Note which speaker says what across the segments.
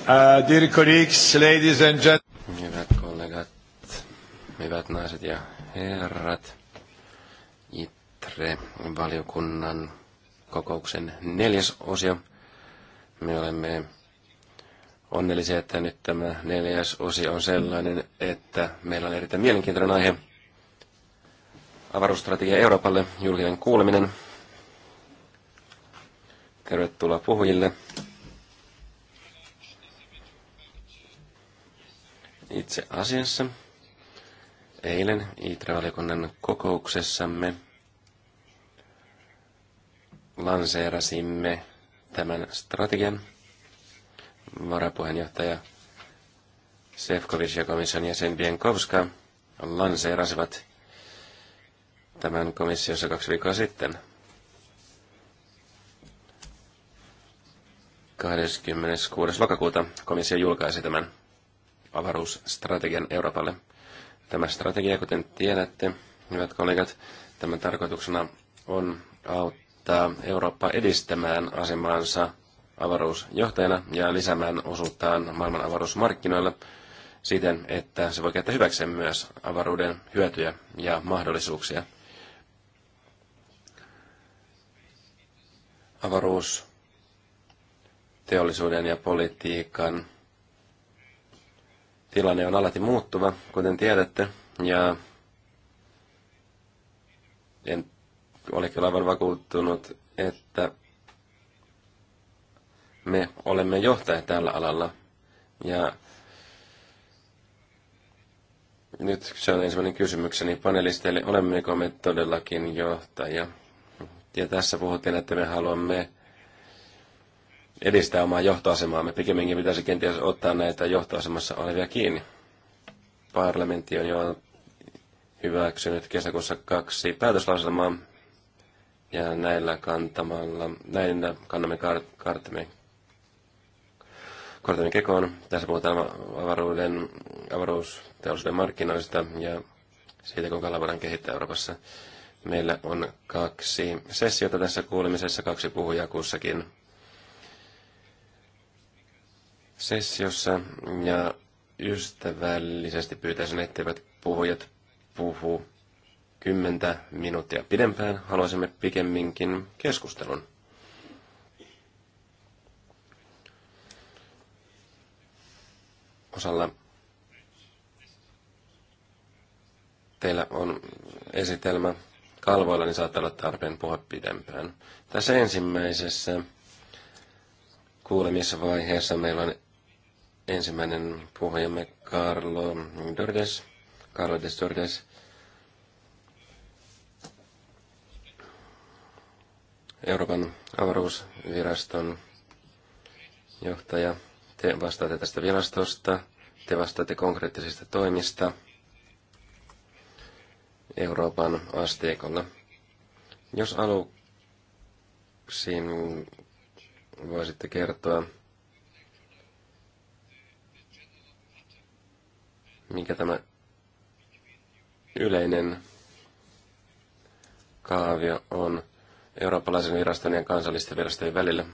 Speaker 1: Uh, dear colleagues, ladies and gentlemen.
Speaker 2: Hyvät kollegat, hyvät naiset ja herrat. ITRE-valiokunnan kokouksen neljäs osio. Me olemme onnellisia, että nyt tämä neljäs osio on sellainen, että meillä on erittäin mielenkiintoinen aihe. Avaruusstrategia Euroopalle, julkinen kuuleminen. Tervetuloa puhujille. itse asiassa. Eilen ITRA-valiokunnan kokouksessamme lanseerasimme tämän strategian. Varapuheenjohtaja Sefkovic ja komission jäsen Bienkowska lanseerasivat tämän komissiossa kaksi viikkoa sitten. 26. lokakuuta komissio julkaisi tämän avaruusstrategian Euroopalle. Tämä strategia, kuten tiedätte, hyvät kollegat, tämän tarkoituksena on auttaa Eurooppa edistämään asemaansa avaruusjohtajana ja lisäämään osuuttaan maailman avaruusmarkkinoilla siten, että se voi käyttää hyväkseen myös avaruuden hyötyjä ja mahdollisuuksia. Avaruus teollisuuden ja politiikan Tilanne on alati muuttuva, kuten tiedätte, ja en ole kyllä aivan vakuuttunut, että me olemme johtajat tällä alalla. Ja nyt se on ensimmäinen kysymykseni panelisteille, olemmeko me todellakin johtajia? Ja tässä puhuttiin, että me haluamme edistää omaa johtoasemaamme. Pikemminkin pitäisi kenties ottaa näitä johtoasemassa olevia kiinni. Parlamentti on jo hyväksynyt kesäkuussa kaksi päätöslauselmaa, ja näillä kantamalla, näillä kannamme karttamme kortemme kekoon. Tässä puhutaan avaruuden, avaruusteollisuuden markkinoista ja siitä, kuinka ala voidaan kehittää Euroopassa. Meillä on kaksi sessiota tässä kuulemisessa, kaksi puhujaa kussakin sessiossa ja ystävällisesti pyytäisin, etteivät puhujat puhu kymmentä minuuttia pidempään. Haluaisimme pikemminkin keskustelun. Osalla teillä on esitelmä kalvoilla, niin saattaa olla tarpeen puhua pidempään. Tässä ensimmäisessä kuulemisvaiheessa meillä on ensimmäinen puhujamme Carlo Dordes. Carlo de Dordes. Euroopan avaruusviraston johtaja. Te vastaatte tästä virastosta, te vastaatte konkreettisista toimista Euroopan asteikolla. Jos aluksi voisitte kertoa mikä tämä yleinen kaavio on eurooppalaisen viraston ja kansallisten virastojen välillä.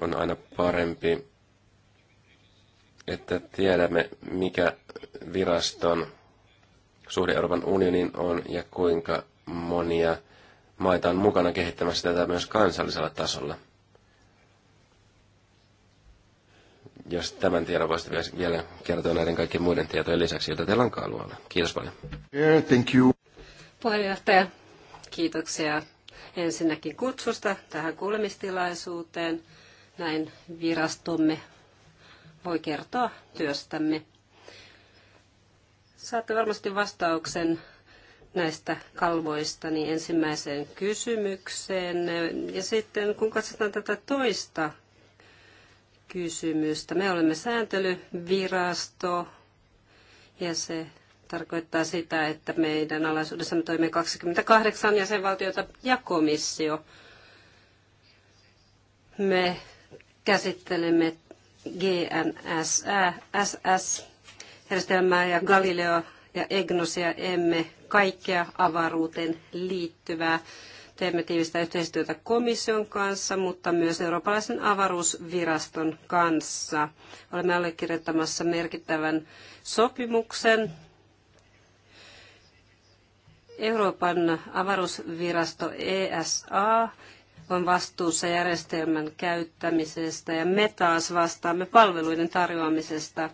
Speaker 2: On aina parempi, että tiedämme, mikä viraston suhde Euroopan unionin on ja kuinka monia maita on mukana kehittämässä tätä myös kansallisella tasolla – jos tämän tiedon voisit vielä kertoa näiden kaikkien muiden tietojen lisäksi, joita teillä on kaalualla. Kiitos paljon.
Speaker 1: Yeah, thank you.
Speaker 3: Puheenjohtaja, kiitoksia ensinnäkin kutsusta tähän kuulemistilaisuuteen. Näin virastomme voi kertoa työstämme. Saatte varmasti vastauksen näistä kalvoista niin ensimmäiseen kysymykseen. Ja sitten kun katsotaan tätä toista kysymystä. Me olemme sääntelyvirasto ja se tarkoittaa sitä, että meidän alaisuudessamme toimii 28 jäsenvaltiota ja komissio. Me käsittelemme GNSS-järjestelmää ja Galileo ja Egnosia emme kaikkea avaruuteen liittyvää. Teemme tiivistä yhteistyötä komission kanssa, mutta myös Eurooppalaisen avaruusviraston kanssa. Olemme allekirjoittamassa merkittävän sopimuksen. Euroopan avaruusvirasto ESA on vastuussa järjestelmän käyttämisestä ja me taas vastaamme palveluiden tarjoamisesta,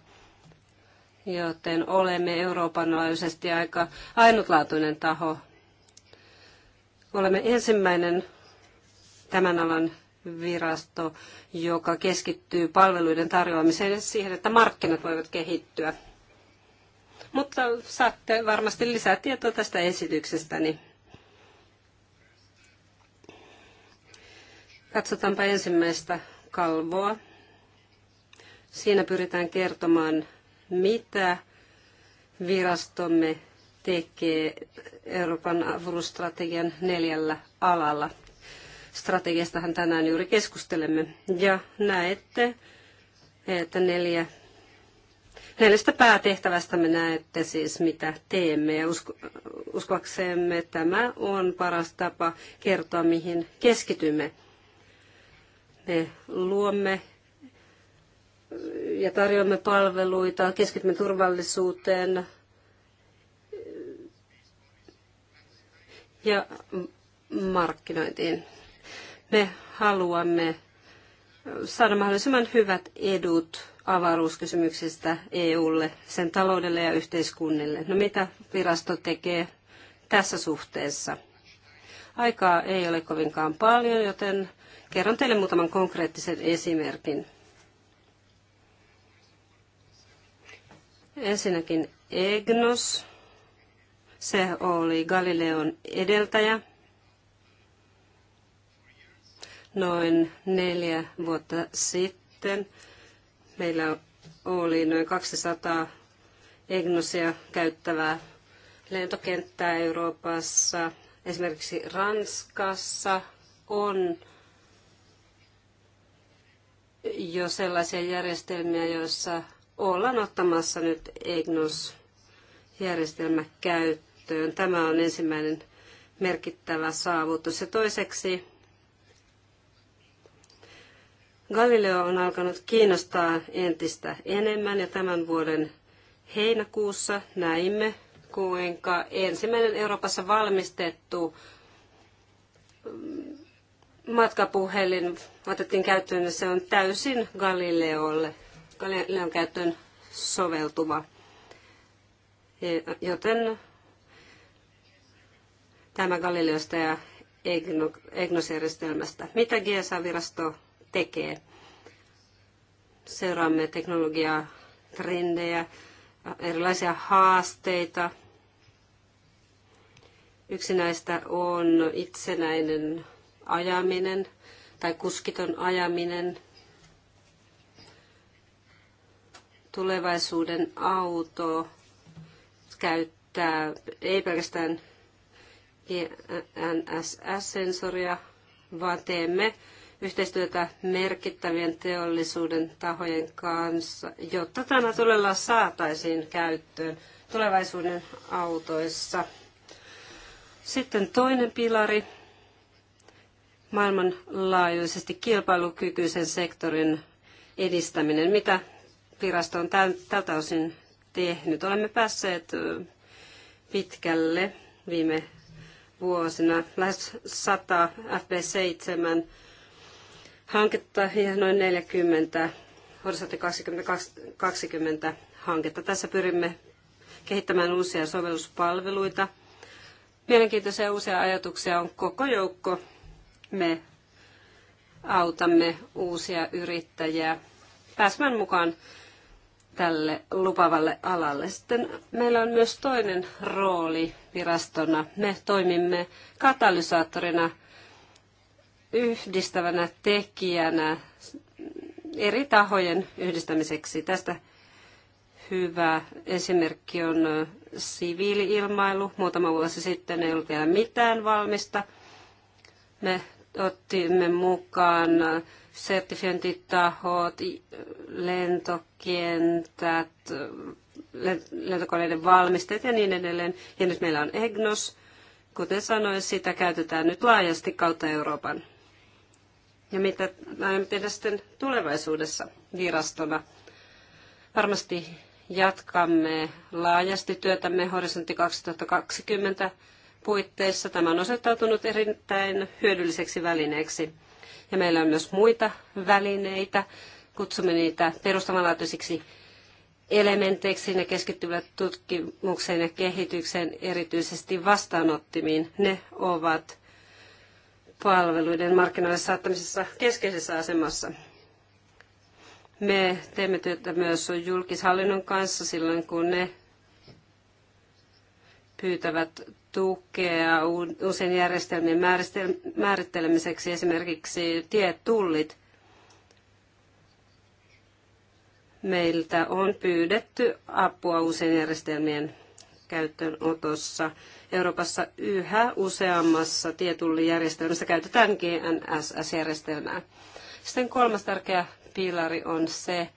Speaker 3: joten olemme Euroopan laajuisesti aika ainutlaatuinen taho Olemme ensimmäinen tämän alan virasto, joka keskittyy palveluiden tarjoamiseen ja siihen, että markkinat voivat kehittyä. Mutta saatte varmasti lisää tietoa tästä esityksestäni. Katsotaanpa ensimmäistä kalvoa. Siinä pyritään kertomaan, mitä virastomme tekee Euroopan avuruusstrategian neljällä alalla. Strategiastahan tänään juuri keskustelemme. Ja näette, että neljä, neljästä päätehtävästä me näette siis, mitä teemme. Ja usko, uskoaksemme tämä on paras tapa kertoa, mihin keskitymme. Me luomme ja tarjoamme palveluita, keskitymme turvallisuuteen, ja markkinointiin. Me haluamme saada mahdollisimman hyvät edut avaruuskysymyksistä EUlle, sen taloudelle ja yhteiskunnille. No mitä virasto tekee tässä suhteessa? Aikaa ei ole kovinkaan paljon, joten kerron teille muutaman konkreettisen esimerkin. Ensinnäkin EGNOS, se oli Galileon edeltäjä. Noin neljä vuotta sitten meillä oli noin 200 Egnosia käyttävää lentokenttää Euroopassa. Esimerkiksi Ranskassa on jo sellaisia järjestelmiä, joissa ollaan ottamassa nyt EGNOS-järjestelmä käyttöön käyttöön. Tämä on ensimmäinen merkittävä saavutus. Ja toiseksi Galileo on alkanut kiinnostaa entistä enemmän ja tämän vuoden heinäkuussa näimme, kuinka ensimmäinen Euroopassa valmistettu mm, matkapuhelin otettiin käyttöön ja se on täysin Galileolle, Galileon käyttöön soveltuva. Joten tämä Galileosta ja EGNOS-järjestelmästä. Mitä GSA-virasto tekee? Seuraamme teknologiaa, trendejä, erilaisia haasteita. Yksi näistä on itsenäinen ajaminen tai kuskiton ajaminen. Tulevaisuuden auto käyttää ei pelkästään E NSS-sensoria, vaan teemme yhteistyötä merkittävien teollisuuden tahojen kanssa, jotta tämä todella saataisiin käyttöön tulevaisuuden autoissa. Sitten toinen pilari, maailmanlaajuisesti kilpailukykyisen sektorin edistäminen. Mitä virasto on tältä osin tehnyt? Olemme päässeet pitkälle viime vuosina lähes 100 FB7 hanketta ja noin 40 Horisontti 2020 hanketta. Tässä pyrimme kehittämään uusia sovelluspalveluita. Mielenkiintoisia uusia ajatuksia on koko joukko. Me autamme uusia yrittäjiä pääsemään mukaan tälle lupavalle alalle. Sitten meillä on myös toinen rooli virastona. Me toimimme katalysaattorina, yhdistävänä tekijänä eri tahojen yhdistämiseksi. Tästä hyvä esimerkki on siviiliilmailu. Muutama vuosi sitten ei ollut vielä mitään valmista. Me otimme mukaan sertifiointitahot, lentokentät, lentokoneiden valmistajat ja niin edelleen. Ja nyt meillä on EGNOS. Kuten sanoin, sitä käytetään nyt laajasti kautta Euroopan. Ja mitä aiomme tehdä sitten tulevaisuudessa virastona? Varmasti jatkamme laajasti työtämme horisontti 2020 puitteissa. Tämä on osoittautunut erittäin hyödylliseksi välineeksi. Ja meillä on myös muita välineitä. Kutsumme niitä perustavanlaatuisiksi elementeiksi. Ne keskittyvät tutkimukseen ja kehitykseen, erityisesti vastaanottimiin. Ne ovat palveluiden markkinoille saattamisessa keskeisessä asemassa. Me teemme työtä myös julkishallinnon kanssa silloin, kun ne pyytävät tukea uusien järjestelmien määrittelemiseksi, esimerkiksi tietullit. Meiltä on pyydetty apua uusien järjestelmien käyttöönotossa. Euroopassa yhä useammassa tietullijärjestelmässä käytetään GNSS-järjestelmää. Sitten kolmas tärkeä pilari on se,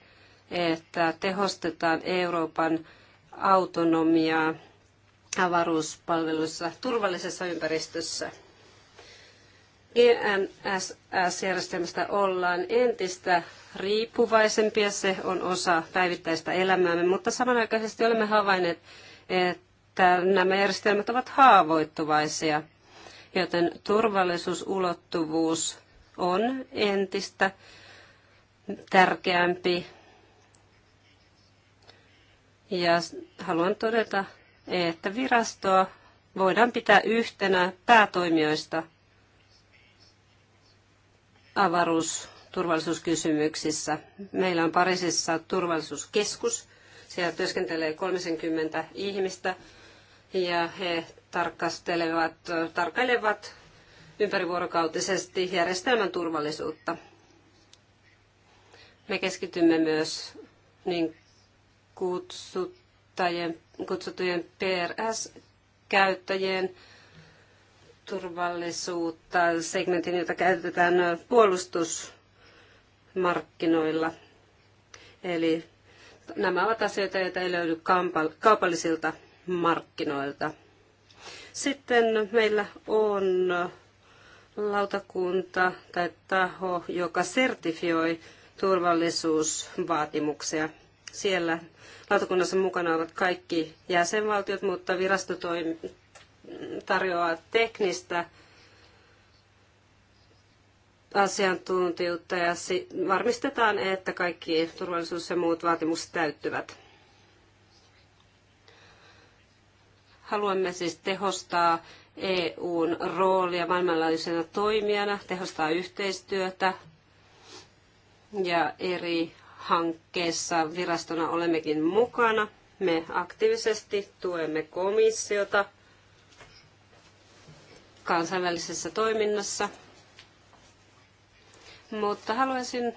Speaker 3: että tehostetaan Euroopan autonomiaa avaruuspalveluissa turvallisessa ympäristössä. GNSS-järjestelmästä e ollaan entistä riippuvaisempia, se on osa päivittäistä elämäämme, mutta samanaikaisesti olemme havainneet, että nämä järjestelmät ovat haavoittuvaisia, joten turvallisuusulottuvuus on entistä tärkeämpi. Ja haluan todeta että virastoa voidaan pitää yhtenä päätoimijoista avaruusturvallisuuskysymyksissä. Meillä on Pariisissa turvallisuuskeskus. Siellä työskentelee 30 ihmistä ja he tarkastelevat, tarkailevat ympärivuorokautisesti järjestelmän turvallisuutta. Me keskitymme myös niin kutsuttajien kutsuttujen PRS-käyttäjien turvallisuutta, segmentin, jota käytetään puolustusmarkkinoilla. Eli nämä ovat asioita, joita ei löydy kaupallisilta markkinoilta. Sitten meillä on lautakunta tai taho, joka sertifioi turvallisuusvaatimuksia. Siellä lautakunnassa mukana ovat kaikki jäsenvaltiot, mutta virasto toimi, tarjoaa teknistä asiantuntijuutta ja varmistetaan, että kaikki turvallisuus ja muut vaatimukset täyttyvät. Haluamme siis tehostaa EUn roolia maailmanlaajuisena toimijana, tehostaa yhteistyötä ja eri hankkeessa virastona olemmekin mukana. Me aktiivisesti tuemme komissiota kansainvälisessä toiminnassa. Mutta haluaisin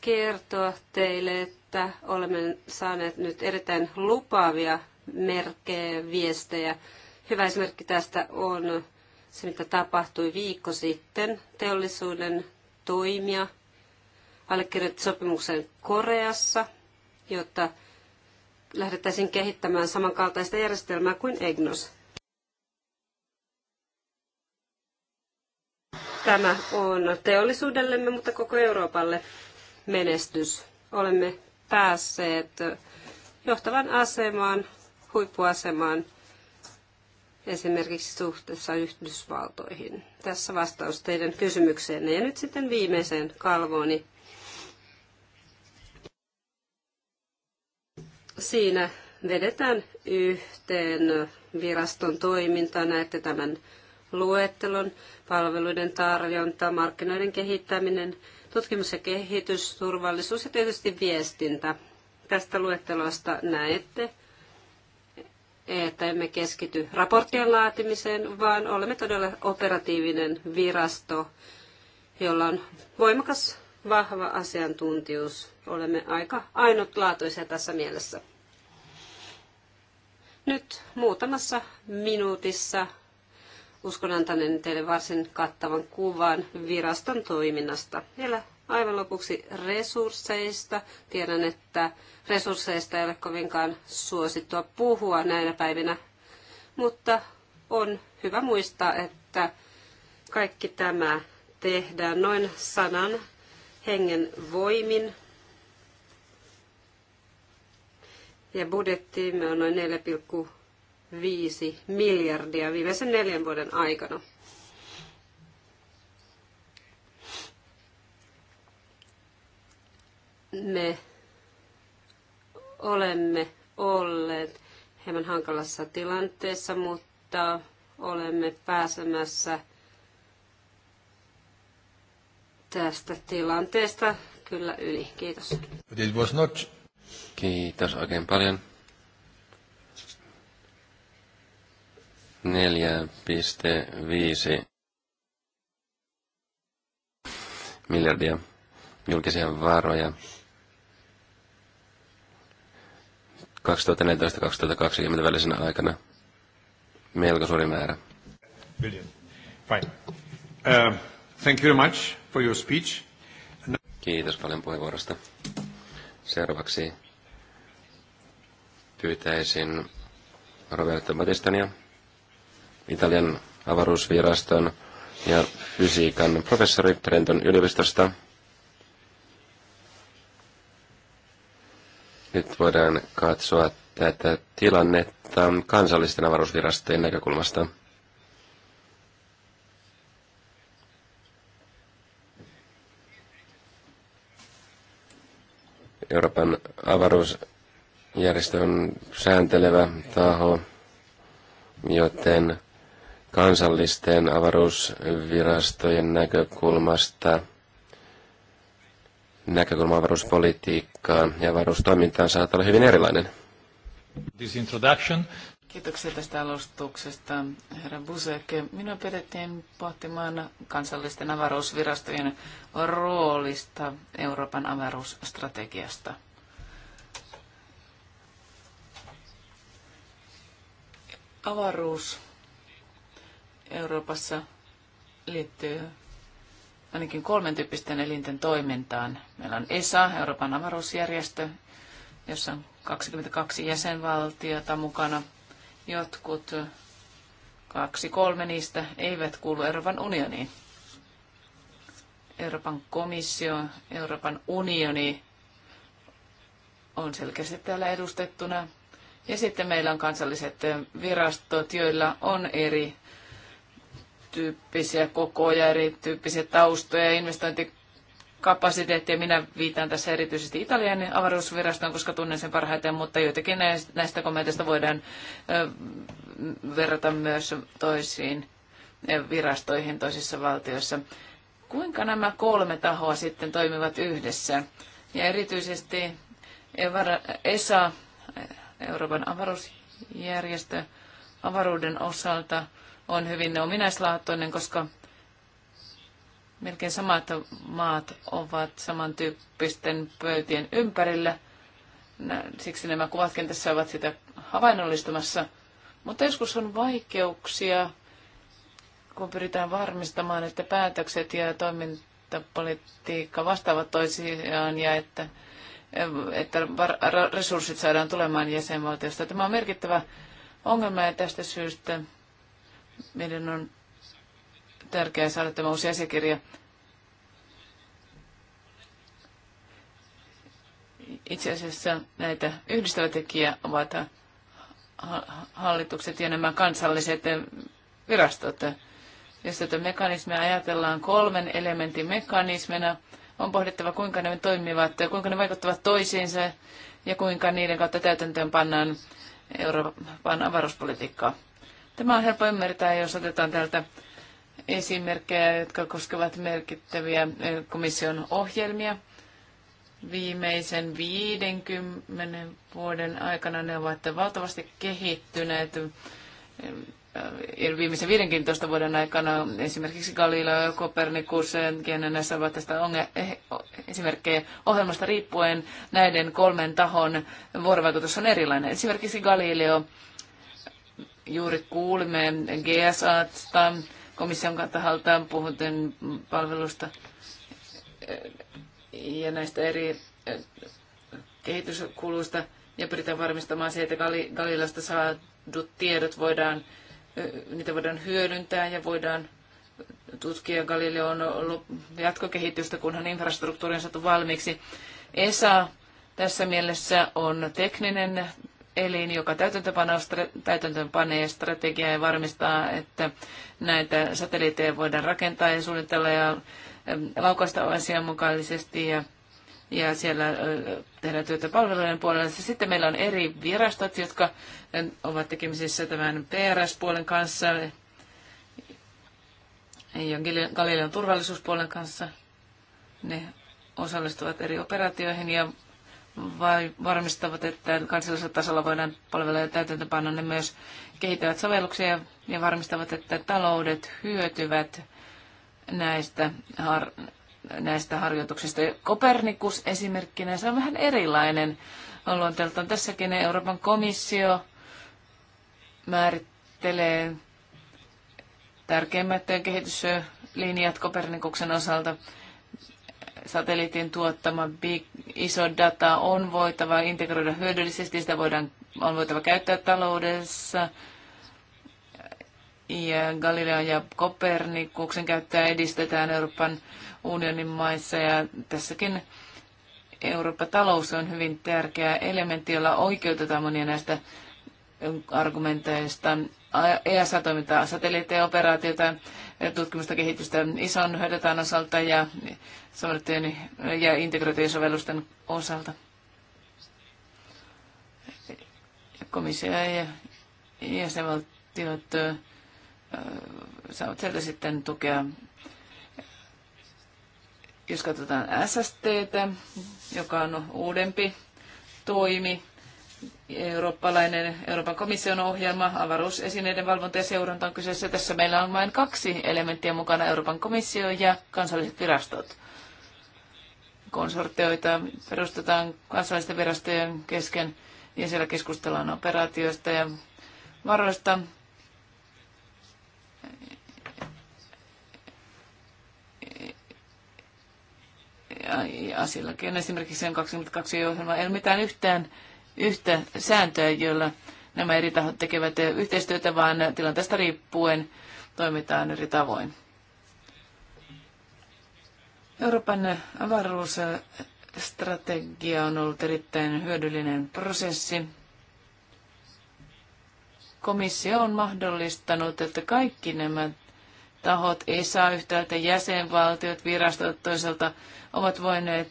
Speaker 3: kertoa teille, että olemme saaneet nyt erittäin lupaavia merkkejä, viestejä. Hyvä esimerkki tästä on se, mitä tapahtui viikko sitten. Teollisuuden toimia allekirjoitti sopimuksen Koreassa, jotta lähdettäisiin kehittämään samankaltaista järjestelmää kuin EGNOS. Tämä on teollisuudellemme, mutta koko Euroopalle menestys. Olemme päässeet johtavan asemaan, huippuasemaan esimerkiksi suhteessa Yhdysvaltoihin. Tässä vastaus teidän kysymykseenne. Ja nyt sitten viimeiseen kalvooni. Siinä vedetään yhteen viraston toiminta, näette tämän luettelon, palveluiden tarjonta, markkinoiden kehittäminen, tutkimus ja kehitys, turvallisuus ja tietysti viestintä. Tästä luettelosta näette, että emme keskity raporttien laatimiseen, vaan olemme todella operatiivinen virasto, jolla on voimakas vahva asiantuntijuus. Olemme aika ainutlaatuisia tässä mielessä. Nyt muutamassa minuutissa uskon antaneen teille varsin kattavan kuvan viraston toiminnasta. Vielä aivan lopuksi resursseista. Tiedän, että resursseista ei ole kovinkaan suosittua puhua näinä päivinä, mutta on hyvä muistaa, että kaikki tämä tehdään noin sanan hengen voimin. Ja budjettiimme on noin 4,5 miljardia viimeisen neljän vuoden aikana. Me olemme olleet hieman hankalassa tilanteessa, mutta olemme pääsemässä tästä tilanteesta kyllä yli. Kiitos.
Speaker 2: It was not... Kiitos oikein paljon. Neljä piste viisi miljardia julkisia varoja 2014-2020 välisenä aikana. Melko suuri määrä.
Speaker 1: Brilliant. Fine. Uh, thank you very much for your speech.
Speaker 2: Kiitos paljon puheenvuorosta. Seuraavaksi pyytäisin Roberto Batistania, Italian avaruusviraston ja fysiikan professori Trenton yliopistosta. Nyt voidaan katsoa tätä tilannetta kansallisten avaruusvirastojen näkökulmasta. Euroopan avaruusjärjestö on sääntelevä taho, joten kansallisten avaruusvirastojen näkökulmasta näkökulma avaruuspolitiikkaan ja avaruustoimintaan saattaa olla hyvin erilainen.
Speaker 1: This introduction. Kiitoksia tästä alustuksesta, herra Busek. Minua pidettiin pohtimaan kansallisten avaruusvirastojen roolista Euroopan avaruusstrategiasta. Avaruus Euroopassa liittyy ainakin kolmen tyyppisten elinten toimintaan. Meillä on ESA, Euroopan avaruusjärjestö, jossa on 22 jäsenvaltiota mukana – Jotkut, kaksi kolme niistä, eivät kuulu Euroopan unioniin. Euroopan komissio, Euroopan unioni on selkeästi täällä edustettuna. Ja sitten meillä on kansalliset virastot, joilla on eri tyyppisiä kokoja, erityyppisiä taustoja, investointi kapasiteettia. Minä viitan tässä erityisesti Italian avaruusvirastoon, koska tunnen sen parhaiten, mutta joitakin näistä kommenteista voidaan verrata myös toisiin virastoihin toisissa valtioissa. Kuinka nämä kolme tahoa sitten toimivat yhdessä? Ja erityisesti ESA, Euroopan avaruusjärjestö, avaruuden osalta on hyvin ominaislaatuinen, koska melkein samat maat ovat samantyyppisten pöytien ympärillä. Siksi nämä kuvatkin tässä ovat sitä havainnollistamassa. Mutta joskus on vaikeuksia, kun pyritään varmistamaan, että päätökset ja toimintapolitiikka vastaavat toisiaan ja että, että resurssit saadaan tulemaan jäsenvaltiosta. Tämä on merkittävä ongelma ja tästä syystä meidän on tärkeää saada tämä uusi asiakirja. Itse asiassa näitä yhdistävä tekijä ovat hallitukset ja nämä kansalliset virastot. Jos tätä mekanismia ajatellaan kolmen elementin mekanismina, on pohdittava, kuinka ne toimivat, kuinka ne vaikuttavat toisiinsa ja kuinka niiden kautta täytäntöön pannaan Euroopan avaruuspolitiikkaa. Tämä on helppo ymmärtää, jos otetaan täältä esimerkkejä, jotka koskevat merkittäviä komission ohjelmia. Viimeisen 50 vuoden aikana ne ovat valtavasti kehittyneet. Viimeisen 15 vuoden aikana esimerkiksi Galileo, Kopernikus ja GNNS ovat tästä onge- eh, esimerkkejä ohjelmasta riippuen. Näiden kolmen tahon vuorovaikutus on erilainen. Esimerkiksi Galileo juuri kuulimme GSAsta, komission taholtaan puhuten palvelusta ja näistä eri kehityskuluista ja pyritään varmistamaan se, että Galilasta saadut tiedot voidaan, niitä voidaan hyödyntää ja voidaan tutkia Galileon jatkokehitystä, kunhan infrastruktuuri on saatu valmiiksi. ESA tässä mielessä on tekninen elin, joka täytäntöönpanee strategiaa ja varmistaa, että näitä satelliitteja voidaan rakentaa ja suunnitella ja laukaista asianmukaisesti ja, ja siellä tehdä työtä palvelujen puolella. Sitten meillä on eri virastot, jotka ovat tekemisissä tämän PRS-puolen kanssa ja Galilean turvallisuuspuolen kanssa. Ne osallistuvat eri operaatioihin ja vai varmistavat, että kansallisella tasolla voidaan palveluja täytäntöpanna, ne myös kehittävät sovelluksia ja varmistavat, että taloudet hyötyvät näistä, har, näistä harjoituksista. Kopernikus esimerkkinä, se on vähän erilainen luonteeltaan. Tässäkin Euroopan komissio määrittelee tärkeimmät kehityslinjat Kopernikuksen osalta satelliitin tuottama big, iso data on voitava integroida hyödyllisesti, sitä voidaan, on voitava käyttää taloudessa. Ja Galilean ja Kopernikuksen käyttöä edistetään Euroopan unionin maissa ja tässäkin Euroopan talous on hyvin tärkeä elementti, jolla oikeutetaan monia näistä argumenteista ESA-toimintaa, satelliitteja, operaatioita, tutkimusta, kehitystä ison datan osalta ja, sovellettujen ja integroitujen sovellusten osalta. Komissio ja jäsenvaltiot saavat sieltä sitten tukea. Jos katsotaan SST, joka on uudempi toimi, eurooppalainen Euroopan komission ohjelma, avaruusesineiden valvonta ja seuranta on kyseessä. Tässä meillä on vain kaksi elementtiä mukana, Euroopan komissio ja kansalliset virastot. Konsortioita perustetaan kansallisten virastojen kesken ja siellä keskustellaan operaatioista ja varoista. Ja, ja silläkin esimerkiksi on 22 ohjelma. Ei ole mitään yhtään yhtä sääntöä, jolla nämä eri tahot tekevät yhteistyötä, vaan tilanteesta riippuen toimitaan eri tavoin. Euroopan avaruusstrategia on ollut erittäin hyödyllinen prosessi. Komissio on mahdollistanut, että kaikki nämä tahot, ESA yhtäältä, jäsenvaltiot, virastot toisaalta, ovat voineet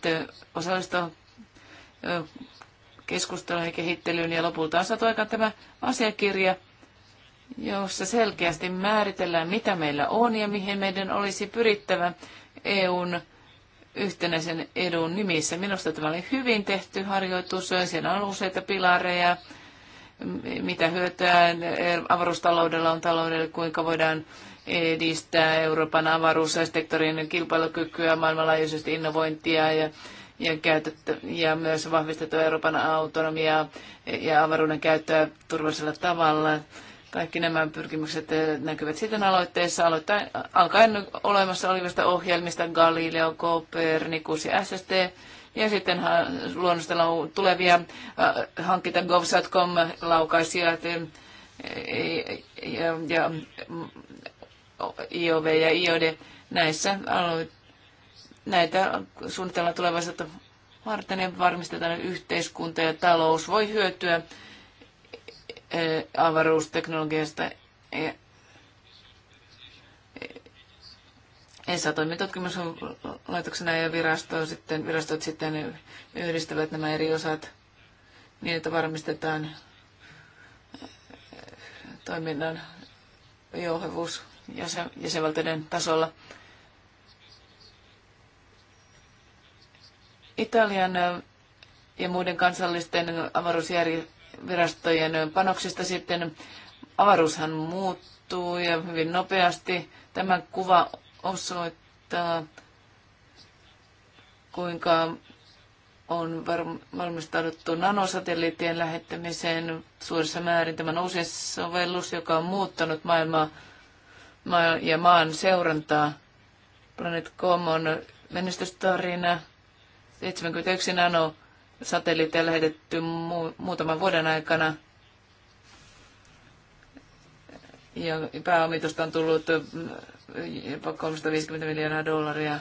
Speaker 1: osallistua keskusteluun ja kehittelyyn ja lopulta on saatu aikaan tämä asiakirja, jossa selkeästi määritellään, mitä meillä on ja mihin meidän olisi pyrittävä EUn yhtenäisen edun nimissä. Minusta tämä oli hyvin tehty harjoitus. Siinä on useita pilareja, mitä hyötyä avaruustaloudella on taloudelle, kuinka voidaan edistää Euroopan avaruussektorin kilpailukykyä, maailmanlaajuisesti innovointia ja ja, käytetty, ja myös vahvistettu Euroopan autonomiaa ja avaruuden käyttöä turvallisella tavalla. Kaikki nämä pyrkimykset eh, näkyvät sitten aloitteessa aloittain, alkaen olemassa olevista ohjelmista Galileo, Copernicus ja SST. Ja sitten luonnostella tulevia eh, hankita GovSatcom-laukaisijat eh, ja IOV ja mm, IOD näissä aloitteissa näitä suunnitellaan tulevaisuutta varten ja varmistetaan, että yhteiskunta ja talous voi hyötyä avaruusteknologiasta. ESA e toimii tutkimuslaitoksena ja virasto sitten, virastot sitten yhdistävät nämä eri osat niin, että varmistetaan toiminnan jouhevuus jäsen, jäsenvaltioiden tasolla. Italian ja muiden kansallisten avaruusjärjestöjen panoksista sitten avaruushan muuttuu ja hyvin nopeasti. Tämä kuva osoittaa, kuinka on valmistauduttu nanosatelliittien lähettämiseen suurissa määrin. Tämä uusi sovellus, joka on muuttanut maailmaa ja maan seurantaa. Planet.com on menestystarina 71 nano satelliitteja lähetetty mu- muutaman vuoden aikana. Ja pääomitusta on tullut jopa 350 miljoonaa dollaria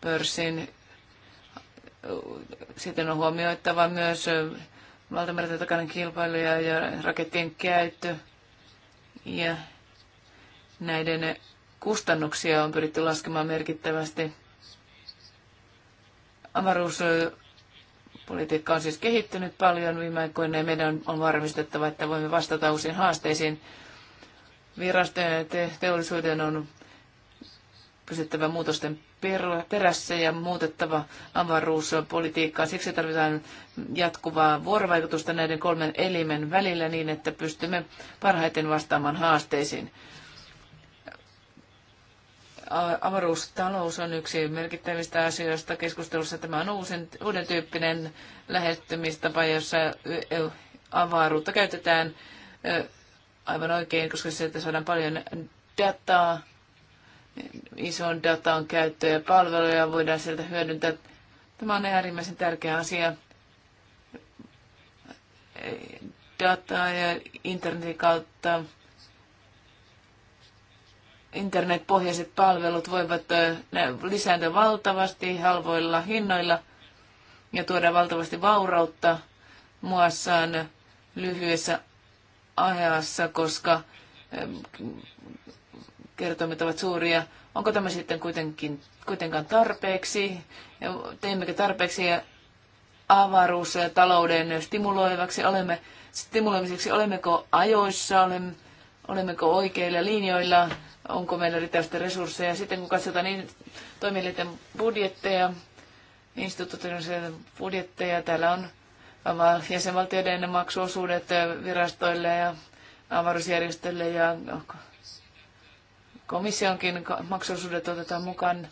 Speaker 1: pörssin. Sitten on huomioittava myös valtamerta takana kilpailuja ja rakettien käyttö. Ja näiden kustannuksia on pyritty laskemaan merkittävästi. Avaruuspolitiikka on siis kehittynyt paljon viime aikoina ja meidän on varmistettava, että voimme vastata uusiin haasteisiin. Virastojen ja te- teollisuuden on pysyttävä muutosten perässä ja muutettava avaruuspolitiikkaa. Siksi tarvitaan jatkuvaa vuorovaikutusta näiden kolmen elimen välillä niin, että pystymme parhaiten vastaamaan haasteisiin avaruustalous on yksi merkittävistä asioista keskustelussa. Tämä on uusin, uuden tyyppinen lähettymistapa, jossa e, avaruutta käytetään aivan oikein, koska sieltä saadaan paljon dataa, ison datan käyttöä ja palveluja voidaan sieltä hyödyntää. Tämä on äärimmäisen tärkeä asia. Dataa ja internetin kautta internetpohjaiset palvelut voivat lisääntyä valtavasti halvoilla hinnoilla ja tuoda valtavasti vaurautta muassaan lyhyessä ajassa, koska kertomit ovat suuria. Onko tämä sitten kuitenkin, kuitenkaan tarpeeksi? Teemmekö tarpeeksi talouden stimuloivaksi? Olemme, stimuloimiseksi olemmeko ajoissa? Olemme, olemmeko oikeilla linjoilla? onko meillä riittävästi resursseja. Sitten kun katsotaan niin toimielinten budjetteja, instituutioiden budjetteja, täällä on jäsenvaltioiden maksuosuudet virastoille ja avaruusjärjestölle ja komissionkin maksuosuudet otetaan mukaan.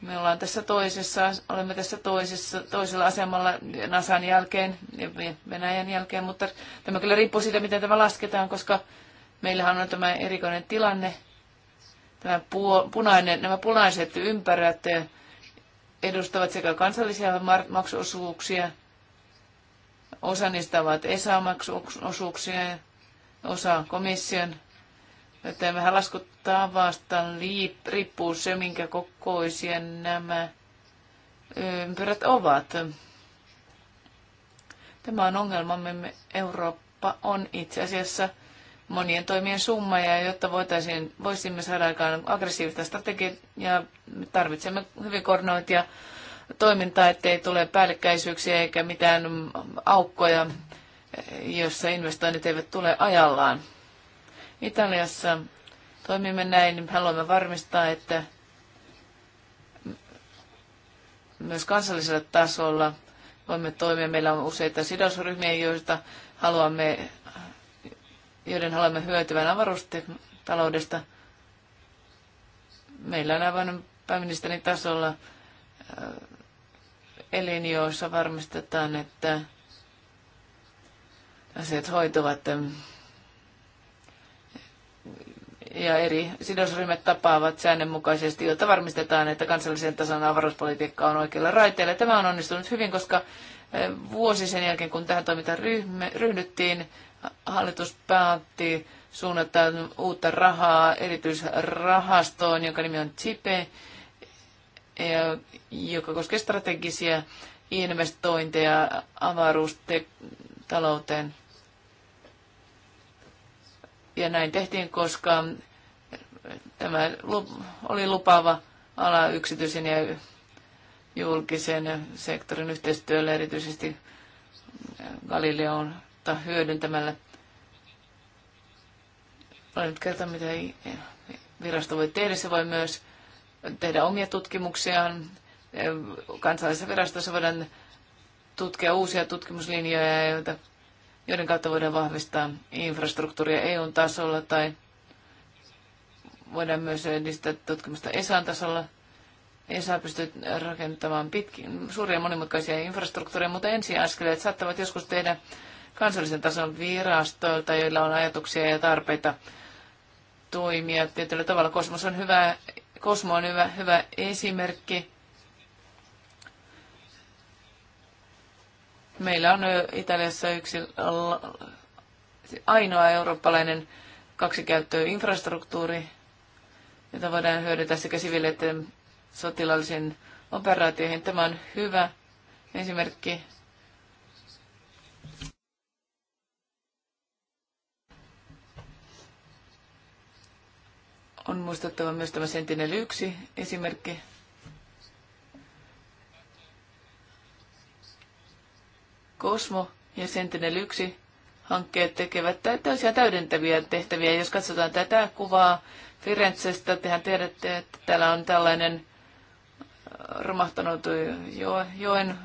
Speaker 1: Me ollaan tässä toisessa, olemme tässä toisessa, toisella asemalla Nasan jälkeen ja Venäjän jälkeen, mutta tämä kyllä riippuu siitä, miten tämä lasketaan, koska meillähän on tämä erikoinen tilanne, Tämä punainen, nämä punaiset ympärät edustavat sekä kansallisia maksuosuuksia, osa niistä ovat ESA-maksuosuuksia, osa komission, joten vähän laskuttaa vasta riippuu se, minkä kokoisia nämä ympyrät ovat. Tämä on ongelmamme. Eurooppa on itse asiassa monien toimien summa ja jotta voitaisiin, voisimme saada aikaan aggressiivista strategiaa ja tarvitsemme hyvin koordinointia toimintaa, ettei tule päällekkäisyyksiä eikä mitään aukkoja, jossa investoinnit eivät tule ajallaan. Italiassa toimimme näin, niin haluamme varmistaa, että myös kansallisella tasolla voimme toimia. Meillä on useita sidosryhmiä, joista haluamme joiden haluamme hyötyvän avaruustaloudesta. Meillä on aivan pääministerin tasolla äh, elin, joissa varmistetaan, että asiat hoituvat ähm, ja eri sidosryhmät tapaavat säännönmukaisesti, jotta varmistetaan, että kansallisen tason avaruuspolitiikka on oikeilla raiteilla. Tämä on onnistunut hyvin, koska äh, vuosi sen jälkeen, kun tähän toimintaan ryhme, ryhdyttiin, hallitus päätti suunnata uutta rahaa erityisrahastoon, jonka nimi on CHIPE, joka koskee strategisia investointeja avaruustalouteen. Ja näin tehtiin, koska tämä oli lupaava ala yksityisen ja julkisen sektorin yhteistyölle, erityisesti Galileon mahdollisuutta hyödyntämällä. Olen nyt kerta, mitä virasto voi tehdä. Se voi myös tehdä omia tutkimuksiaan. Kansallisessa virastossa voidaan tutkia uusia tutkimuslinjoja, joita, joiden kautta voidaan vahvistaa infrastruktuuria eu tasolla tai voidaan myös edistää tutkimusta ESAn tasolla. ESA pystyy rakentamaan pitkin, suuria monimutkaisia infrastruktuureja, mutta ensiaskeleet saattavat joskus tehdä kansallisen tason virastoilta, joilla on ajatuksia ja tarpeita toimia tietyllä tavalla. Kosmos on hyvä, Kosmo on hyvä, hyvä esimerkki. Meillä on Italiassa yksi ainoa eurooppalainen infrastruktuuri, jota voidaan hyödyntää sekä siviili- että sotilaallisiin operaatioihin. Tämä on hyvä esimerkki on muistettava myös tämä Sentinel 1 esimerkki. Kosmo ja Sentinel 1 hankkeet tekevät täysiä täydentäviä tehtäviä. Jos katsotaan tätä kuvaa Firenzestä, tehän tiedätte, että täällä on tällainen äh, romahtanut jo, joen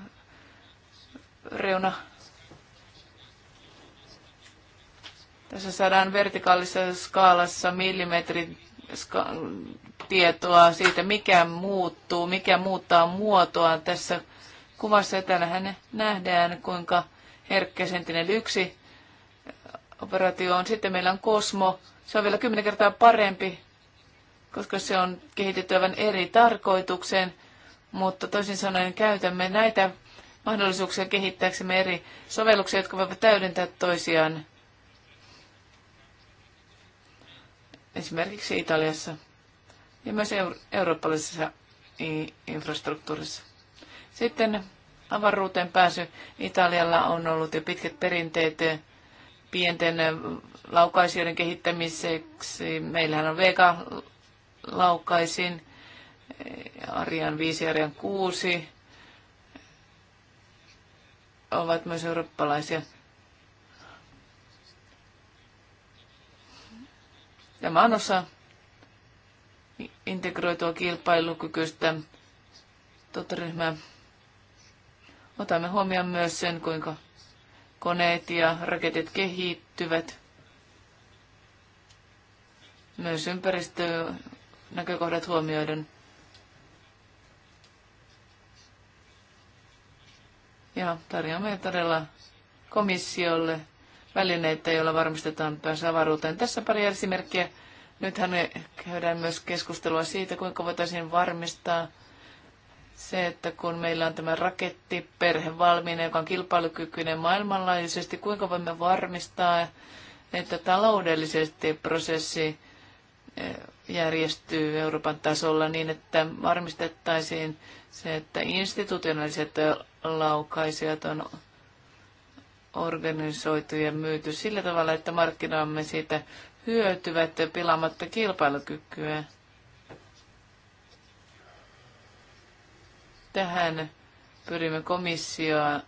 Speaker 1: reuna. Tässä saadaan vertikaalisessa skaalassa millimetrin tietoa siitä, mikä muuttuu, mikä muuttaa muotoa tässä kuvassa. Ja täällähän nähdään, kuinka herkkä Sentinel yksi operaatio on. Sitten meillä on Kosmo. Se on vielä kymmenen kertaa parempi, koska se on kehitetty aivan eri tarkoitukseen. Mutta toisin sanoen käytämme näitä mahdollisuuksia kehittääksemme eri sovelluksia, jotka voivat täydentää toisiaan esimerkiksi Italiassa ja myös euro- eurooppalaisessa infrastruktuurissa. Sitten avaruuteen pääsy. Italialla on ollut jo pitkät perinteet pienten laukaisijoiden kehittämiseksi. Meillähän on Vega laukaisin, Arjan 5 ja Arjan 6 ovat myös eurooppalaisia Tämä on osa integroitua kilpailukykyistä tuottoryhmää. Otamme huomioon myös sen, kuinka koneet ja raketit kehittyvät. Myös ympäristönäkökohdat huomioiden. Ja tarjoamme todella komissiolle välineitä, joilla varmistetaan päänsä avaruuteen. Tässä pari esimerkkiä. Nythän me käydään myös keskustelua siitä, kuinka voitaisiin varmistaa se, että kun meillä on tämä raketti valmiina, joka on kilpailukykyinen maailmanlaajuisesti, kuinka voimme varmistaa, että taloudellisesti prosessi eh, järjestyy Euroopan tasolla niin, että varmistettaisiin se, että institutionaaliset eh, laukaisijat on organisoitu ja myyty sillä tavalla, että markkinoimme siitä hyötyvät pilaamatta kilpailukykyä. Tähän pyrimme komissioa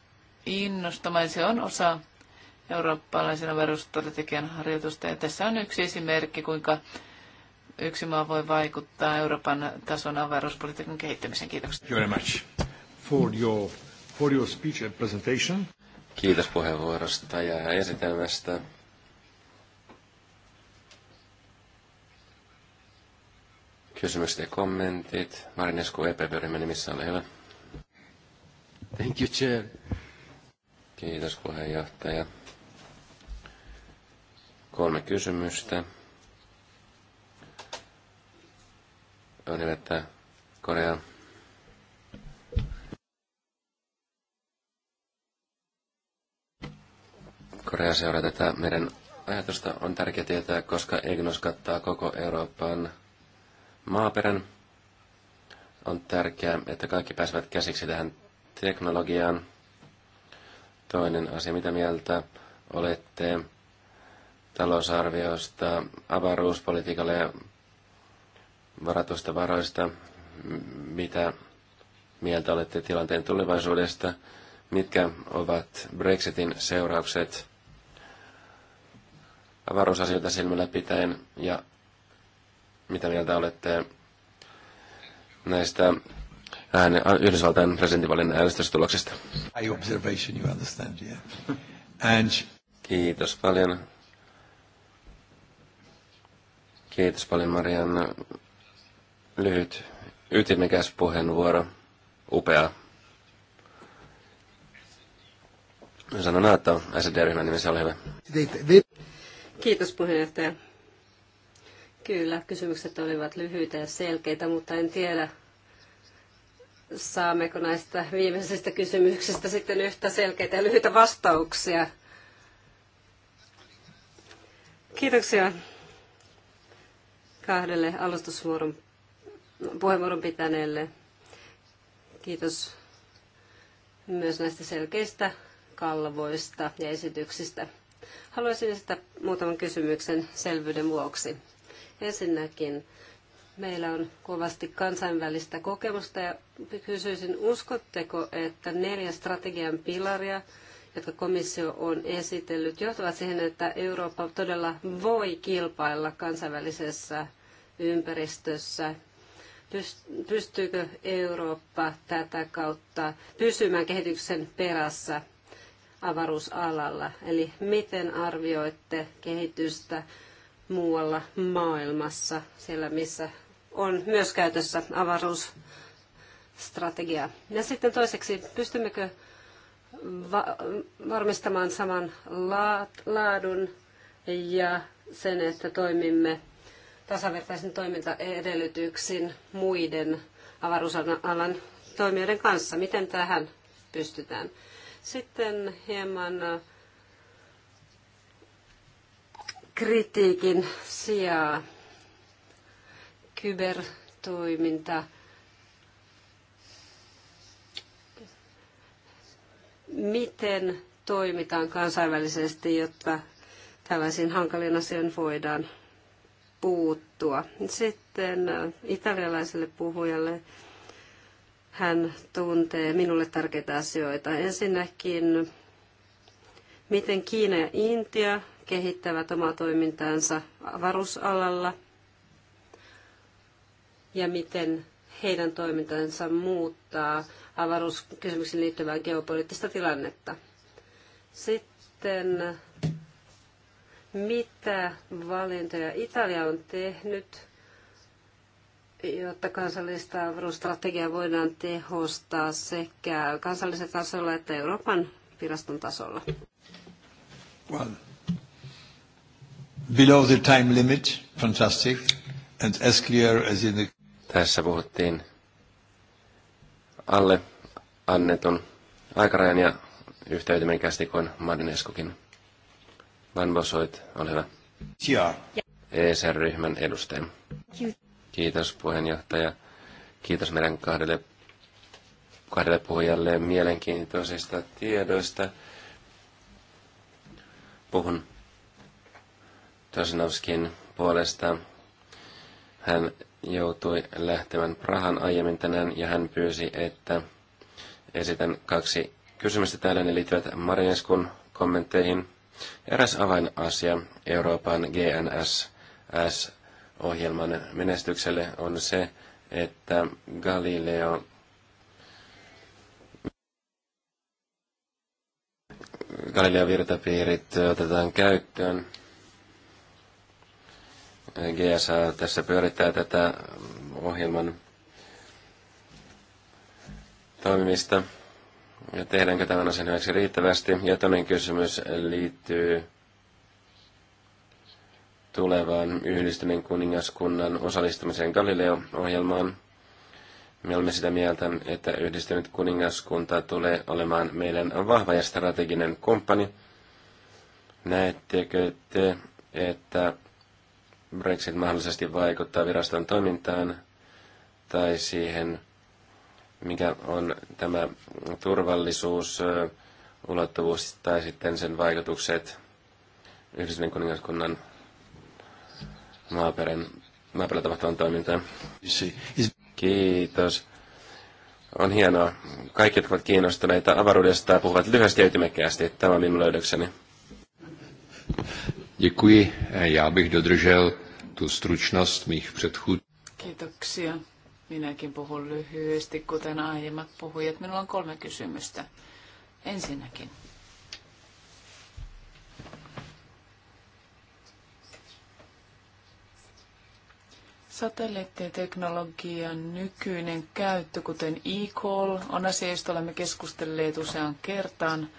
Speaker 1: innostamaan. Se on osa eurooppalaisen verostrategian harjoitusta. Ja tässä on yksi esimerkki, kuinka yksi maa voi vaikuttaa Euroopan tason avaruuspolitiikan kehittämiseen. Kiitoksia. Thank you very much for your, for your speech and presentation.
Speaker 2: Kiitos puheenvuorosta ja esitelmästä. Kysymykset ja kommentit. Marinesku epp nimissä, ole hyvä. Thank you, Chair. Kiitos puheenjohtaja. Kolme kysymystä. On nimeltä Korea Korea seuraa tätä meidän ajatusta. On tärkeää tietää, koska EGNOS kattaa koko Euroopan maaperän. On tärkeää, että kaikki pääsevät käsiksi tähän teknologiaan. Toinen asia, mitä mieltä olette talousarviosta, avaruuspolitiikalle ja varatusta varoista, mitä mieltä olette tilanteen tulevaisuudesta, mitkä ovat Brexitin seuraukset avaruusasioita silmällä pitäen ja mitä mieltä olette näistä ääne, Yhdysvaltain presidentinvalinnan äänestystuloksista? I observation, you understand, yeah. And... Kiitos paljon. Kiitos paljon Marian. Lyhyt, ytimekäs puheenvuoro. Upea. Sanon Naatto, SD-ryhmän nimessä, ole hyvä.
Speaker 3: Kiitos puheenjohtaja. Kyllä, kysymykset olivat lyhyitä ja selkeitä, mutta en tiedä, saammeko näistä viimeisistä kysymyksistä sitten yhtä selkeitä ja lyhyitä vastauksia. Kiitoksia kahdelle alustusvuoron puheenvuoron pitäneelle. Kiitos myös näistä selkeistä kalvoista ja esityksistä. Haluaisin esittää muutaman kysymyksen selvyyden vuoksi. Ensinnäkin meillä on kovasti kansainvälistä kokemusta ja kysyisin, uskotteko, että neljä strategian pilaria, jotka komissio on esitellyt, johtavat siihen, että Eurooppa todella voi kilpailla kansainvälisessä ympäristössä pystyykö Eurooppa tätä kautta pysymään kehityksen perässä avaruusalalla. Eli miten arvioitte kehitystä muualla maailmassa, siellä missä on myös käytössä avaruusstrategia. Ja sitten toiseksi, pystymmekö va- varmistamaan saman laadun ja sen, että toimimme tasavertaisen toimintaedellytyksin muiden avaruusalan toimijoiden kanssa. Miten tähän pystytään? Sitten hieman äh, kritiikin sijaa kybertoiminta. Miten toimitaan kansainvälisesti, jotta tällaisiin hankaliin asioihin voidaan puuttua. Sitten äh, italialaiselle puhujalle hän tuntee minulle tärkeitä asioita. Ensinnäkin, miten Kiina ja Intia kehittävät omaa toimintaansa avaruusalalla ja miten heidän toimintansa muuttaa avaruuskysymyksiin liittyvää geopoliittista tilannetta. Sitten mitä valintoja Italia on tehnyt jotta kansallista avruusstrategiaa voidaan tehostaa sekä kansallisella tasolla että Euroopan viraston tasolla?
Speaker 1: Well, below the time limit, fantastic,
Speaker 2: and as clear as in the... Tässä puhuttiin alle annetun aikarajan ja kästi kuin Madineskukin. Van Bosoit, ole hyvä. ESR-ryhmän edustaja. Kiitos puheenjohtaja. Kiitos meidän kahdelle, kahdelle puhujalle mielenkiintoisista tiedoista. Puhun Tosinovskin puolesta. Hän joutui lähtemään Prahan aiemmin tänään ja hän pyysi, että esitän kaksi kysymystä täällä. Ne liittyvät Marineskun kommentteihin. Eräs avainasia Euroopan GNSS ohjelman menestykselle on se, että Galileo Galileo-virtapiirit otetaan käyttöön. GSA tässä pyörittää tätä ohjelman toimimista. Ja tehdäänkö tämän asian hyväksi riittävästi? Ja toinen kysymys liittyy tulevaan yhdistyneen kuningaskunnan osallistumiseen Galileo-ohjelmaan. Me olemme sitä mieltä, että yhdistynyt kuningaskunta tulee olemaan meidän vahva ja strateginen kumppani. Näettekö te, että Brexit mahdollisesti vaikuttaa viraston toimintaan tai siihen, mikä on tämä turvallisuus, ulottuvuus tai sitten sen vaikutukset yhdistyneen kuningaskunnan maaperän, maaperällä tapahtuvan toimintaan. Kiitos. On hienoa. Kaikki, jotka ovat kiinnostuneita avaruudesta, puhuvat lyhyesti ja ytimekkäästi. Tämä on minun löydökseni. Děkuji. Já bych dodržel tu stručnost mých předchůd.
Speaker 1: Kiitoksia. Minäkin puhun lyhyesti, kuten aiemmat puhujat. Minulla on kolme kysymystä. Ensinnäkin. Satelliittiteknologian nykyinen käyttö, kuten e-call, on asia, josta olemme keskustelleet useaan kertaan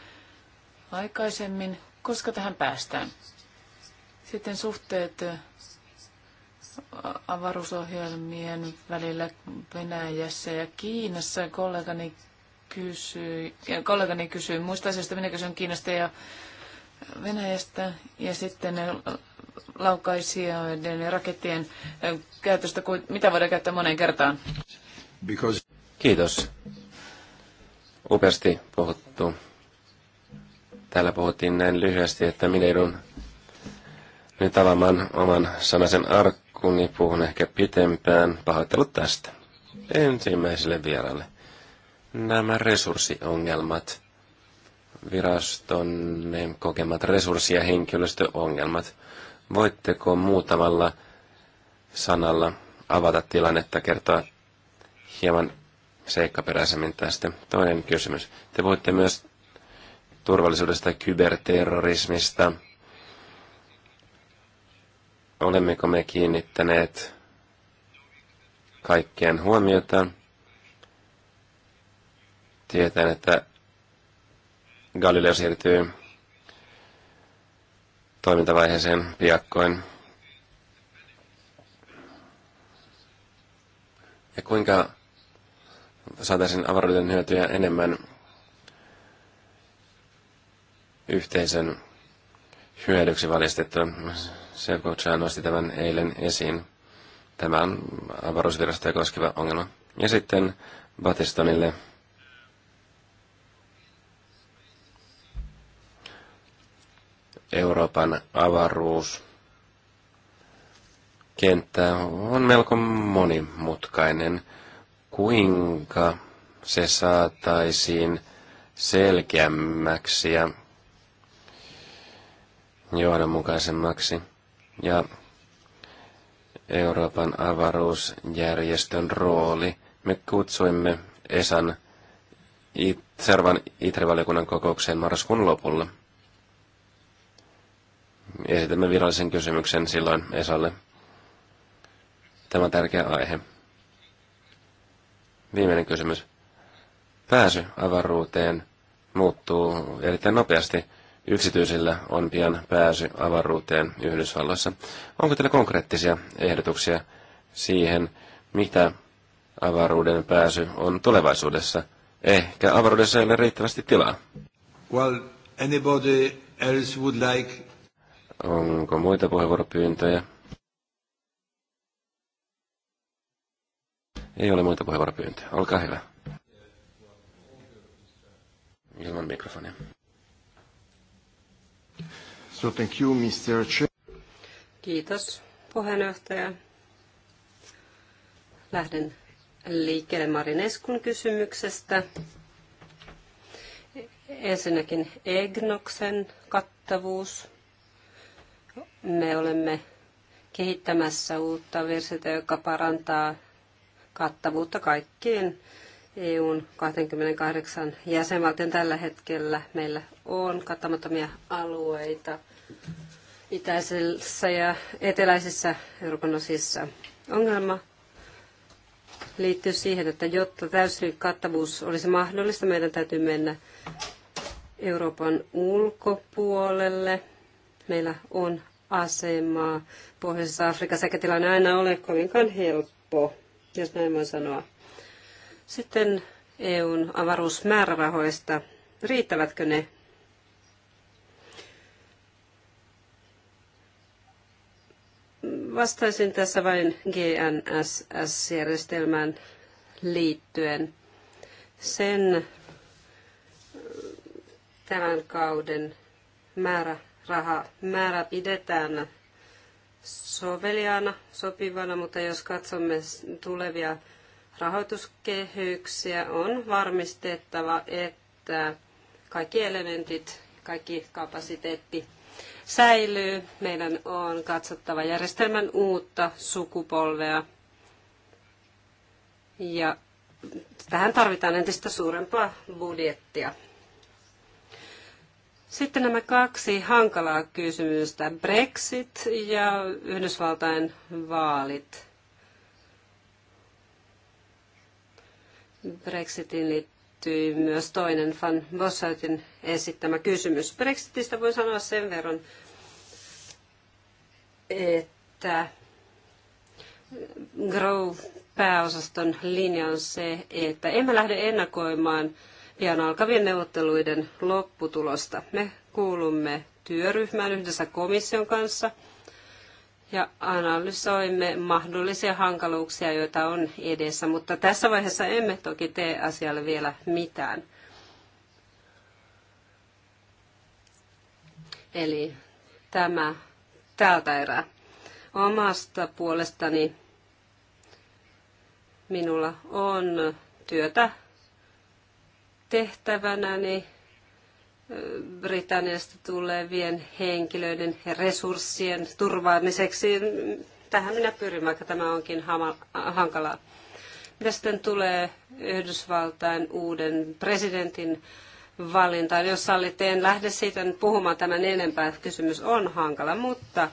Speaker 1: aikaisemmin. Koska tähän päästään? Sitten suhteet avaruusohjelmien välillä Venäjässä ja Kiinassa. Kollegani kysyi, kollegani kysyi muista asioista, minä kysyn Kiinasta ja Venäjästä ja sitten laukaisijoiden ja rakettien käytöstä, mitä voidaan käyttää moneen kertaan.
Speaker 2: Because... Kiitos. Upeasti puhuttu. Täällä puhuttiin näin lyhyesti, että minä edun nyt avaamaan oman sanasen arkkuni, puhun ehkä pitempään. Pahoittelut tästä. Ensimmäiselle vieralle. Nämä resurssiongelmat – virastonne kokemat resurssi- ja henkilöstöongelmat. Voitteko muutamalla sanalla avata tilannetta, kertoa hieman seikkaperäisemmin tästä? Toinen kysymys. Te voitte myös turvallisuudesta ja kyberterrorismista. Olemmeko me kiinnittäneet kaikkien huomiota? Tietän, että Galileo siirtyy toimintavaiheeseen piakkoin. Ja kuinka saataisiin avaruuden hyötyjä enemmän yhteisen hyödyksi valistettu. Sevkovcha nosti tämän eilen esiin. Tämä on avaruusvirastoja koskeva ongelma. Ja sitten Batistonille Euroopan avaruus kenttä on melko monimutkainen. Kuinka se saataisiin selkeämmäksi ja johdonmukaisemmaksi? Ja Euroopan avaruusjärjestön rooli. Me kutsuimme Esan Servan itre kokoukseen marraskuun lopulla esitämme virallisen kysymyksen silloin Esalle. Tämä on tärkeä aihe. Viimeinen kysymys. Pääsy avaruuteen muuttuu erittäin nopeasti. Yksityisillä on pian pääsy avaruuteen Yhdysvalloissa. Onko teillä konkreettisia ehdotuksia siihen, mitä avaruuden pääsy on tulevaisuudessa? Ehkä avaruudessa ei ole riittävästi tilaa.
Speaker 1: Well, anybody else would like
Speaker 2: Onko muita puheenvuoropyyntöjä? Ei ole muita puheenvuoropyyntöjä. Olkaa hyvä. Ilman mikrofonia.
Speaker 3: So thank you, Mr. Chair. Kiitos, puheenjohtaja. Lähden liikkeelle Marineskun kysymyksestä. Ensinnäkin EGNOXen kattavuus me olemme kehittämässä uutta versiota, joka parantaa kattavuutta kaikkien EUn 28 jäsenvaltion tällä hetkellä. Meillä on kattamattomia alueita itäisessä ja eteläisessä Euroopan osissa. Ongelma liittyy siihen, että jotta täysin kattavuus olisi mahdollista, meidän täytyy mennä Euroopan ulkopuolelle – Meillä on asemaa Pohjoisessa Afrikassa, eikä tilanne aina ole kovinkaan helppo, jos näin voi sanoa. Sitten EUn avaruusmäärärahoista. Riittävätkö ne? Vastaisin tässä vain GNSS-järjestelmään liittyen. Sen tämän kauden määrä rahamäärä pidetään soveliaana, sopivana, mutta jos katsomme tulevia rahoituskehyksiä, on varmistettava, että kaikki elementit, kaikki kapasiteetti säilyy. Meidän on katsottava järjestelmän uutta sukupolvea. Ja tähän tarvitaan entistä suurempaa budjettia. Sitten nämä kaksi hankalaa kysymystä, Brexit ja Yhdysvaltain vaalit. Brexitin liittyy myös toinen Van Bossautin esittämä kysymys. Brexitistä voi sanoa sen verran, että Grow pääosaston linja on se, että emme lähde ennakoimaan – pian alkavien neuvotteluiden lopputulosta. Me kuulumme työryhmään yhdessä komission kanssa ja analysoimme mahdollisia hankaluuksia, joita on edessä, mutta tässä vaiheessa emme toki tee asialle vielä mitään. Eli tämä täältä erää. Omasta puolestani minulla on työtä tehtävänäni Britanniasta tulevien henkilöiden ja resurssien turvaamiseksi. Tähän minä pyrin, vaikka tämä onkin hankalaa. Mitä sitten tulee Yhdysvaltain uuden presidentin valintaan? Jos sallitte, en lähde siitä puhumaan tämän enempää. Kysymys on hankala, mutta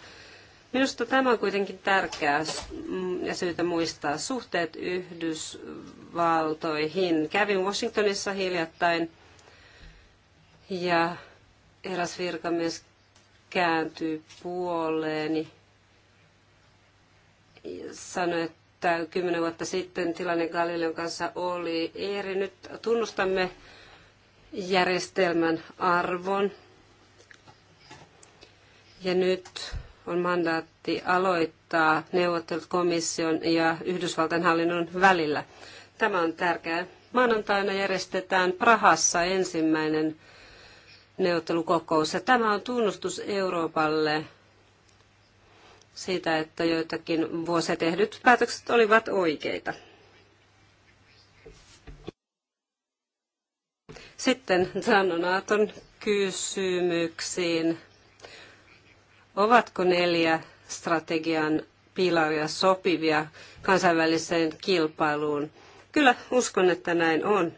Speaker 3: Minusta tämä on kuitenkin tärkeää mm, ja syytä muistaa. Suhteet Yhdysvaltoihin. Kävin Washingtonissa hiljattain ja eräs virkamies kääntyi puoleeni ja sanoi, että kymmenen vuotta sitten tilanne Galileon kanssa oli eri. Nyt tunnustamme järjestelmän arvon. Ja nyt on mandaatti aloittaa neuvottelut komission ja Yhdysvaltain hallinnon välillä. Tämä on tärkeää. Maanantaina järjestetään Prahassa ensimmäinen neuvottelukokous. Ja tämä on tunnustus Euroopalle siitä, että joitakin vuosia tehdyt päätökset olivat oikeita. Sitten Zanonaton kysymyksiin. Ovatko neljä strategian pilaria sopivia kansainväliseen kilpailuun? Kyllä uskon, että näin on.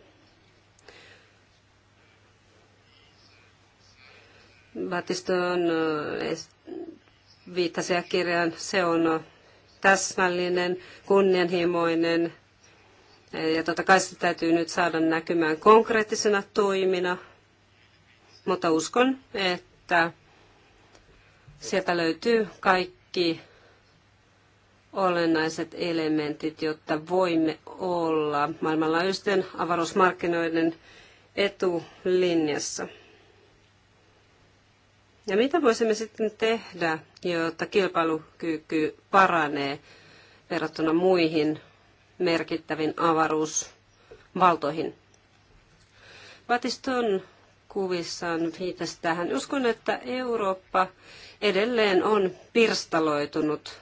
Speaker 3: Batiston viittasi se on täsmällinen, kunnianhimoinen e, ja totta kai se täytyy nyt saada näkymään konkreettisena toimina, mutta uskon, että Sieltä löytyy kaikki olennaiset elementit, jotta voimme olla maailmanlaajuisten avaruusmarkkinoiden etulinjassa. Ja mitä voisimme sitten tehdä, jotta kilpailukyky paranee verrattuna muihin merkittäviin avaruusvaltoihin? Batiston on viitasi tähän. Uskon, että Eurooppa edelleen on pirstaloitunut.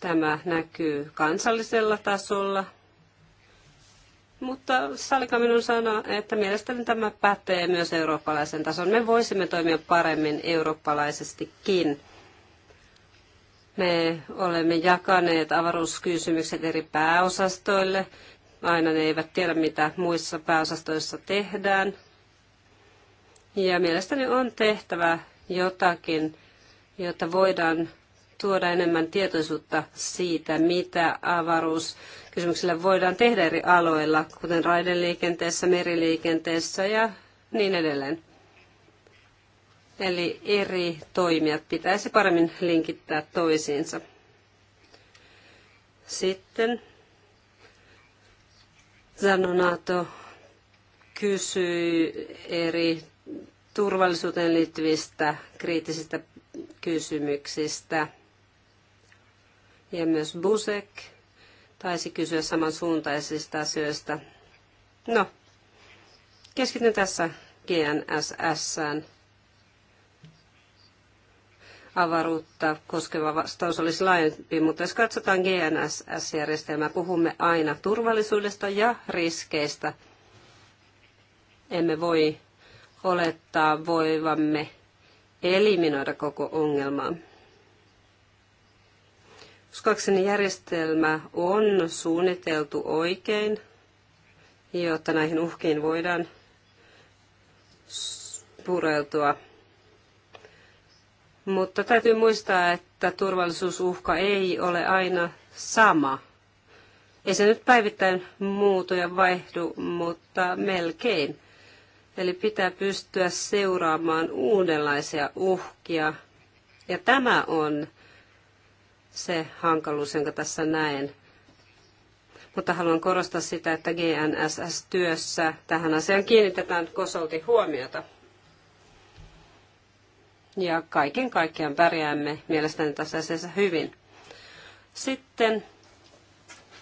Speaker 3: Tämä näkyy kansallisella tasolla, mutta salika minun sanoa, että mielestäni tämä pätee myös eurooppalaisen tason. Me voisimme toimia paremmin eurooppalaisestikin. Me olemme jakaneet avaruuskysymykset eri pääosastoille. Aina ne eivät tiedä, mitä muissa pääosastoissa tehdään. Ja mielestäni on tehtävä jotakin, jotta voidaan tuoda enemmän tietoisuutta siitä, mitä avaruuskysymyksillä voidaan tehdä eri aloilla, kuten raideliikenteessä, meriliikenteessä ja niin edelleen. Eli eri toimijat pitäisi paremmin linkittää toisiinsa. Sitten Zanonato kysyi eri turvallisuuteen liittyvistä kriittisistä kysymyksistä. Ja myös Busek taisi kysyä samansuuntaisista asioista. No, keskityn tässä GNSSään. Avaruutta koskeva vastaus olisi laajempi, mutta jos katsotaan GNSS-järjestelmää, puhumme aina turvallisuudesta ja riskeistä. Emme voi olettaa voivamme eliminoida koko ongelmaa. Uskoakseni järjestelmä on suunniteltu oikein, jotta näihin uhkiin voidaan pureutua. Mutta täytyy muistaa, että turvallisuusuhka ei ole aina sama. Ei se nyt päivittäin muutu ja vaihdu, mutta melkein. Eli pitää pystyä seuraamaan uudenlaisia uhkia. Ja tämä on se hankaluus, jonka tässä näen. Mutta haluan korostaa sitä, että GNSS-työssä tähän asiaan kiinnitetään kosolti huomiota. Ja kaiken kaikkiaan pärjäämme mielestäni tässä asiassa hyvin. Sitten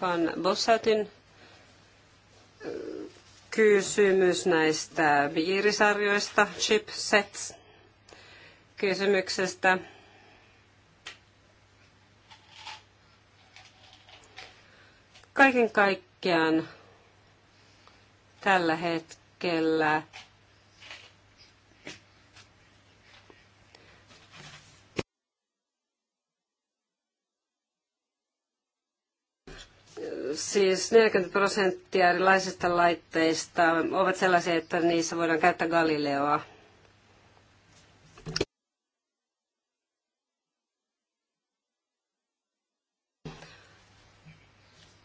Speaker 3: Van Bossautin kysymys näistä biirisarjoista, chipsets kysymyksestä. Kaiken kaikkiaan tällä hetkellä siis 40 prosenttia erilaisista laitteista ovat sellaisia, että niissä voidaan käyttää Galileoa.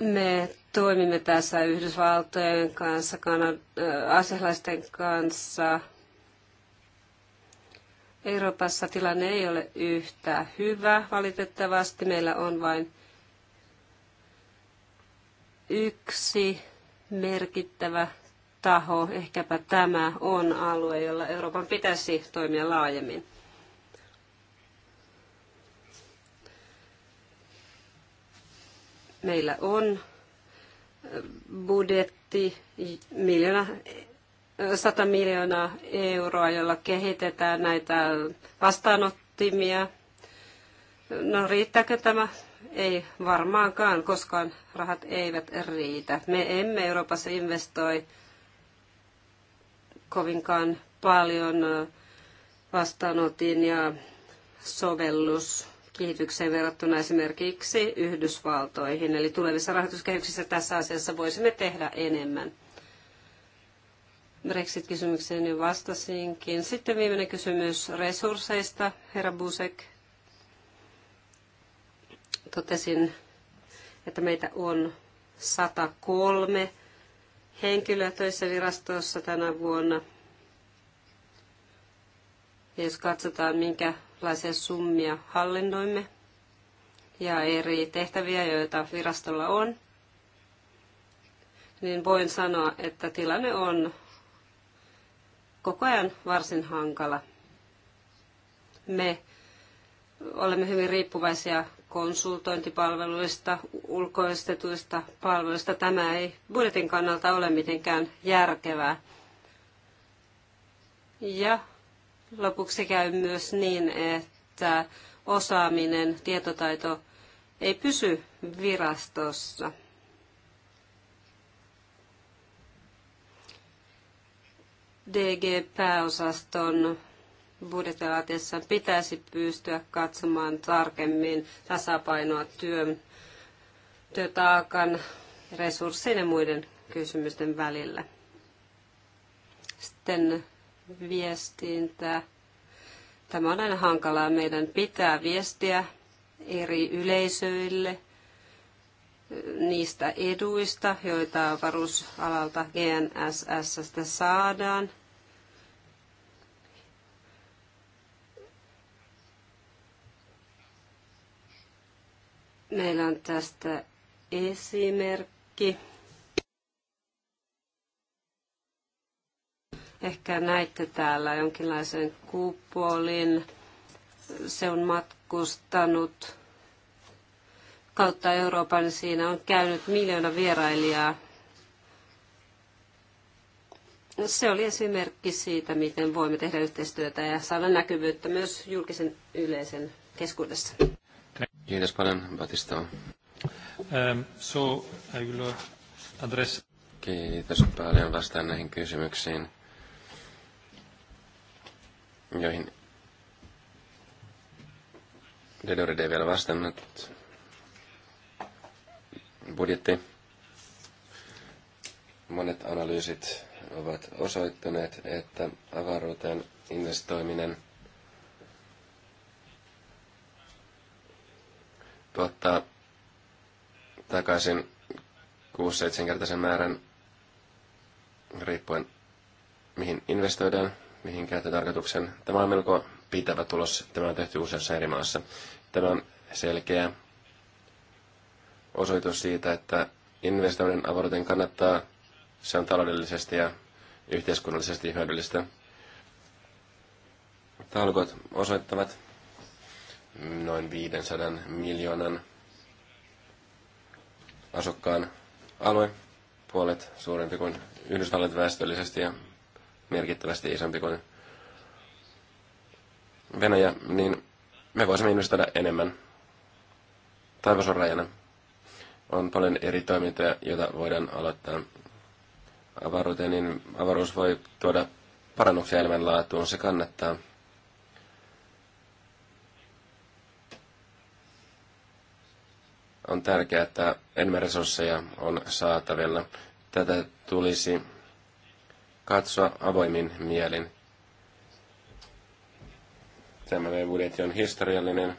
Speaker 3: Me toimimme tässä Yhdysvaltojen kanssa, Kanad- äh, asialaisten kanssa. Euroopassa tilanne ei ole yhtä hyvä valitettavasti. Meillä on vain yksi merkittävä taho, ehkäpä tämä on alue, jolla Euroopan pitäisi toimia laajemmin. Meillä on budjetti miljoona, 100 miljoonaa euroa, jolla kehitetään näitä vastaanottimia. No riittääkö tämä ei varmaankaan, koskaan rahat eivät riitä. Me emme Euroopassa investoi kovinkaan paljon vastaanotin ja sovellus kehitykseen verrattuna esimerkiksi Yhdysvaltoihin. Eli tulevissa rahoituskehyksissä tässä asiassa voisimme tehdä enemmän. Brexit-kysymykseen jo vastasinkin. Sitten viimeinen kysymys resursseista, herra Busek totesin, että meitä on 103 henkilöä töissä virastossa tänä vuonna. Ja jos katsotaan, minkälaisia summia hallinnoimme ja eri tehtäviä, joita virastolla on, niin voin sanoa, että tilanne on koko ajan varsin hankala. Me olemme hyvin riippuvaisia konsultointipalveluista, ulkoistetuista palveluista. Tämä ei budjetin kannalta ole mitenkään järkevää. Ja lopuksi käy myös niin, että osaaminen, tietotaito ei pysy virastossa. DG-pääosaston budjetilaatiossa pitäisi pystyä katsomaan tarkemmin tasapainoa työn, työtaakan, resurssien ja muiden kysymysten välillä. Sitten viestintä. Tämä on aina hankalaa. Meidän pitää viestiä eri yleisöille niistä eduista, joita varusalalta GNSS saadaan – Meillä tästä esimerkki. Ehkä näitte täällä jonkinlaisen kupolin. Se on matkustanut kautta Euroopan. Siinä on käynyt miljoona vierailijaa. Se oli esimerkki siitä, miten voimme tehdä yhteistyötä ja saada näkyvyyttä myös julkisen yleisen keskuudessa.
Speaker 2: Kiitos paljon, Batista. Um, ähm, so I will äh, address... Kiitos paljon vastaan näihin kysymyksiin, joihin Dedoride ei vielä vastannut. Budjetti. Monet analyysit ovat osoittaneet, että avaruuteen investoiminen – tuottaa takaisin 6-7-kertaisen määrän riippuen mihin investoidaan, mihin käyttötarkoituksen. Tämä on melko pitävä tulos. Tämä on tehty useassa eri maassa. Tämä on selkeä osoitus siitä, että investoinnin avaruuteen kannattaa. Se on taloudellisesti ja yhteiskunnallisesti hyödyllistä. Talkot osoittavat, noin 500 miljoonan asukkaan alue, puolet suurempi kuin Yhdysvallat väestöllisesti ja merkittävästi isompi kuin Venäjä, niin me voisimme investoida enemmän. Taivas on rajana. On paljon eri toimintoja, joita voidaan aloittaa avaruuteen, niin avaruus voi tuoda parannuksia elämänlaatuun. Se kannattaa. On tärkeää, että enemmän resursseja on saatavilla. Tätä tulisi katsoa avoimin mielin. Tämä budjetti on historiallinen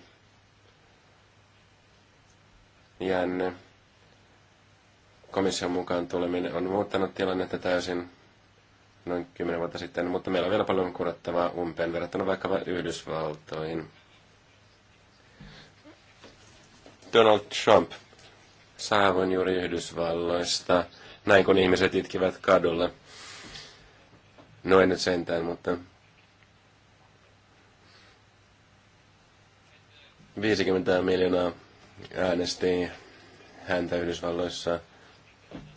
Speaker 2: jänne. Komission mukaan tuleminen on muuttanut tilannetta täysin noin kymmenen vuotta sitten, mutta meillä on vielä paljon kurottavaa umpeen verrattuna vaikka Yhdysvaltoihin. Donald Trump. Saavuin juuri Yhdysvalloista. Näin kun ihmiset itkivät kadulla. No en nyt sentään, mutta... 50 miljoonaa äänesti häntä Yhdysvalloissa.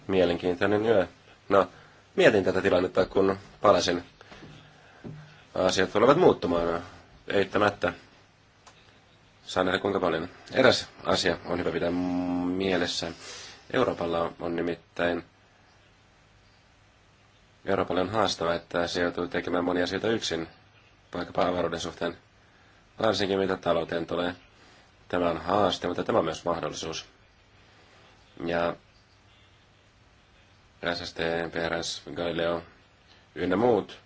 Speaker 2: Mielenkiintoinen yö. No, mietin tätä tilannetta, kun palasin. Asiat tulevat muuttumaan eittämättä saa nähdä kuinka paljon. Eräs asia on hyvä pitää mielessä. Euroopalla on nimittäin Euroopalle on haastava, että se joutuu tekemään monia asioita yksin, vaikkapa avaruuden suhteen, varsinkin mitä talouteen tulee. Tämä on haaste, mutta tämä on myös mahdollisuus. Ja SST, PRS, Galileo ynnä muut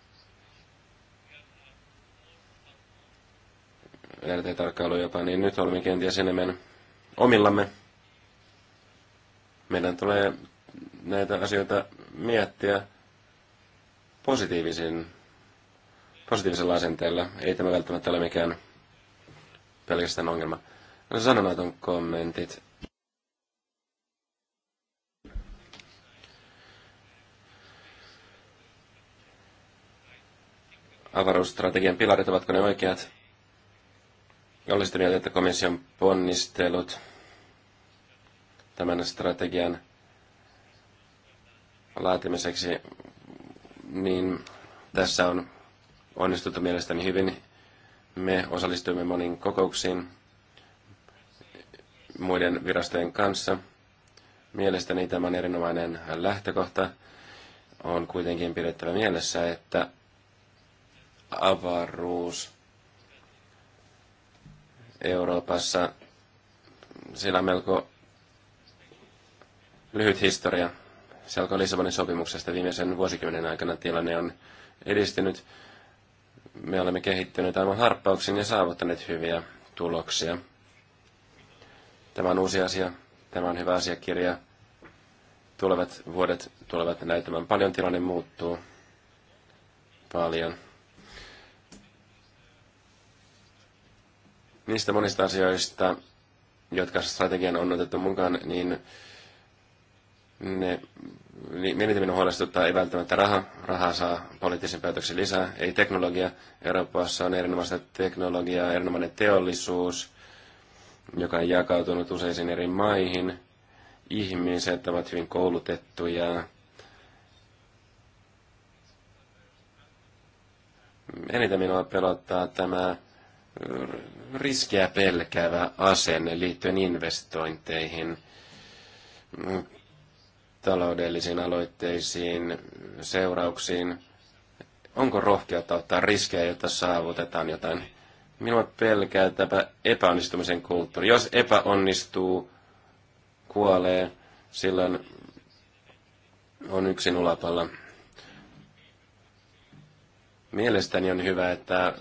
Speaker 2: NRT-tarkkailu jopa, niin nyt olemme kenties enemmän omillamme. Meidän tulee näitä asioita miettiä positiivisin, positiivisella asenteella. Ei tämä välttämättä ole mikään pelkästään ongelma. No sanonaton kommentit. Avaruusstrategian pilarit, ovatko ne oikeat? Olen sitä mieltä, että komission ponnistelut tämän strategian laatimiseksi, niin tässä on onnistuttu mielestäni hyvin. Me osallistuimme moniin kokouksiin muiden virastojen kanssa. Mielestäni tämä on erinomainen lähtökohta. On kuitenkin pidettävä mielessä, että avaruus Euroopassa. Sillä on melko lyhyt historia. Se alkoi Lissabonin sopimuksesta viimeisen vuosikymmenen aikana. Tilanne on edistynyt. Me olemme kehittyneet aivan harppauksen ja saavuttaneet hyviä tuloksia. Tämä on uusi asia. Tämä on hyvä asiakirja. Tulevat vuodet tulevat näyttämään paljon. Tilanne muuttuu paljon. Niistä monista asioista, jotka strategian on otettu mukaan, niin ne, niin minun huolestuttaa ei välttämättä raha. Rahaa saa poliittisen päätöksen lisää, ei teknologia. Euroopassa on erinomaista teknologiaa, erinomainen teollisuus, joka on jakautunut useisiin eri maihin. Ihmiset ovat hyvin koulutettuja. Eniten minua pelottaa tämä riskejä pelkäävä asenne liittyen investointeihin, taloudellisiin aloitteisiin, seurauksiin. Onko rohkeutta ottaa riskejä, jotta saavutetaan jotain? Minua pelkää tämä epäonnistumisen kulttuuri. Jos epäonnistuu, kuolee, silloin on yksin ulapalla. Mielestäni on hyvä, että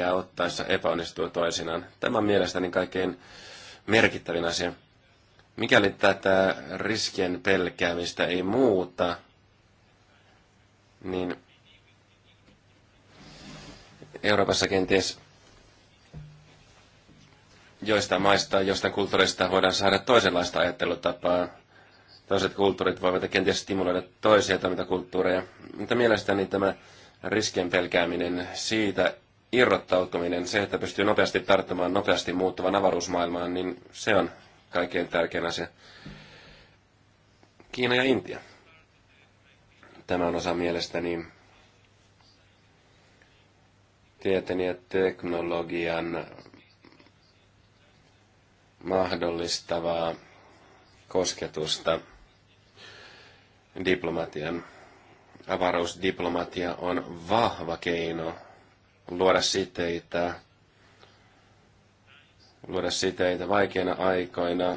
Speaker 2: ja ottaessa epäonnistuu toisinaan. Tämä on mielestäni kaikkein merkittävin asia. Mikäli tätä riskien pelkäämistä ei muuta, niin Euroopassa kenties joista maista, joista kulttuurista voidaan saada toisenlaista ajattelutapaa. Toiset kulttuurit voivat kenties stimuloida toisia toimintakulttuureja, mutta mielestäni tämä riskien pelkääminen, siitä irrottautuminen, se, että pystyy nopeasti tarttumaan nopeasti muuttuvan avaruusmaailmaan, niin se on kaikkein tärkein asia. Kiina ja Intia. Tämä on osa mielestäni tieteen ja teknologian mahdollistavaa kosketusta diplomatian avaruusdiplomatia on vahva keino luoda siteitä, luoda siteitä vaikeina aikoina,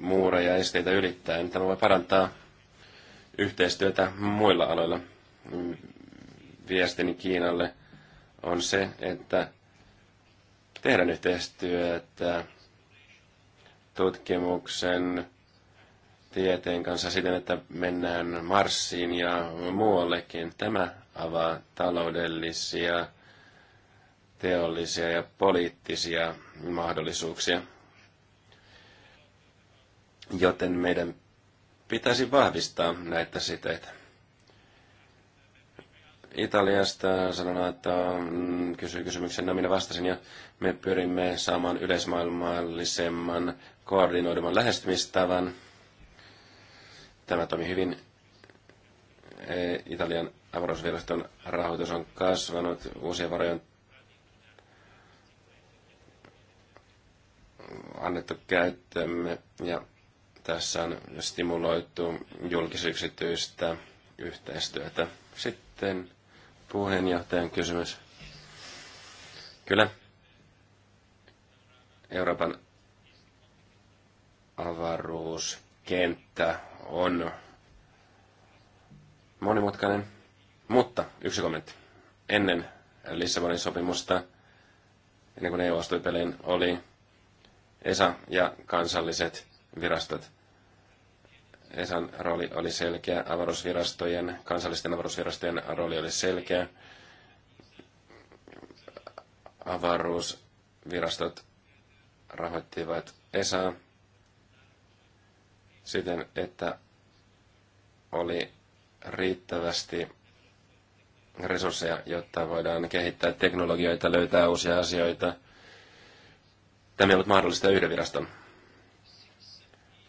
Speaker 2: muureja ja esteitä ylittäen. Tämä voi parantaa yhteistyötä muilla aloilla. Viestini Kiinalle on se, että tehdään yhteistyötä tutkimuksen, tieteen kanssa siten, että mennään Marsiin ja muuallekin. Tämä avaa taloudellisia, teollisia ja poliittisia mahdollisuuksia. Joten meidän pitäisi vahvistaa näitä siteitä. Italiasta sanonut, että kysyy kysymyksen, no minä vastasin ja me pyrimme saamaan yleismaailmallisemman koordinoidumman lähestymistavan – Tämä toimi hyvin. E, Italian avaruusviraston rahoitus on kasvanut. Uusien varojen annettu käyttöömme ja tässä on stimuloitu julkisyksityistä yhteistyötä. Sitten puheenjohtajan kysymys. Kyllä. Euroopan avaruuskenttä on monimutkainen. Mutta yksi kommentti. Ennen Lissabonin sopimusta, ennen kuin EU astui peliin, oli ESA ja kansalliset virastot. ESAn rooli oli selkeä, avaruusvirastojen, kansallisten avaruusvirastojen rooli oli selkeä. Avaruusvirastot rahoittivat ESAa siten, että oli riittävästi resursseja, jotta voidaan kehittää teknologioita, löytää uusia asioita. Tämä ei ollut mahdollista yhden viraston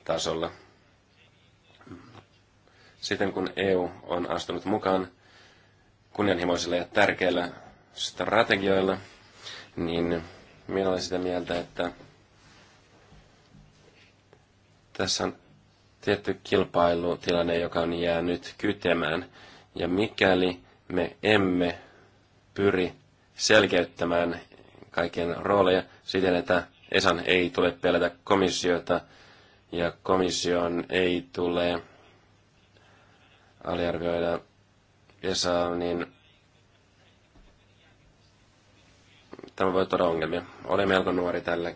Speaker 2: tasolla. Sitten kun EU on astunut mukaan kunnianhimoisilla ja tärkeillä strategioilla, niin minä olen sitä mieltä, että tässä on tietty kilpailutilanne, joka on jäänyt kytemään. Ja mikäli me emme pyri selkeyttämään kaiken rooleja siten, että Esan ei tule pelätä komissiota ja komission ei tule aliarvioida Esaa, niin tämä voi tuoda ongelmia. Olen melko nuori tälle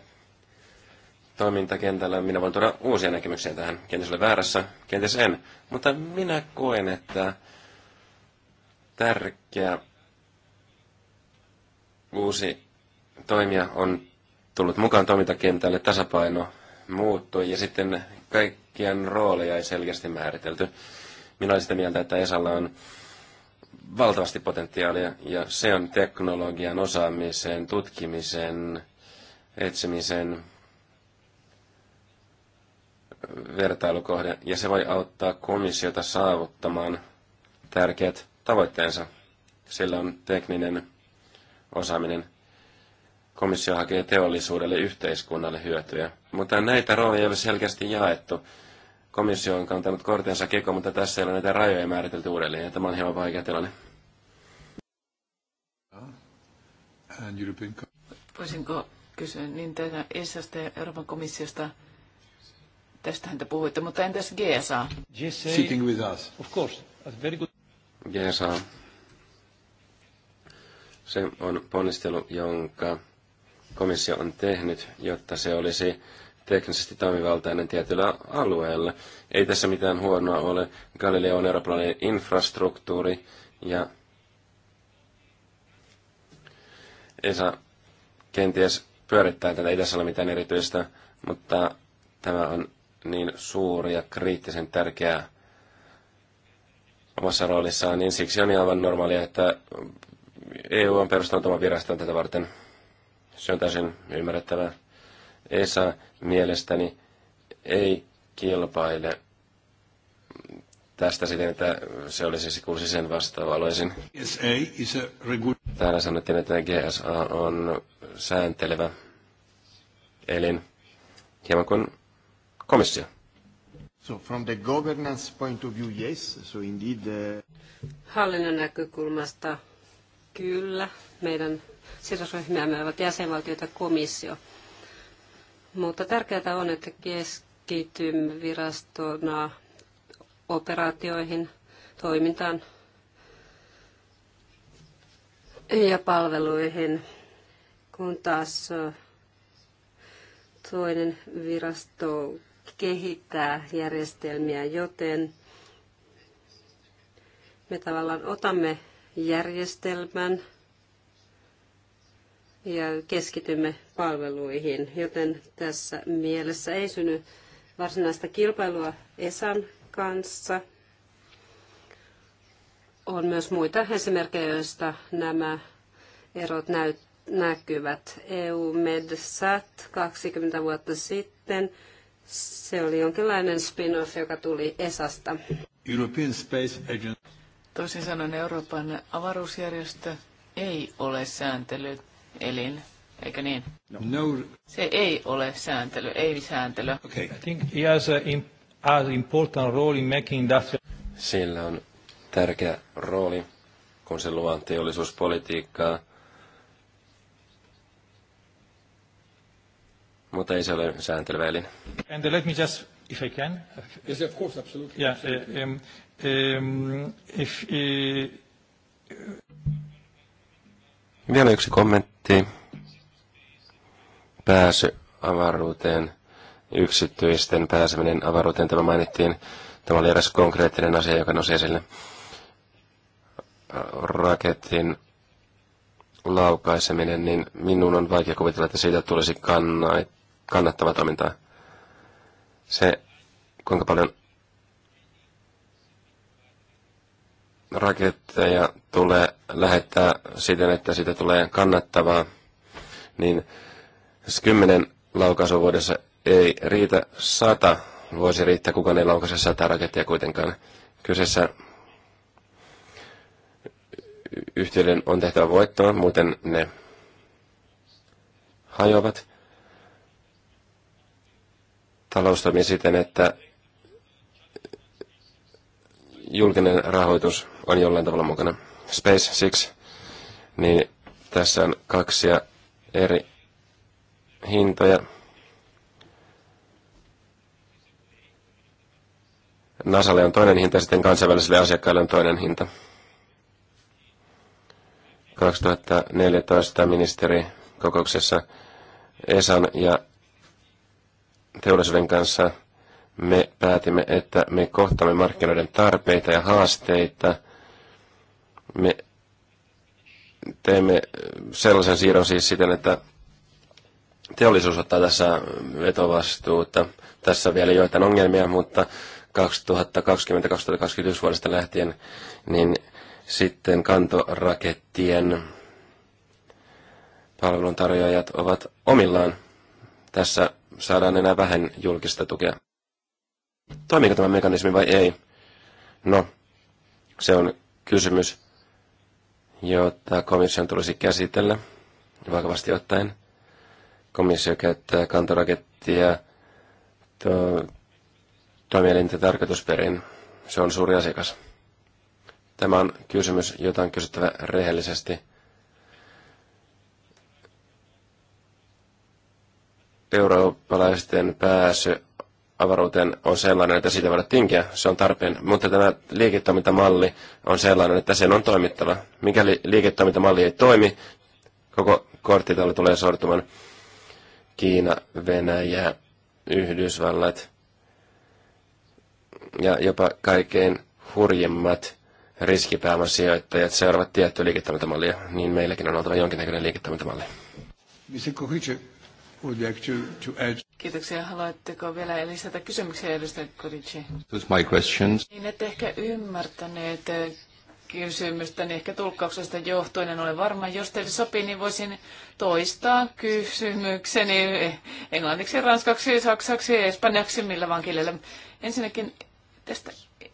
Speaker 2: toimintakentällä. Minä voin tuoda uusia näkemyksiä tähän. Kenties olen väärässä, kenties en. Mutta minä koen, että tärkeä uusi toimija on tullut mukaan toimintakentälle. Tasapaino muuttui ja sitten kaikkien rooleja ei selkeästi määritelty. Minä olen sitä mieltä, että Esalla on valtavasti potentiaalia ja se on teknologian osaamisen, tutkimisen, etsimisen, vertailukohde, ja se voi auttaa komissiota saavuttamaan tärkeät tavoitteensa. Sillä on tekninen osaaminen. Komissio hakee teollisuudelle yhteiskunnalle hyötyjä. Mutta näitä rooleja ei ole selkeästi jaettu. Komissio on kantanut kortensa keko, mutta tässä ei ole näitä rajoja määritelty uudelleen, ja tämä on hieman vaikea tilanne.
Speaker 1: Voisinko kysyä niin tätä ESAsta Euroopan komissiosta Tästähän te puhuitte, mutta entäs GSA? GSA Sitting with us. Of course. a very good.
Speaker 2: GSA. Se on ponnistelu, jonka komissio on tehnyt, jotta se olisi teknisesti toimivaltainen tietyllä alueella. Ei tässä mitään huonoa ole. Galileo on eurooppalainen infrastruktuuri ja ESA kenties pyörittää tätä. Ei tässä ole mitään erityistä, mutta tämä on niin suuri ja kriittisen tärkeä omassa roolissaan, niin siksi on aivan normaalia, että EU on perustanut oman viraston tätä varten. Se on täysin ymmärrettävää. ESA mielestäni ei kilpaile tästä siten, että se olisi siis kuulisi sen vastaavalueisiin. E Täällä sanottiin, että GSA on sääntelevä elin, hieman kuin komissio. So from the governance
Speaker 3: point of view, yes. So indeed, uh... Hallinnon näkökulmasta kyllä. Meidän sidosryhmiämme ovat jäsenvaltiot ja komissio. Mutta tärkeää on, että keskitymme virastona operaatioihin, toimintaan ja palveluihin, kun taas toinen virasto kehittää järjestelmiä, joten me tavallaan otamme järjestelmän ja keskitymme palveluihin, joten tässä mielessä ei synny varsinaista kilpailua ESAN kanssa. On myös muita esimerkkejä, joista nämä erot näyt näkyvät. EU MedSat 20 vuotta sitten se oli jonkinlainen spin-off, joka tuli ESAsta.
Speaker 1: European Space Agency.
Speaker 3: Toisin sanoen Euroopan avaruusjärjestö
Speaker 1: ei ole sääntelyelin, eikö niin? No. no. Se ei ole sääntely, ei sääntely. Okay. I think he has a important role
Speaker 2: in making industrial... Sillä on tärkeä rooli, kun se luo teollisuuspolitiikkaa – mutta ei se ole sääntelyväline.
Speaker 1: And let me just, if I can. Yes, of course, absolutely. Yeah, absolutely. Uh, um, um, if, uh...
Speaker 2: Vielä yksi kommentti. Pääsy avaruuteen, yksityisten pääseminen avaruuteen, tämä mainittiin. Tämä oli eräs konkreettinen asia, joka nousi esille. Raketin laukaiseminen, niin minun on vaikea kuvitella, että siitä tulisi kannat, kannattavaa toimintaa. Se, kuinka paljon raketteja tulee lähettää siten, että siitä tulee kannattavaa, niin 10 kymmenen laukaisua vuodessa ei riitä sata, voisi riittää, kukaan ei laukaise sata rakettia kuitenkaan. Kyseessä yhtiöiden on tehtävä voittoa, muuten ne hajoavat talous siten, että julkinen rahoitus on jollain tavalla mukana. Space 6, niin tässä on kaksi eri hintoja. Nasalle on toinen hinta, sitten kansainväliselle asiakkaille on toinen hinta. 2014 ministeri kokouksessa ESAN ja teollisuuden kanssa me päätimme, että me kohtamme markkinoiden tarpeita ja haasteita. Me teemme sellaisen siirron siis siten, että teollisuus ottaa tässä vetovastuuta. Tässä on vielä joitain ongelmia, mutta 2020-2021 vuodesta lähtien, niin sitten kantorakettien palveluntarjoajat ovat omillaan tässä saadaan enää vähän julkista tukea. Toimiiko tämä mekanismi vai ei? No, se on kysymys, jota komission tulisi käsitellä vakavasti ottaen. Komissio käyttää kantorakettia to, toimielinten tarkoitusperin. Se on suuri asiakas. Tämä on kysymys, jota on kysyttävä rehellisesti – eurooppalaisten pääsy avaruuteen on sellainen, että siitä voidaan tinkiä, se on tarpeen. Mutta tämä liiketoimintamalli on sellainen, että sen on toimittava. Mikäli liiketoimintamalli ei toimi, koko korttitalo tulee sortumaan Kiina, Venäjä, Yhdysvallat ja jopa kaikkein hurjimmat riskipääomasijoittajat seuraavat tiettyä liiketoimintamallia, niin meilläkin on oltava jonkinnäköinen liiketoimintamalli.
Speaker 3: Would like to, to add...
Speaker 1: Kiitoksia. Haluatteko vielä lisätä kysymyksiä, edustaja Kodici? This my questions. Niin, että ehkä ymmärtäneet niin ehkä tulkkauksesta johtuen. En ole varma, jos teille sopii, niin voisin toistaa kysymykseni eh, englanniksi, ranskaksi, saksaksi, espanjaksi, millä vaan kielellä. Ensinnäkin tästä, eh,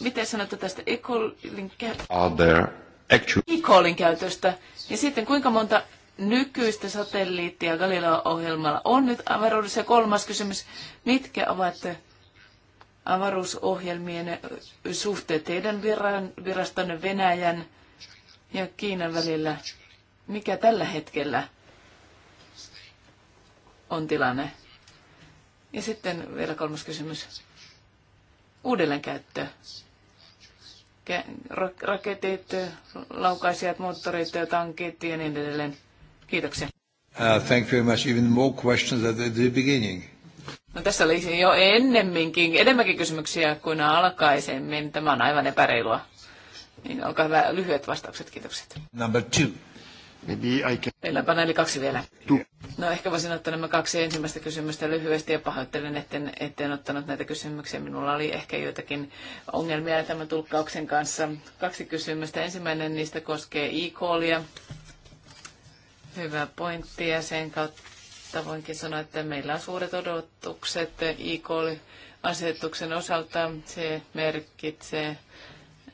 Speaker 1: miten sanotte tästä e-callin, there e-callin käytöstä? Ja sitten kuinka monta nykyistä satelliittia Galileo-ohjelmalla on nyt avaruudessa? Ja kolmas kysymys, mitkä ovat avaruusohjelmien suhteet teidän virastonne Venäjän ja Kiinan välillä? Mikä tällä hetkellä on tilanne? Ja sitten vielä kolmas kysymys. Uudelleenkäyttö. Raketit, laukaisijat, moottorit, tankit ja niin edelleen Kiitoksia.
Speaker 3: Uh, thank you very much. Even more questions at the beginning.
Speaker 1: No, tässä oli jo ennemminkin, enemmänkin kysymyksiä kuin alkaisemmin. Tämä on aivan epäreilua. Niin, olkaa hyvä, lyhyet vastaukset, kiitokset. Number two. Maybe I can... Meillä on paneeli kaksi vielä. No ehkä voisin ottaa nämä kaksi ensimmäistä kysymystä lyhyesti ja pahoittelen, etten, etten ottanut näitä kysymyksiä. Minulla oli ehkä joitakin ongelmia tämän tulkkauksen kanssa. Kaksi kysymystä. Ensimmäinen niistä koskee e-callia. Hyvä pointti ja sen kautta voinkin sanoa, että meillä on suuret odotukset ikl asetuksen osalta. Se merkitsee,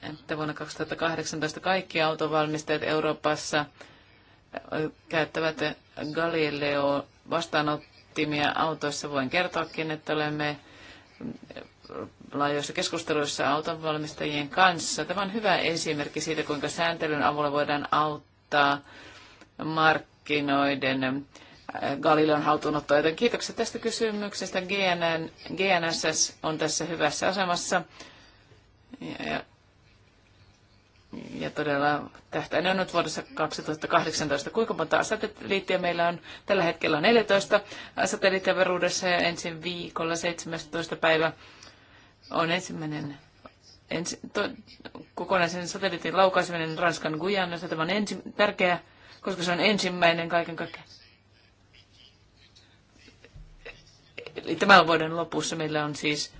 Speaker 1: että vuonna 2018 kaikki autovalmistajat Euroopassa käyttävät Galileo vastaanottimia autoissa. Voin kertoakin, että olemme laajoissa keskusteluissa autonvalmistajien kanssa. Tämä on hyvä esimerkki siitä, kuinka sääntelyn avulla voidaan auttaa markkinoita markkinoiden äh, Galileon haltuunottoa. Joten kiitokset tästä kysymyksestä. GNN, GNSS on tässä hyvässä asemassa. Ja, ja, ja todella tähtäinen on nyt vuodessa 2018. Kuinka monta satelliittia meillä on? Tällä hetkellä on 14 satelliittia veruudessa ja ensi viikolla 17. päivä on ensimmäinen ensi, to, kokonaisen satelliitin laukaiseminen Ranskan Gujanassa. Tämä on ensi, tärkeä koska se on ensimmäinen kaiken kaikkiaan. Eli tämän vuoden lopussa meillä on siis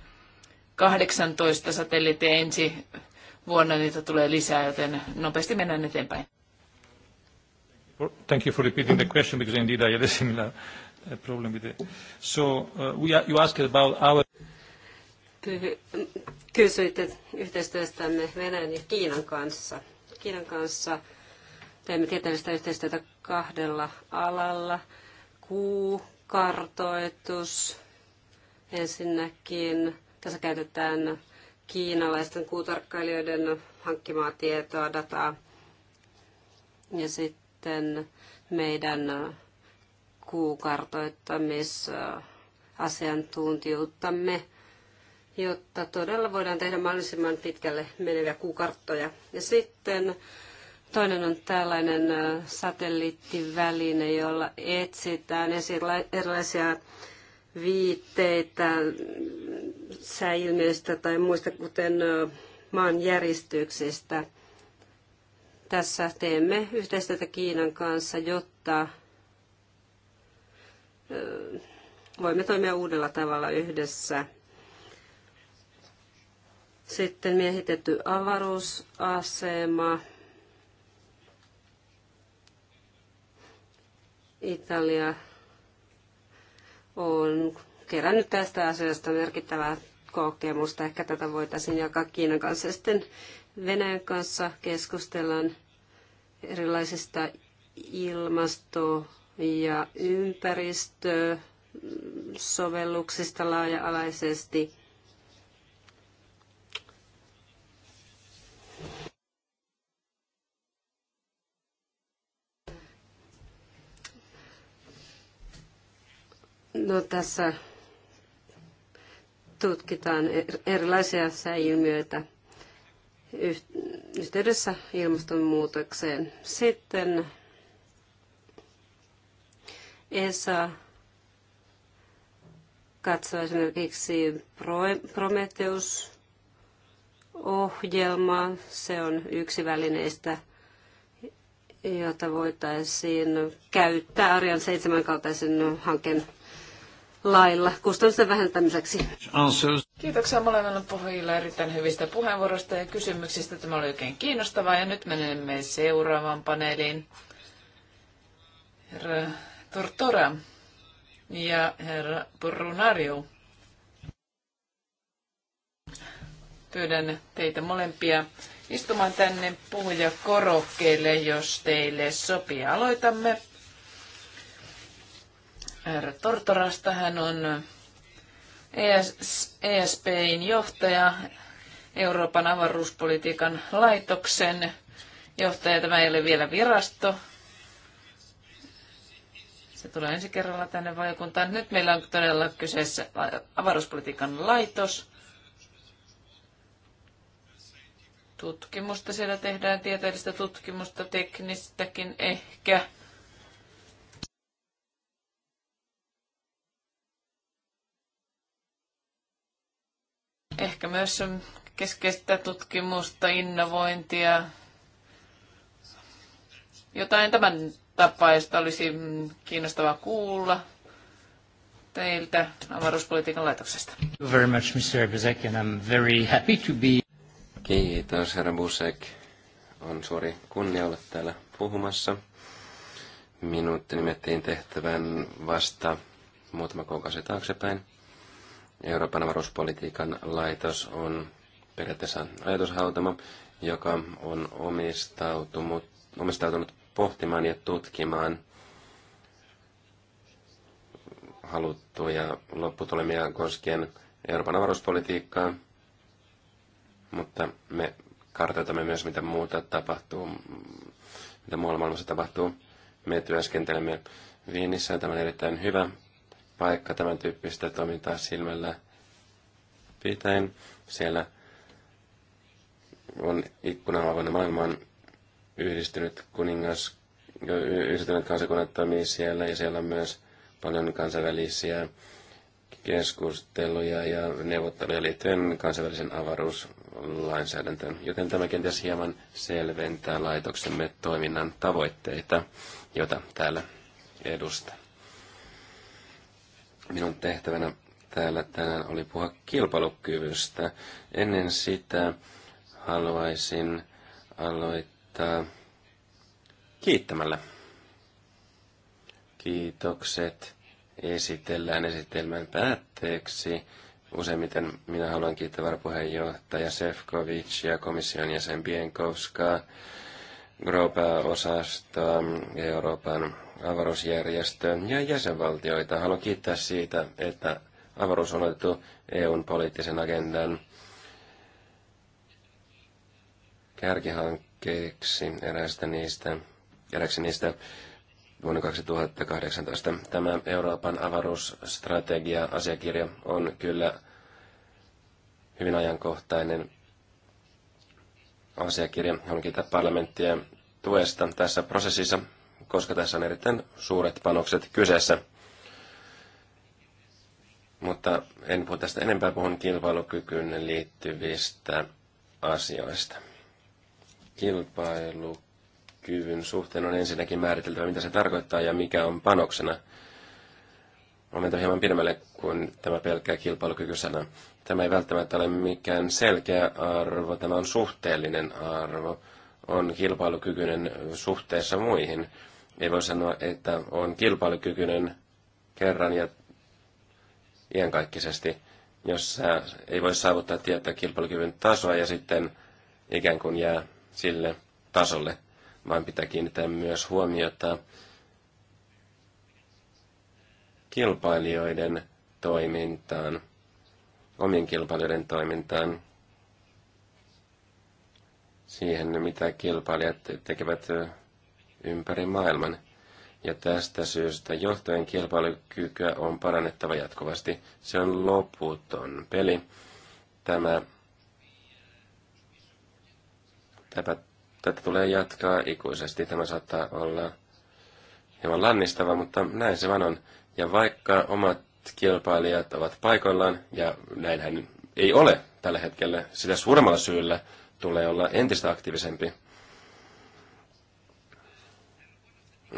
Speaker 1: 18 satelliittia ensi vuonna niitä tulee lisää, joten nopeasti mennään eteenpäin.
Speaker 2: Thank you for repeating the question because indeed I had a similar uh, problem with it. So uh, we are, you asked about our
Speaker 3: kysyitte yhteistyöstämme Venäjän ja Kiinan kanssa. Kiinan kanssa Teemme tieteellistä yhteistyötä kahdella alalla. Kuukartoitus ensinnäkin. Tässä käytetään kiinalaisten kuutarkkailijoiden hankkimaa tietoa, dataa. Ja sitten meidän kuukartoittamisasiantuntijuuttamme, jotta todella voidaan tehdä mahdollisimman pitkälle meneviä kuukarttoja. Ja sitten Toinen on tällainen satelliittiväline, jolla etsitään erilaisia viitteitä säilmiöistä tai muista, kuten maanjäristyksistä. Tässä teemme yhteistyötä Kiinan kanssa, jotta voimme toimia uudella tavalla yhdessä. Sitten miehitetty avaruusasema. Italia on kerännyt tästä asiasta merkittävää kokemusta. Ehkä tätä voitaisiin jakaa Kiinan kanssa. Sitten Venäjän kanssa keskustellaan erilaisista ilmasto- ja ympäristösovelluksista laaja-alaisesti – No tässä tutkitaan er-, erilaisia sääilmiöitä yhteydessä ilmastonmuutokseen. Sitten ESA katsoo esimerkiksi prometheus ohjelma, Se on yksi välineistä, jota voitaisiin käyttää Arjan seitsemän kaltaisen hankkeen lailla kustannusten vähentämiseksi. Kiitoksia molemmille puhujille
Speaker 1: erittäin hyvistä puheenvuoroista ja kysymyksistä. Tämä oli oikein kiinnostavaa ja nyt menemme seuraavaan paneeliin. Herra Tortora ja herra Brunario. Pyydän teitä molempia istumaan tänne puhujakorokkeelle, jos teille sopii. Aloitamme R. Tortorasta. Hän on ES, ESPin johtaja, Euroopan avaruuspolitiikan laitoksen johtaja. Tämä ei ole vielä virasto. Se tulee ensi kerralla tänne valiokuntaan. Nyt meillä on todella kyseessä avaruuspolitiikan laitos. Tutkimusta siellä tehdään, tieteellistä tutkimusta, teknistäkin ehkä Ehkä myös keskeistä tutkimusta, innovointia, jotain tämän tapaista olisi kiinnostavaa kuulla teiltä avaruuspolitiikan laitoksesta.
Speaker 2: Very much, Mr. and I'm very happy to be... Kiitos, herra Busek. On suuri kunnia olla täällä puhumassa. Minut nimettiin tehtävän vasta muutama kuukausi taaksepäin. Euroopan avaruuspolitiikan laitos on periaatteessa ajatushautama, joka on omistautunut, omistautunut pohtimaan ja tutkimaan haluttuja lopputulemia koskien Euroopan avaruuspolitiikkaa, mutta me kartoitamme myös, mitä muuta tapahtuu, mitä muualla maailmassa tapahtuu. Me työskentelemme Viinissä, tämä on erittäin hyvä paikka tämän tyyppistä toimintaa silmällä pitäen. Siellä on ikkuna avoinna maailmaan yhdistynyt kuningas, yhdistynyt kansakunnat toimii siellä ja siellä on myös paljon kansainvälisiä keskusteluja ja neuvotteluja liittyen kansainvälisen avaruuslainsäädäntöön, joten tämä kenties hieman selventää laitoksemme toiminnan tavoitteita, jota täällä edustaa. Minun tehtävänä täällä tänään oli puhua kilpailukyvystä. Ennen sitä haluaisin aloittaa kiittämällä. Kiitokset esitellään esitelmän päätteeksi. Useimmiten minä haluan kiittää varapuheenjohtaja ja komission jäsen Bienkowskaa, Gropa-osastoa, Euroopan avaruusjärjestö ja jäsenvaltioita. Haluan kiittää siitä, että avaruus on otettu EUn poliittisen agendan kärkihankkeeksi eräistä niistä, eräksi niistä vuonna 2018. Tämä Euroopan avaruusstrategia-asiakirja on kyllä hyvin ajankohtainen asiakirja. Haluan kiittää parlamenttia tuesta tässä prosessissa koska tässä on erittäin suuret panokset kyseessä. Mutta en puhu tästä enempää, puhun kilpailukykyyn liittyvistä asioista. Kilpailukyvyn suhteen on ensinnäkin määriteltävä, mitä se tarkoittaa ja mikä on panoksena. On menty hieman pidemmälle kuin tämä pelkkä kilpailukykysana. Tämä ei välttämättä ole mikään selkeä arvo, tämä on suhteellinen arvo on kilpailukykyinen suhteessa muihin. Ei voi sanoa, että on kilpailukykyinen kerran ja iänkaikkisesti, jos ei voi saavuttaa tietää kilpailukyvyn tasoa ja sitten ikään kuin jää sille tasolle, vaan pitää kiinnittää myös huomiota kilpailijoiden toimintaan, omien kilpailijoiden toimintaan, siihen, mitä kilpailijat tekevät ympäri maailman. Ja tästä syystä johtojen kilpailukykyä on parannettava jatkuvasti. Se on loputon peli. Tämä, tämä, tätä tulee jatkaa ikuisesti. Tämä saattaa olla hieman lannistava, mutta näin se vaan on. Ja vaikka omat kilpailijat ovat paikoillaan, ja näinhän ei ole tällä hetkellä sitä suuremmalla syyllä, tulee olla entistä aktiivisempi.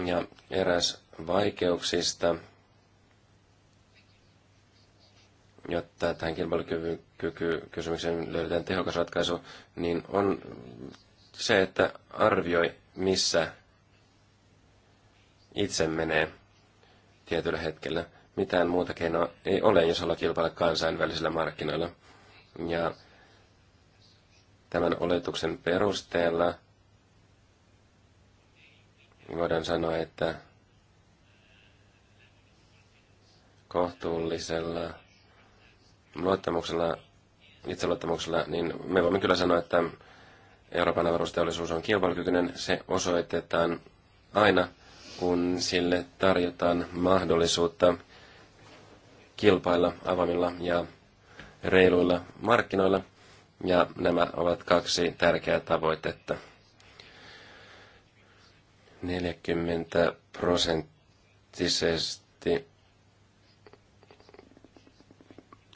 Speaker 2: Ja eräs vaikeuksista, jotta tähän kilpailukykykysymykseen löydetään tehokas ratkaisu, niin on se, että arvioi, missä itse menee tietyllä hetkellä. Mitään muuta keinoa ei ole, jos ollaan kilpailla kansainvälisillä markkinoilla. Ja Tämän oletuksen perusteella voidaan sanoa, että kohtuullisella luottamuksella, itseluottamuksella, niin me voimme kyllä sanoa, että Euroopan avaruusteollisuus on kilpailukykyinen. Se osoitetaan aina, kun sille tarjotaan mahdollisuutta kilpailla avamilla ja reiluilla markkinoilla – ja nämä ovat kaksi tärkeää tavoitetta. 40 prosenttisesti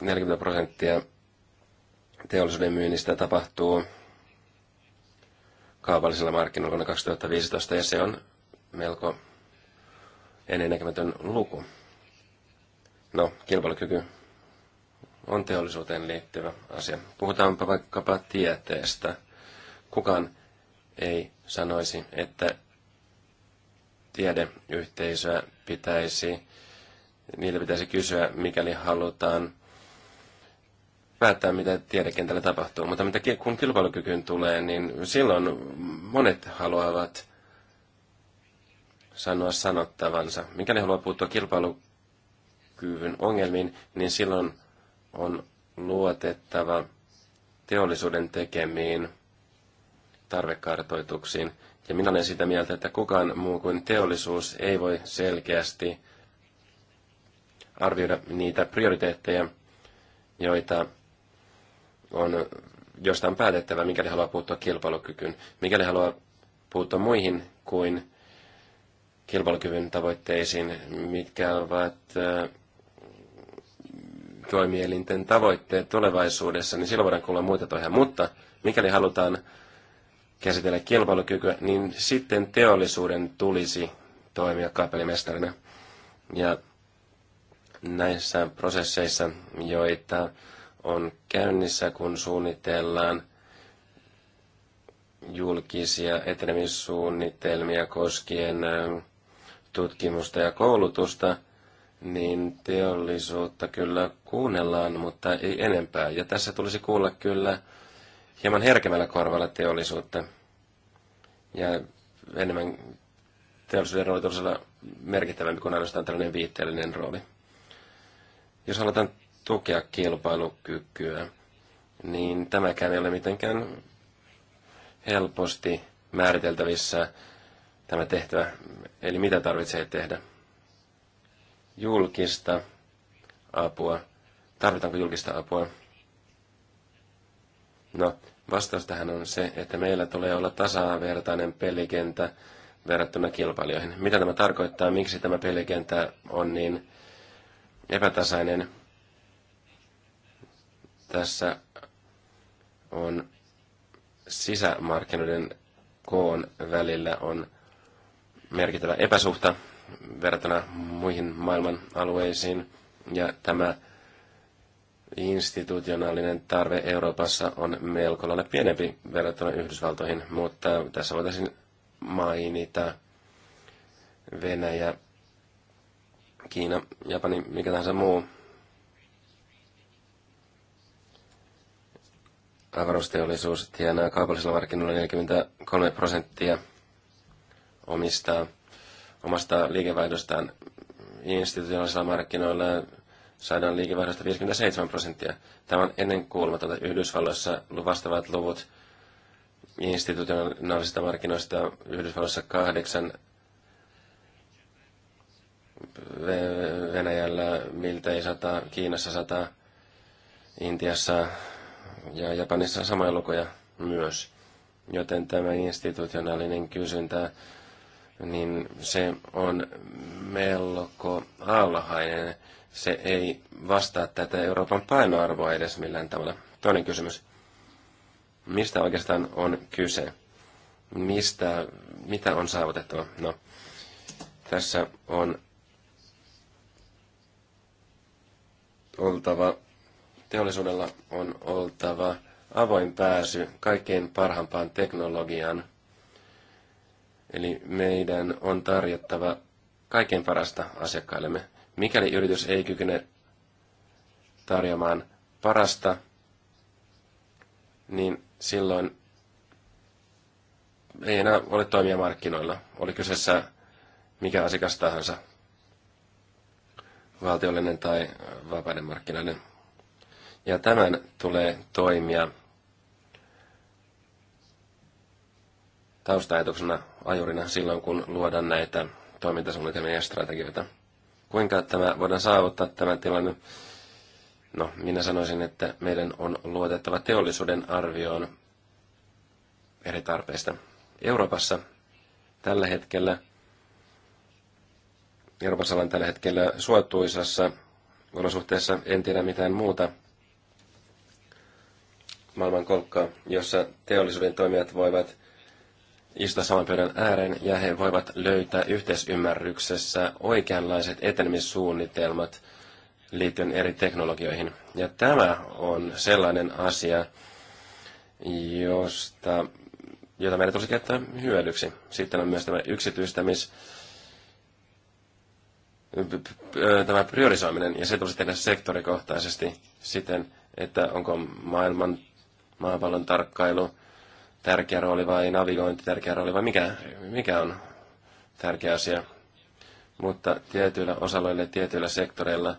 Speaker 2: 40 prosenttia teollisuuden myynnistä tapahtuu kaupallisilla markkinoilla vuonna 2015 ja se on melko ennennäkemätön luku. No, kilpailukyky on teollisuuteen liittyvä asia. Puhutaanpa vaikkapa tieteestä. Kukaan ei sanoisi, että tiedeyhteisöä pitäisi, niitä pitäisi kysyä, mikäli halutaan päättää, mitä tiedekentällä tapahtuu. Mutta mitä, kun kilpailukykyyn tulee, niin silloin monet haluavat sanoa sanottavansa. Mikäli haluaa puuttua kilpailukyvyn ongelmiin, niin silloin on luotettava teollisuuden tekemiin tarvekartoituksiin. Ja minä olen sitä mieltä, että kukaan muu kuin teollisuus ei voi selkeästi arvioida niitä prioriteetteja, joita on jostain päätettävä, mikäli haluaa puuttua kilpailukykyyn, mikäli haluaa puuttua muihin kuin kilpailukyvyn tavoitteisiin, mitkä ovat äh, toimielinten tavoitteet tulevaisuudessa, niin silloin voidaan kuulla muita toihan. Mutta mikäli halutaan käsitellä kilpailukykyä, niin sitten teollisuuden tulisi toimia kaapelimestarina. Ja näissä prosesseissa, joita on käynnissä, kun suunnitellaan julkisia etenemissuunnitelmia koskien tutkimusta ja koulutusta – niin teollisuutta kyllä kuunnellaan, mutta ei enempää. Ja tässä tulisi kuulla kyllä hieman herkemmällä korvalla teollisuutta. Ja enemmän teollisuuden rooli tulisi olla merkittävämpi kuin ainoastaan tällainen viitteellinen rooli. Jos halutaan tukea kilpailukykyä, niin tämäkään ei ole mitenkään helposti määriteltävissä tämä tehtävä. Eli mitä tarvitsee tehdä? julkista apua? Tarvitaanko julkista apua? No, vastaus tähän on se, että meillä tulee olla tasavertainen pelikenttä verrattuna kilpailijoihin. Mitä tämä tarkoittaa, miksi tämä pelikenttä on niin epätasainen? Tässä on sisämarkkinoiden koon välillä on merkittävä epäsuhta, verrattuna muihin maailman alueisiin. Ja tämä institutionaalinen tarve Euroopassa on melko lailla pienempi verrattuna Yhdysvaltoihin, mutta tässä voitaisiin mainita Venäjä, Kiina, Japani, mikä tahansa muu avaruusteollisuus tienaa kaupallisilla markkinoilla 43 prosenttia omistaa omasta liikevaihdostaan institutionaalisilla markkinoilla saadaan liikevaihdosta 57 prosenttia. Tämä on ennen kuulmatonta. Yhdysvalloissa vastaavat luvut institutionaalisista markkinoista Yhdysvalloissa kahdeksan, Venäjällä miltei sata, Kiinassa sata, Intiassa ja Japanissa samoja lukuja myös. Joten tämä institutionaalinen kysyntä niin se on melko alhainen. Se ei vastaa tätä Euroopan painoarvoa edes millään tavalla. Toinen kysymys. Mistä oikeastaan on kyse? Mistä, mitä on saavutettava? No, tässä on oltava, teollisuudella on oltava avoin pääsy kaikkein parhaimpaan teknologiaan – Eli meidän on tarjottava kaiken parasta asiakkaillemme. Mikäli yritys ei kykene tarjoamaan parasta, niin silloin ei enää ole toimia markkinoilla. Oli kyseessä mikä asiakas tahansa, valtiollinen tai vapaiden markkinoiden. Ja tämän tulee toimia taustaajatuksena ajurina silloin, kun luodaan näitä toimintasuunnitelmia ja strategioita. Kuinka tämä voidaan saavuttaa tämä tilanne? No, minä sanoisin, että meidän on luotettava teollisuuden arvioon eri tarpeista. Euroopassa tällä hetkellä, Euroopassa ollaan tällä hetkellä suotuisassa olosuhteessa, en tiedä mitään muuta maailmankolkkaa, jossa teollisuuden toimijat voivat istua saman pöydän ääreen ja he voivat löytää yhteisymmärryksessä oikeanlaiset etenemissuunnitelmat liittyen eri teknologioihin. Ja tämä on sellainen asia, josta, jota meidän tulisi käyttää hyödyksi. Sitten on myös tämä yksityistämis, tämä priorisoiminen, ja se tulisi tehdä sektorikohtaisesti siten, että onko maailman maapallon tarkkailu – tärkeä rooli vai navigointi tärkeä rooli vai mikä, mikä on tärkeä asia. Mutta tietyillä osaloilla ja tietyillä sektoreilla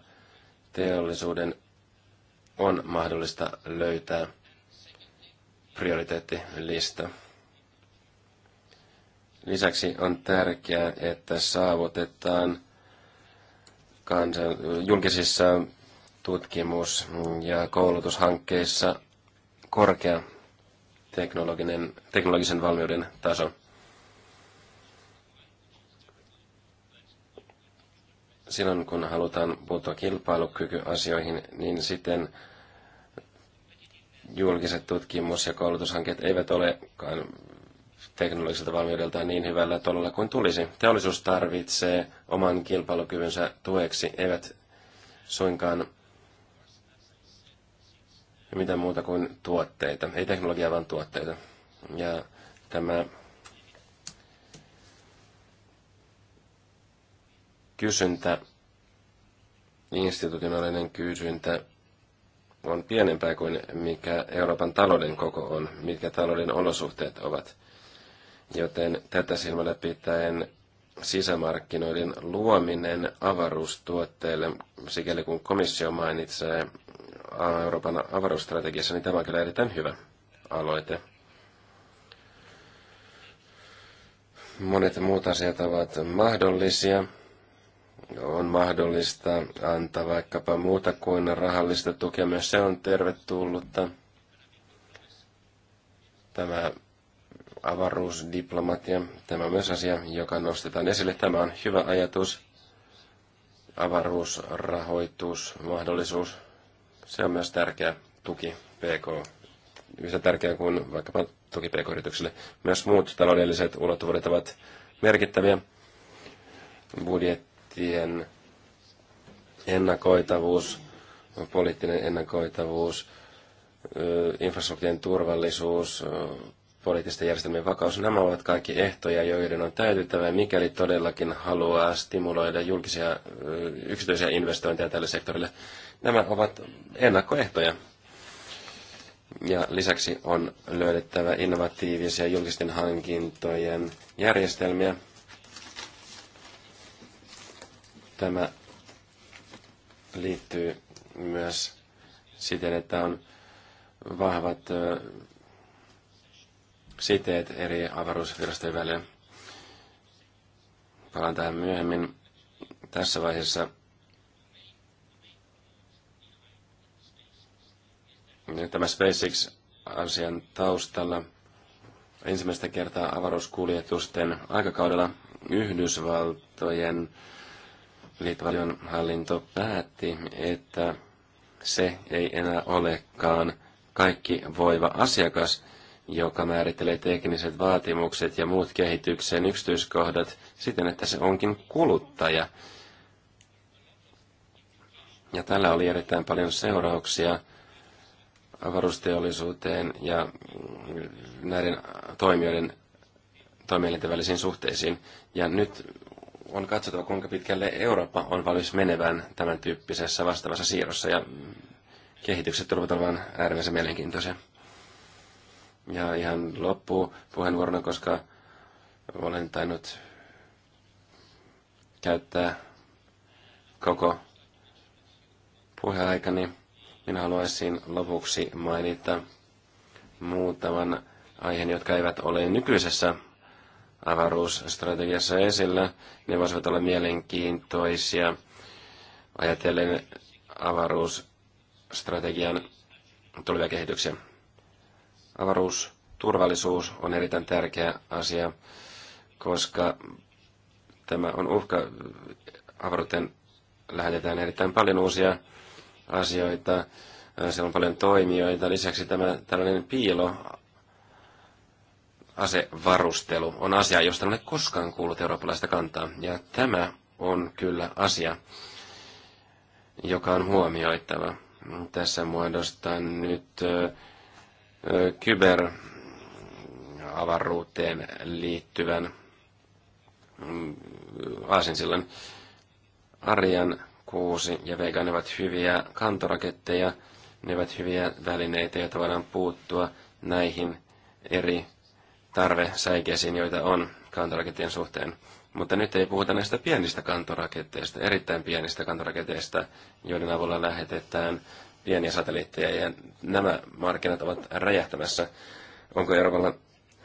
Speaker 2: teollisuuden on mahdollista löytää prioriteettilista. Lisäksi on tärkeää, että saavutetaan kansan, julkisissa tutkimus- ja koulutushankkeissa korkea teknologinen, teknologisen valmiuden taso. Silloin kun halutaan puuttua kilpailukykyasioihin, niin sitten julkiset tutkimus- ja koulutushankkeet eivät olekaan teknologiselta valmiudeltaan niin hyvällä tololla kuin tulisi. Teollisuus tarvitsee oman kilpailukyvynsä tueksi, eivät suinkaan ja mitä muuta kuin tuotteita. Ei teknologiaa, vaan tuotteita. Ja tämä kysyntä, institutionaalinen kysyntä, on pienempää kuin mikä Euroopan talouden koko on, mitkä talouden olosuhteet ovat. Joten tätä silmällä pitäen sisämarkkinoiden luominen avaruustuotteille, sikäli kun komissio mainitsee Euroopan avaruusstrategiassa, niin tämä on kyllä erittäin hyvä aloite. Monet muut asiat ovat mahdollisia. On mahdollista antaa vaikkapa muuta kuin rahallista tukea. Myös se on tervetullutta. Tämä avaruusdiplomatia, tämä on myös asia, joka nostetaan esille. Tämä on hyvä ajatus avaruusrahoitusmahdollisuus se on myös tärkeä tuki PK, yhtä tärkeä kuin vaikkapa tuki PK-yrityksille. Myös muut taloudelliset ulottuvuudet ovat merkittäviä. Budjettien ennakoitavuus, poliittinen ennakoitavuus, infrastruktuurin turvallisuus, poliittisten järjestelmien vakaus, nämä ovat kaikki ehtoja, joiden on täytyttävä, mikäli todellakin haluaa stimuloida julkisia yksityisiä investointeja tälle sektorille. Nämä ovat ennakkoehtoja. Ja lisäksi on löydettävä innovatiivisia julkisten hankintojen järjestelmiä. Tämä liittyy myös siten, että on vahvat siteet eri avaruusvirastojen välillä. Palaan tähän myöhemmin. Tässä vaiheessa Tämä SpaceX-asian taustalla ensimmäistä kertaa avaruuskuljetusten aikakaudella Yhdysvaltojen liittovaltion hallinto päätti, että se ei enää olekaan kaikki voiva asiakas, joka määrittelee tekniset vaatimukset ja muut kehityksen yksityiskohdat siten, että se onkin kuluttaja. Ja tällä oli erittäin paljon seurauksia avaruusteollisuuteen ja näiden toimijoiden toimielinten välisiin suhteisiin. Ja nyt on katsottava, kuinka pitkälle Eurooppa on valmis menevän tämän tyyppisessä vastaavassa siirrossa. Ja kehitykset tulevat olemaan äärimmäisen mielenkiintoisia. Ja ihan loppu puheenvuorona, koska olen tainnut käyttää koko puheaikani. Minä haluaisin lopuksi mainita muutaman aiheen, jotka eivät ole nykyisessä avaruusstrategiassa esillä. Ne voisivat olla mielenkiintoisia ajatellen avaruusstrategian tulevia kehityksiä. Avaruusturvallisuus on erittäin tärkeä asia, koska tämä on uhka. Avaruuteen lähetetään erittäin paljon uusia asioita, siellä on paljon toimijoita. Lisäksi tämä tällainen piilo asevarustelu on asia, josta en ole koskaan kuullut eurooppalaista kantaa. Ja tämä on kyllä asia, joka on huomioitava. Tässä muodostan nyt kyberavaruuteen liittyvän mm, aasinsillan Arjan kuusi ja Vega, ne ovat hyviä kantoraketteja, ne ovat hyviä välineitä, joita voidaan puuttua näihin eri tarvesäikeisiin, joita on kantorakettien suhteen. Mutta nyt ei puhuta näistä pienistä kantoraketeista, erittäin pienistä kantoraketeista, joiden avulla lähetetään pieniä satelliitteja, ja nämä markkinat ovat räjähtämässä. Onko Euroopalla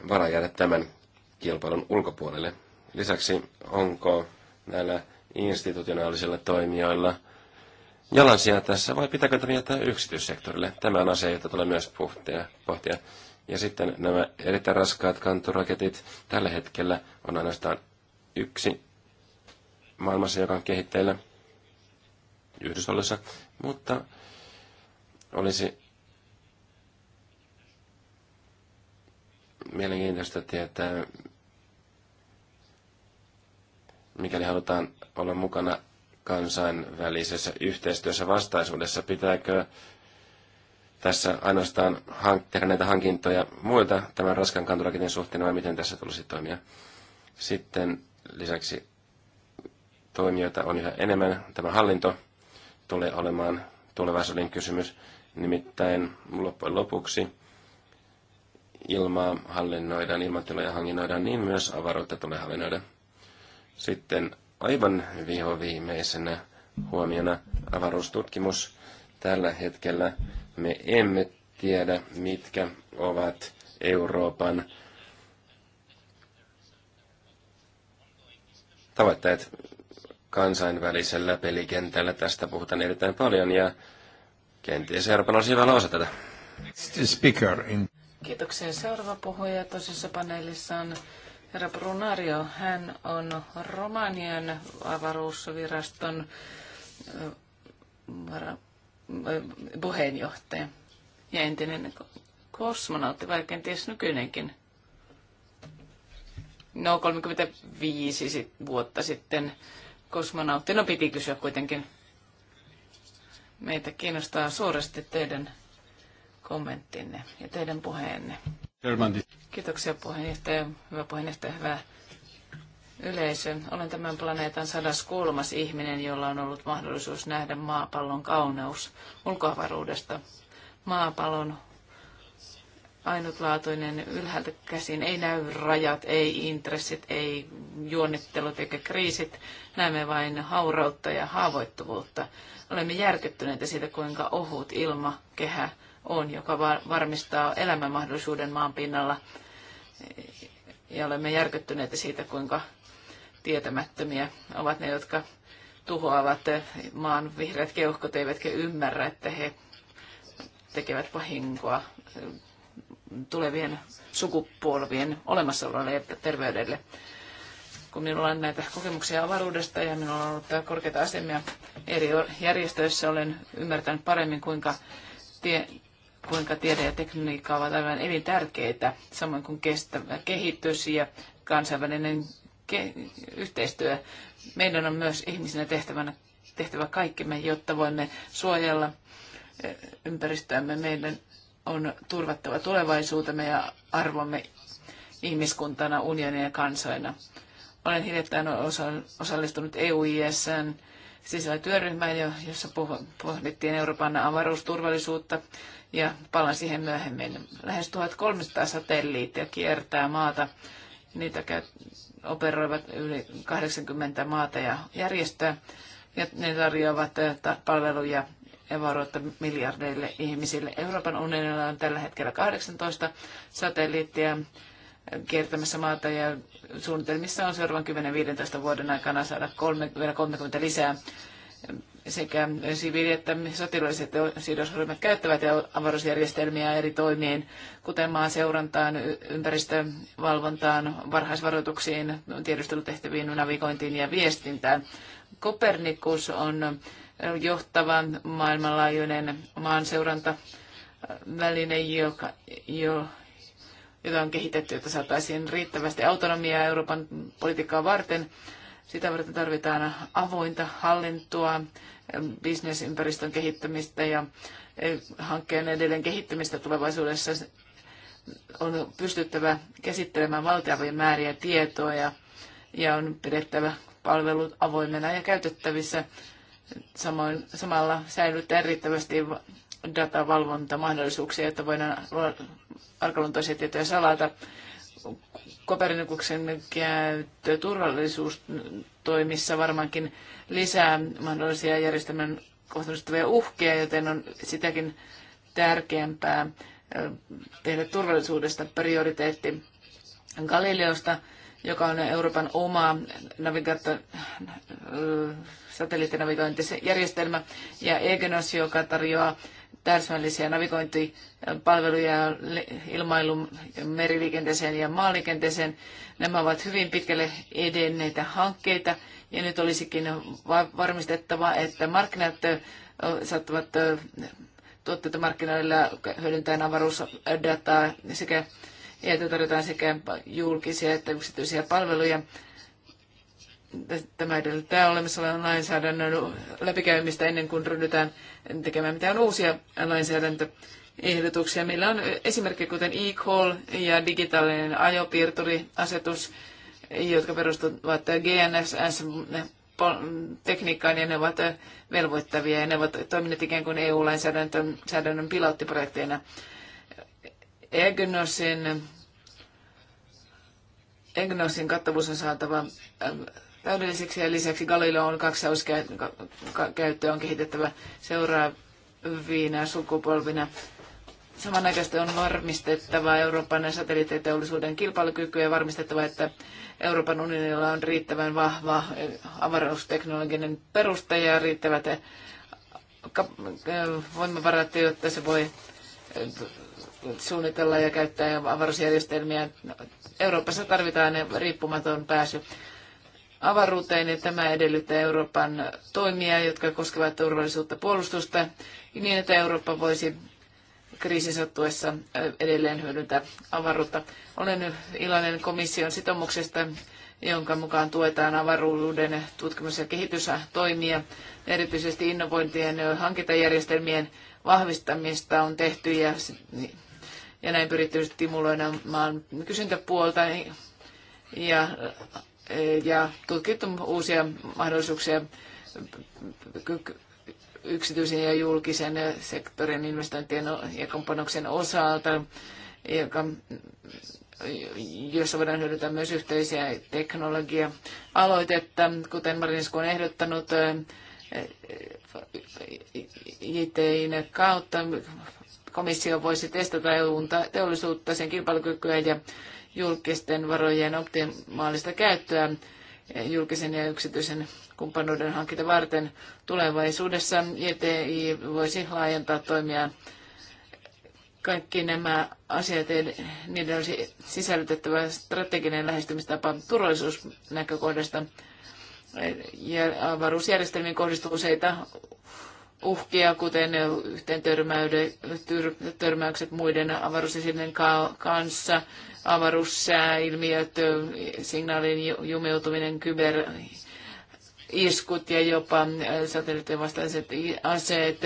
Speaker 2: varaa jäädä tämän kilpailun ulkopuolelle? Lisäksi onko näillä institutionaalisilla toimijoilla jalansia tässä, vai pitääkö tämä jättää yksityissektorille? Tämä on asia, jota tulee myös pohtia, pohtia. Ja sitten nämä erittäin raskaat kanturaketit. Tällä hetkellä on ainoastaan yksi maailmassa, joka on kehitteillä Yhdysvalloissa, mutta olisi mielenkiintoista tietää, mikäli halutaan olla mukana kansainvälisessä yhteistyössä vastaisuudessa? Pitääkö tässä ainoastaan hank- tehdä näitä hankintoja muilta tämän raskan kanturaketin suhteen vai miten tässä tulisi toimia? Sitten lisäksi toimijoita on yhä enemmän. Tämä hallinto tulee olemaan tulevaisuuden kysymys. Nimittäin loppujen lopuksi ilmaa hallinnoidaan, ilmatiloja hankinnoidaan, niin myös avaruutta tulee hallinnoida. Sitten aivan vihoviimeisenä huomiona avaruustutkimus. Tällä hetkellä me emme tiedä, mitkä ovat Euroopan tavoitteet kansainvälisellä pelikentällä. Tästä puhutaan erittäin paljon ja kenties Euroopan olisi hyvä osa tätä.
Speaker 1: Kiitoksia. Seuraava puhuja tosissa paneelissa on herra Brunario. Hän on Romanian avaruusviraston puheenjohtaja ja entinen kosmonautti, vai kenties nykyinenkin. No, 35 sit, vuotti sitten kosmonautti. No, piti kysyä kuitenkin. Meitä kiinnostaa suuresti teidän kommenttinne ja teidän puheenne. Kiitoksia puheenjohtaja, hyvä puheenjohtaja, hyvä yleisö. Olen tämän planeetan sadas kolmas ihminen, jolla on ollut mahdollisuus nähdä maapallon kauneus ulkoavaruudesta. Maapallon ainutlaatuinen ylhäältä käsin. Ei näy rajat, ei intressit, ei juonnittelut eikä kriisit. Näemme vain haurautta ja haavoittuvuutta. Olemme järkyttyneitä siitä, kuinka ohut ilmakehä on, joka varmistaa elämän mahdollisuuden maan pinnalla. Ja olemme järkyttyneitä siitä, kuinka tietämättömiä ovat ne, jotka tuhoavat maan vihreät keuhkot, eivätkä ymmärrä, että he tekevät vahinkoa tulevien sukupolvien olemassaololle ja terveydelle. Kun minulla on näitä kokemuksia avaruudesta ja minulla on ollut korkeita asemia eri järjestöissä, olen ymmärtänyt paremmin, kuinka kuinka tiede ja tekniikka ovat aivan elintärkeitä, samoin kuin kestävä kehitys ja kansainvälinen ke- yhteistyö. Meidän on myös ihmisenä tehtävänä, tehtävä kaikkemme, jotta voimme suojella eh, ympäristöämme. Meidän on turvattava tulevaisuutemme ja arvomme ihmiskuntana, unionin ja kansoina. Olen hiljattain osallistunut EU-ISN sisällä työryhmää, jossa pohdittiin Euroopan avaruusturvallisuutta ja palaan siihen myöhemmin. Lähes 1300 satelliittia kiertää maata. Niitä operoivat yli 80 maata ja järjestöä ja ne tarjoavat palveluja evaluutta miljardeille ihmisille. Euroopan unionilla on tällä hetkellä 18 satelliittia kiertämässä maata ja suunnitelmissa on seuraavan 10-15 vuoden aikana saada vielä 30 lisää sekä siviili- että sotilaalliset sidosryhmät käyttävät avaruusjärjestelmiä eri toimiin, kuten maaseurantaan, ympäristövalvontaan, varhaisvaroituksiin, tiedustelutehtäviin, navigointiin ja viestintään. Kopernikus on johtava maailmanlaajuinen maanseuranta väline, joka, jo, jota on kehitetty, jotta saataisiin riittävästi autonomiaa Euroopan politiikkaa varten. Sitä varten tarvitaan avointa hallintoa, bisnesympäristön kehittämistä ja e, hankkeen edelleen kehittämistä tulevaisuudessa. On pystyttävä käsittelemään valtavia määriä tietoa ja, ja on pidettävä palvelut avoimena ja käytettävissä. Samoin, samalla säilyttää riittävästi datavalvontamahdollisuuksia, että voidaan arkaluontoisia tietoja salata. Kopernikuksen käyttö turvallisuustoimissa varmaankin lisää mahdollisia järjestelmän kohdistuttavia uhkia, joten on sitäkin tärkeämpää tehdä turvallisuudesta prioriteetti Galileosta, joka on Euroopan oma navigaatio satelliittinavigointijärjestelmä, ja Egenos, joka tarjoaa täsmällisiä navigointipalveluja ilmailun, meriliikenteeseen ja maaliikenteeseen. Nämä ovat hyvin pitkälle edenneitä hankkeita ja nyt olisikin varmistettava, että markkinat saattavat tuotteita markkinoilla hyödyntäen avaruusdataa sekä ja tarjotaan sekä julkisia että yksityisiä palveluja tämä edellyttää olemassa olevan lainsäädännön läpikäymistä ennen kuin ryhdytään tekemään mitään uusia lainsäädäntöehdotuksia. Meillä on esimerkki kuten e-call ja digitaalinen ajopiirturiasetus, jotka perustuvat GNSS-tekniikkaan ja ne ovat velvoittavia ja ne ovat toimineet ikään kuin EU-lainsäädännön pilottiprojekteina. Egnosin Egnosin kattavuus on saatava täydelliseksi ja lisäksi Galileon kaksauskäyttö on kehitettävä seuraavina sukupolvina. Samanaikaisesti on varmistettava Euroopan satelliittiteollisuuden kilpailukyky ja varmistettava, että Euroopan unionilla on riittävän vahva eh, avaruusteknologinen perusta ja riittävät eh, eh, voimavarat, jotta se voi suunnitella ja käyttää avaruusjärjestelmiä. Euroopassa tarvitaan riippumaton pääsy avaruuteen ja tämä edellyttää Euroopan toimia, jotka koskevat turvallisuutta puolustusta niin, että Eurooppa voisi kriisin sattuessa edelleen hyödyntää avaruutta. Olen iloinen komission sitoumuksesta, jonka mukaan tuetaan avaruuden tutkimus- ja kehitystoimia. Erityisesti innovointien hankintajärjestelmien vahvistamista on tehty ja, ja näin pyritty stimuloimaan kysyntäpuolta ja ja tutkittu uusia mahdollisuuksia yksityisen ja julkisen sektorin investointien ja kompanoksen osalta, joka, jossa voidaan hyödyntää myös yhteisiä teknologia-aloitetta, kuten Marinesku on ehdottanut JTIn kautta. Komissio voisi testata eu teollisuutta, sen kilpailukykyä ja julkisten varojen optimaalista käyttöä julkisen ja yksityisen kumppanuuden hankinta varten. Tulevaisuudessa JTI e voisi laajentaa toimia kaikki nämä asiat, niiden olisi sisällytettävä strateginen lähestymistapa turvallisuusnäkökohdasta. Ja avaruusjärjestelmiin kohdistuu useita uhkia, kuten yhteen törmäykset muiden avaruusesinen kanssa, avaruussääilmiöt, signaalin jumeutuminen, kyberiskut ja jopa satelliittien vastaiset aseet.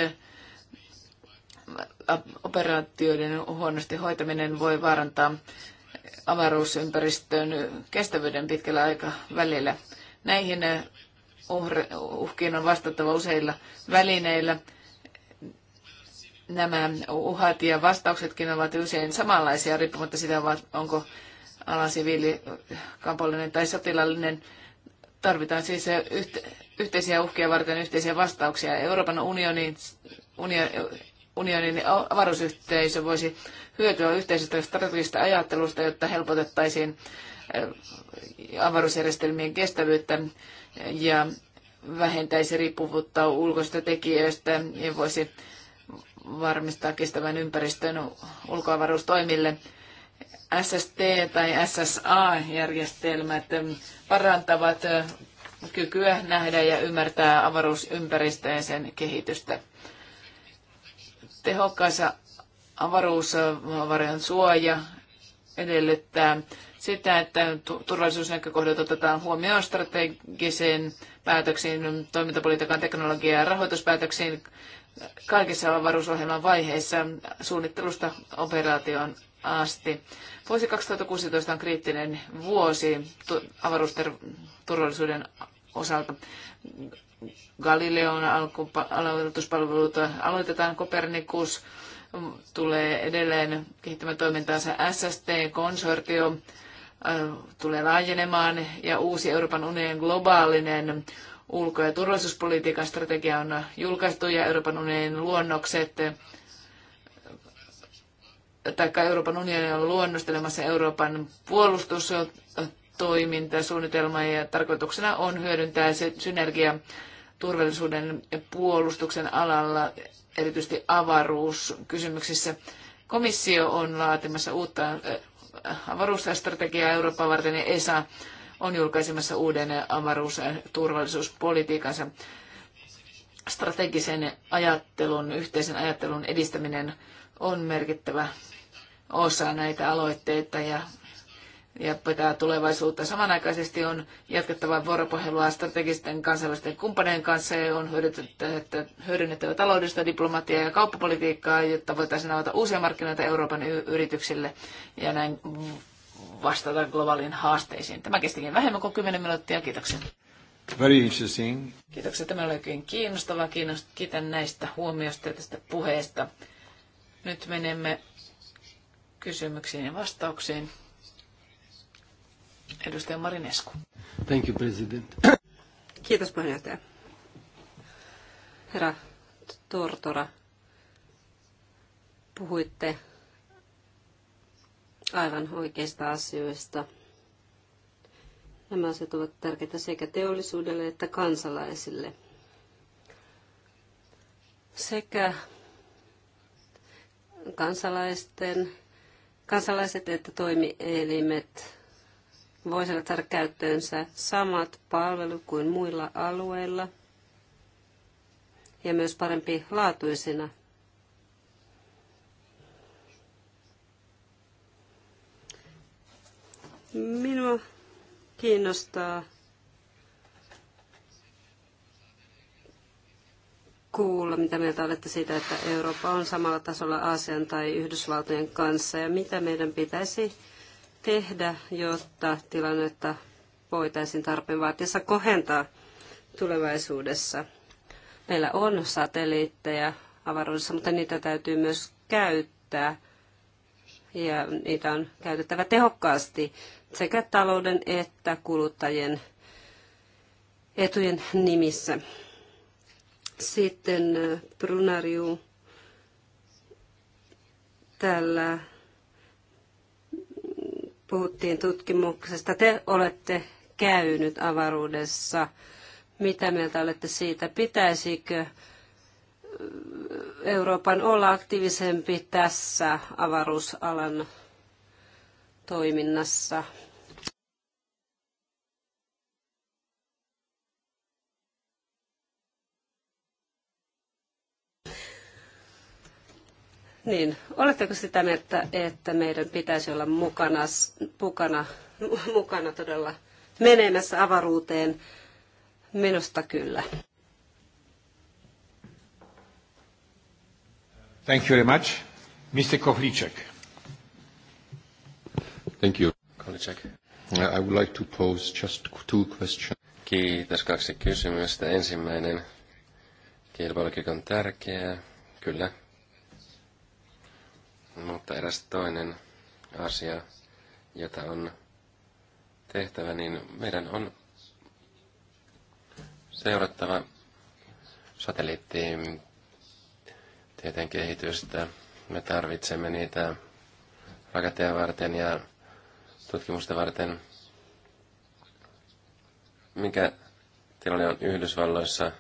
Speaker 1: Operaatioiden huonosti hoitaminen voi vaarantaa avaruusympäristön kestävyyden pitkällä aikavälillä. Näihin uhkiin on vastattava useilla välineillä. Nämä uhat ja vastauksetkin ovat usein samanlaisia, riippumatta sitä, onko ala siviili, kaupallinen tai sotilallinen. Tarvitaan siis yhteisiä uhkia varten yhteisiä vastauksia. Euroopan unionin, unionin avaruusyhteisö voisi hyötyä yhteisestä strategisesta ajattelusta, jotta helpotettaisiin eh, avaruusjärjestelmien kestävyyttä ja vähentäisi riippuvuutta ulkoista tekijöistä ja voisi varmistaa kestävän ympäristön ulkoavaruustoimille. SST- tai SSA-järjestelmät parantavat kykyä nähdä ja ymmärtää avaruusympäristöä ja sen kehitystä. Tehokkaassa avaruusvarjon suoja edellyttää sitä, että turvallisuusnäkökohdat otetaan huomioon strategisiin päätöksiin, toimintapolitiikan teknologiaan ja rahoituspäätöksiin kaikissa avaruusohjelman vaiheissa suunnittelusta operaatioon asti. Vuosi 2016 on kriittinen vuosi avaruusturvallisuuden osalta. Galileon aloituspalveluita aloitetaan, Kopernikus tulee edelleen kehittämään toimintaansa SST-konsortio tulee laajenemaan ja uusi Euroopan unionin globaalinen ulko- ja turvallisuuspolitiikan strategia on julkaistu ja Euroopan unionin luonnokset tai Euroopan unioni on luonnostelemassa Euroopan puolustustoimintasuunnitelma ja tarkoituksena on hyödyntää se synergia turvallisuuden ja puolustuksen alalla, erityisesti avaruuskysymyksissä. Komissio on laatimassa uutta avaruusstrategiaa Eurooppaa varten, ja niin ESA on julkaisemassa uuden avaruusturvallisuuspolitiikansa strategisen ajattelun, yhteisen ajattelun edistäminen on merkittävä osa näitä aloitteita ja ja pitää tulevaisuutta. Samanaikaisesti on jatkettava vuoropuhelua strategisten kansainvälisten kumppaneiden kanssa ja on hyödynnettävä taloudellista diplomatiaa ja kauppapolitiikkaa, jotta voitaisiin avata uusia markkinoita Euroopan yrityksille ja näin vastata globaaliin haasteisiin. Tämä kestikin vähemmän kuin 10 minuuttia. Kiitoksia. Very interesting. Kiitoksia. Tämä oli oikein kiinnostavaa. Kiinnost- kiitän näistä huomioista ja tästä puheesta. Nyt menemme kysymyksiin ja vastauksiin. Edustaja Marinescu. Thank you, president.
Speaker 3: Kiitos puheenjohtaja. Herra Tortora, puhuitte aivan oikeista asioista. Nämä asiat ovat tärkeitä sekä teollisuudelle että kansalaisille. Sekä kansalaisten, kansalaiset että toimielimet voisivat saada käyttöönsä samat palvelut kuin muilla alueilla ja myös parempi laatuisina. Minua kiinnostaa kuulla, mitä mieltä olette siitä, että Eurooppa on samalla tasolla Aasian tai Yhdysvaltojen kanssa ja mitä meidän pitäisi tehdä, jotta tilannetta voitaisiin tarpeen vaatiessa kohentaa tulevaisuudessa. Meillä on satelliitteja avaruudessa, mutta niitä täytyy myös käyttää ja niitä on käytettävä tehokkaasti sekä talouden että kuluttajien etujen nimissä. Sitten äh, Brunariu tällä puhuttiin tutkimuksesta. Te olette käynyt avaruudessa. Mitä mieltä olette siitä? Pitäisikö Euroopan olla aktiivisempi tässä avaruusalan toiminnassa? Niin, oletteko sitä mieltä, että meidän pitäisi olla mukana, mukana, mukana todella menemässä avaruuteen? Minusta kyllä.
Speaker 1: Thank you very much. Mr. Kovlicek.
Speaker 2: Thank you. Kovlicek. I would like to pose just two questions. Kiitos. Kaksi kysymystä. Ensimmäinen. Kilpailukyky on tärkeää. Kyllä, mutta eräs toinen asia, jota on tehtävä, niin meidän on seurattava satelliittiin tieteen kehitystä. Me tarvitsemme niitä rakenteja varten ja tutkimusta varten. Mikä tilanne on Yhdysvalloissa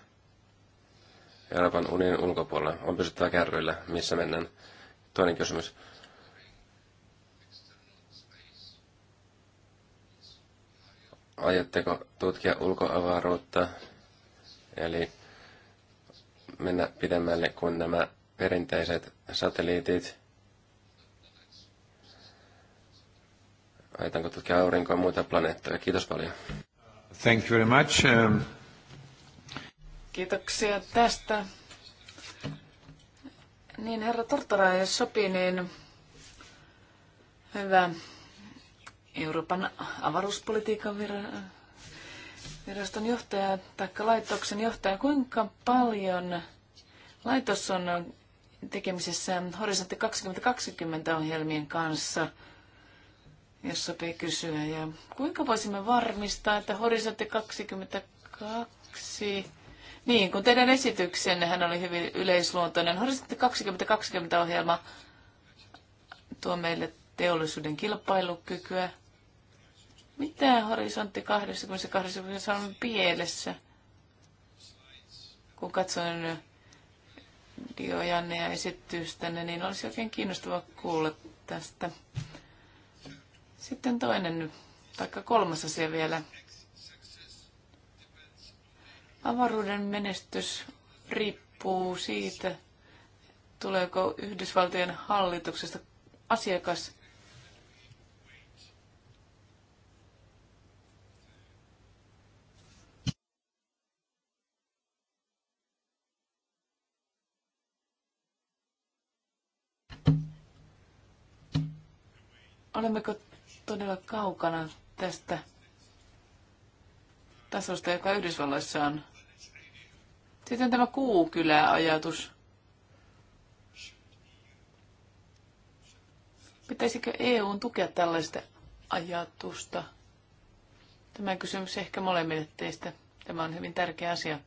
Speaker 2: Euroopan unionin ulkopuolella? On pysyttävä kärryillä, missä mennään. Toinen kysymys. Aiotteko tutkia ulkoavaruutta, eli mennä pidemmälle kuin nämä perinteiset satelliitit? Aiotaanko tutkia aurinkoa ja muita planeettoja? Kiitos paljon.
Speaker 1: Thank you very much. Um, Kiitoksia tästä niin, herra Tortora, jos sopii, niin hyvä Euroopan avaruuspolitiikan viraston johtaja tai laitoksen johtaja. Kuinka paljon laitos on tekemisessä Horisontti 2020 ohjelmien kanssa, jos sopii kysyä. Ja kuinka voisimme varmistaa, että Horisontti 22 niin, kun teidän hän oli hyvin yleisluontoinen. Horisontti 2020-ohjelma tuo meille teollisuuden kilpailukykyä. Mitä horisontti 2020 on pielessä? Kun katson Diojanne ja esitystänne, niin olisi oikein kiinnostava kuulla tästä. Sitten toinen, taikka kolmas asia vielä. Avaruuden menestys riippuu siitä, tuleeko Yhdysvaltojen hallituksesta asiakas olemmeko todella kaukana tästä tasosta, joka Yhdysvalloissa on sitten tämä kuukylä-ajatus. Pitäisikö EUn tukea tällaista ajatusta? Tämä kysymys ehkä molemmille teistä. Tämä on hyvin tärkeä asia.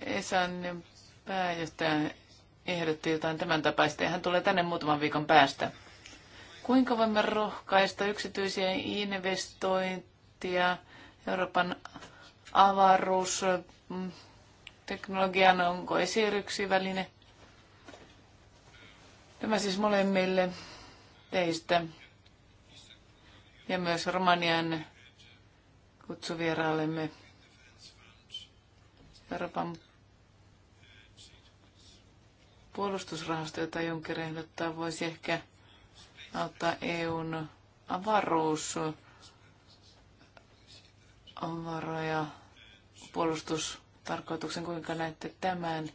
Speaker 1: Esan pääjohtaja ehdotti jotain tämän tapaista ja hän tulee tänne muutaman viikon päästä. Kuinka voimme rohkaista yksityisiä investointeja Euroopan avaruusteknologian, mm, onko ESIR väline. Tämä siis molemmille teistä ja myös Romanian kutsuvieraallemme Euroopan puolustusrahasto, jota Juncker ehdottaa, voisi ehkä auttaa EUn avaruus varoja puolustustarkoituksen, kuinka näette tämän,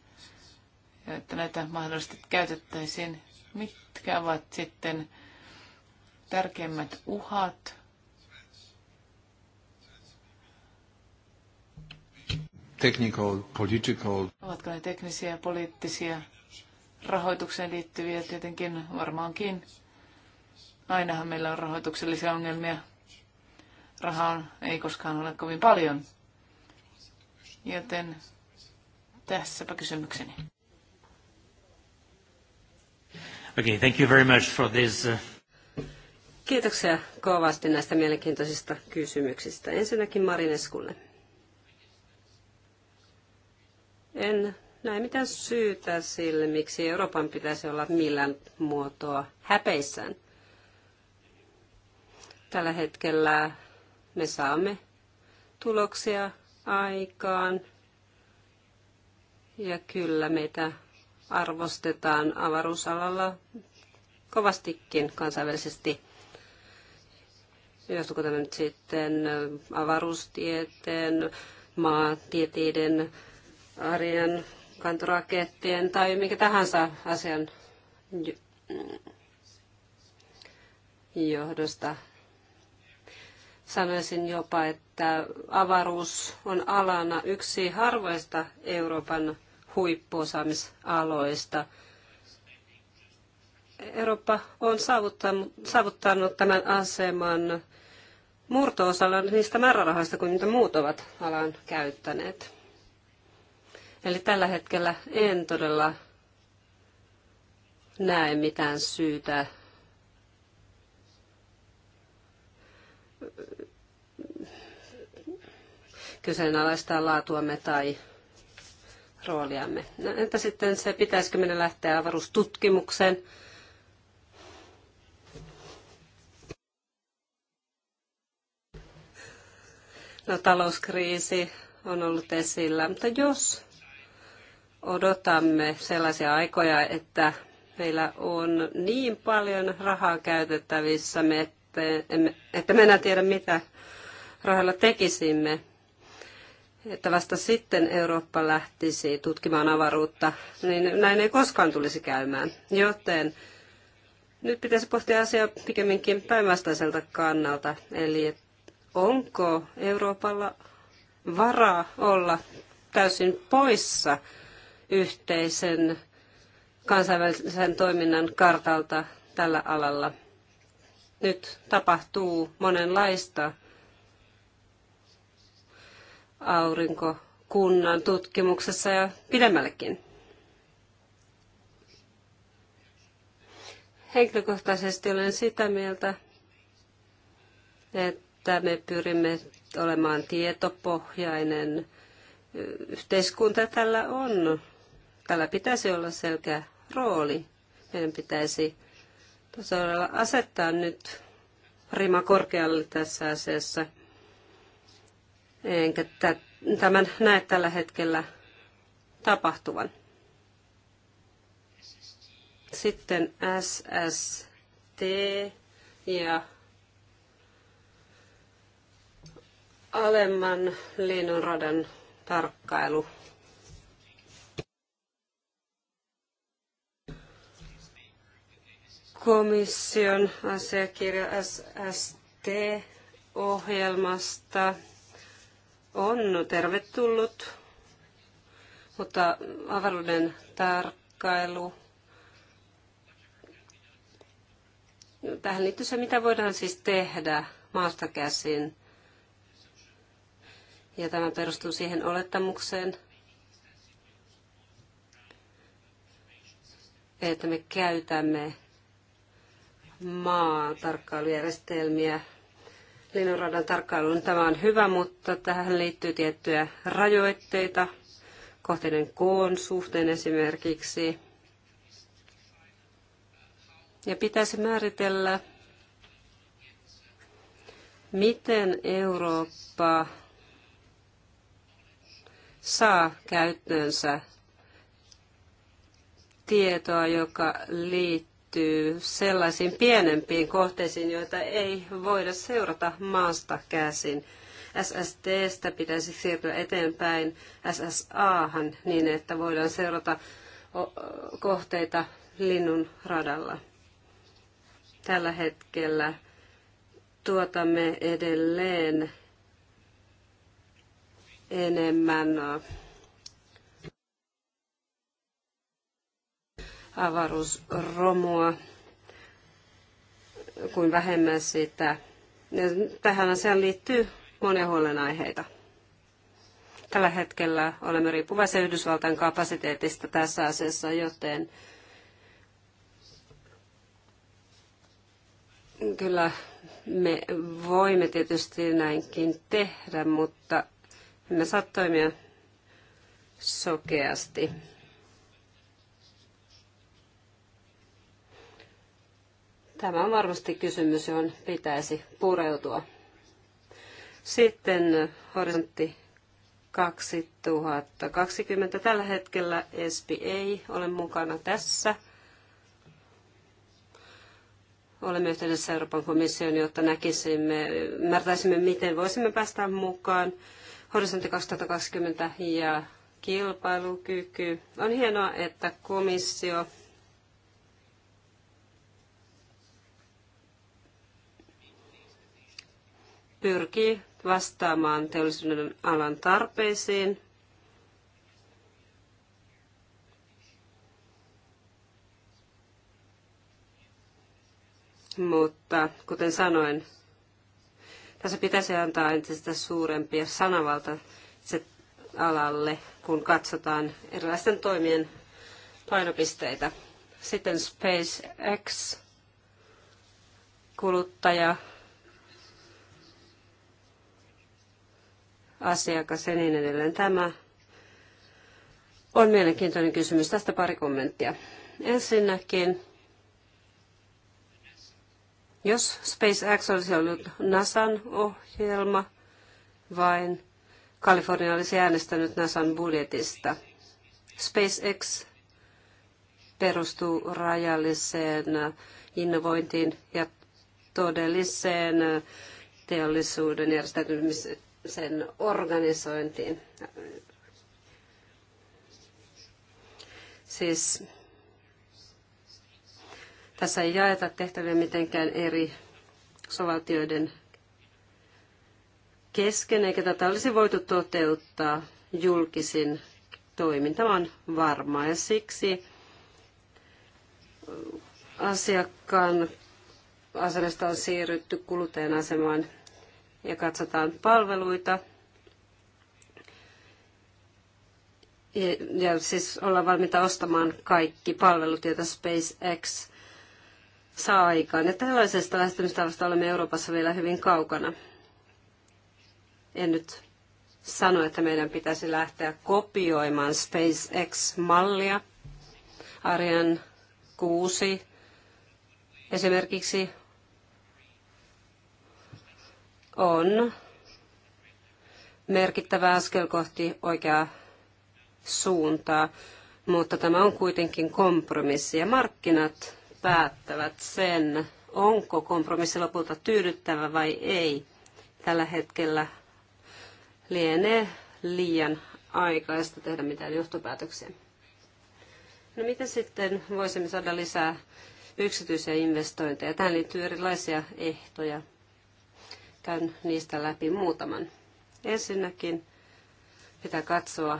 Speaker 1: ja että näitä mahdollisesti käytettäisiin. Mitkä ovat sitten tärkeimmät uhat?
Speaker 2: Technical, political.
Speaker 1: Ovatko ne teknisiä, poliittisia, rahoitukseen liittyviä tietenkin varmaankin. Ainahan meillä on rahoituksellisia ongelmia rahaa ei koskaan ole kovin paljon.
Speaker 3: Joten tässäpä kysymykseni. Okay, thank you very much for this. Uh, Kiitoksia kovasti näistä mielenkiintoisista kysymyksistä. Ensinnäkin Marineskulle. En näe mitään syytä sille, miksi Euroopan pitäisi olla millään muotoa häpeissään. Tällä hetkellä me saamme tuloksia aikaan. Ja kyllä meitä arvostetaan avaruusalalla kovastikin kansainvälisesti. Johtuuko tämä nyt sitten avaruustieteen, maatieteiden, arjen kantorakettien tai mikä tahansa asian johdosta Sanoisin jopa, että avaruus on alana yksi harvoista Euroopan huippuosaamisaloista. Eurooppa on saavuttanut, saavuttanut tämän aseman murto niistä määrärahoista kuin mitä muut ovat alan käyttäneet. Eli tällä hetkellä en todella näe mitään syytä kyseenalaistaa laatuamme tai rooliamme. No, entä sitten se, pitäisikö meidän lähteä avaruustutkimukseen? No, talouskriisi on ollut esillä, mutta jos odotamme sellaisia aikoja, että meillä on niin paljon rahaa käytettävissä, että että me enää tiedä, mitä rahalla tekisimme, että vasta sitten Eurooppa lähtisi tutkimaan avaruutta, niin näin ei koskaan tulisi käymään. Joten nyt pitäisi pohtia asiaa pikemminkin päinvastaiselta kannalta, eli onko Euroopalla varaa olla täysin poissa yhteisen kansainvälisen toiminnan kartalta tällä alalla. Nyt tapahtuu monenlaista aurinkokunnan tutkimuksessa ja pidemmällekin. Henkilökohtaisesti olen sitä mieltä, että me pyrimme olemaan tietopohjainen yhteiskunta. Tällä on, tällä pitäisi olla selkeä rooli. Meidän pitäisi tosiaan asettaa nyt rima korkealle tässä asiassa – Enkä tämän näe tällä hetkellä tapahtuvan. Sitten SST ja alemman linnunradan tarkkailu. Komission asiakirja SST-ohjelmasta on tervetullut, mutta avaruuden tarkkailu, tähän liittyy se, mitä voidaan siis tehdä maasta käsin. Ja tämä perustuu siihen olettamukseen, että me käytämme maatarkkailujärjestelmiä linnunradan tarkkailuun. Tämä on hyvä, mutta tähän liittyy tiettyjä rajoitteita kohteiden koon suhteen esimerkiksi. Ja pitäisi määritellä, miten Eurooppa saa käyttöönsä tietoa, joka liittyy liittyy sellaisiin pienempiin kohteisiin, joita ei voida seurata maasta käsin. SSTstä pitäisi siirtyä eteenpäin SSAhan niin, että voidaan seurata kohteita linnun radalla. Tällä hetkellä tuotamme edelleen enemmän avaruusromua, kuin vähemmän sitä. Tähän asiaan liittyy monia huolenaiheita. Tällä hetkellä olemme riippuvaisia Yhdysvaltain kapasiteetista tässä asiassa, joten kyllä me voimme tietysti näinkin tehdä, mutta me saa toimia sokeasti. Tämä on varmasti kysymys, johon pitäisi pureutua. Sitten horisontti 2020. Tällä hetkellä ESPI ei ole mukana tässä. Olemme yhteydessä Euroopan komission, jotta näkisimme, ymmärtäisimme, miten voisimme päästä mukaan. Horisontti 2020 ja kilpailukyky. On hienoa, että komissio pyrkii vastaamaan teollisuuden alan tarpeisiin. Mutta kuten sanoin, tässä pitäisi antaa entistä suurempia sanavalta se alalle, kun katsotaan erilaisten toimien painopisteitä. Sitten SpaceX kuluttaja asiakas ja niin edelleen. Tämä on mielenkiintoinen kysymys. Tästä pari kommenttia. Ensinnäkin, jos SpaceX olisi ollut NASAn ohjelma, vain Kalifornia olisi äänestänyt NASAn budjetista. SpaceX perustuu rajalliseen innovointiin ja todelliseen teollisuuden järjestäytymiseen sen organisointiin. Siis tässä ei jaeta tehtäviä mitenkään eri sovaltioiden kesken, eikä tätä olisi voitu toteuttaa julkisin toimin. Tämä on varmaa ja siksi asiakkaan asemasta on siirrytty kuluttajan asemaan ja katsotaan palveluita. Ja, ja siis ollaan valmiita ostamaan kaikki palvelut, joita SpaceX saa aikaan. Ja tällaisesta lähestymistavasta olemme Euroopassa vielä hyvin kaukana. En nyt sano, että meidän pitäisi lähteä kopioimaan SpaceX-mallia. Arjan 6 esimerkiksi on merkittävä askel kohti oikeaa suuntaa, mutta tämä on kuitenkin kompromissi ja markkinat päättävät sen, onko kompromissi lopulta tyydyttävä vai ei. Tällä hetkellä lienee liian aikaista tehdä mitään johtopäätöksiä. No miten sitten voisimme saada lisää yksityisiä investointeja? Tähän liittyy erilaisia ehtoja. Käyn niistä läpi muutaman. Ensinnäkin pitää katsoa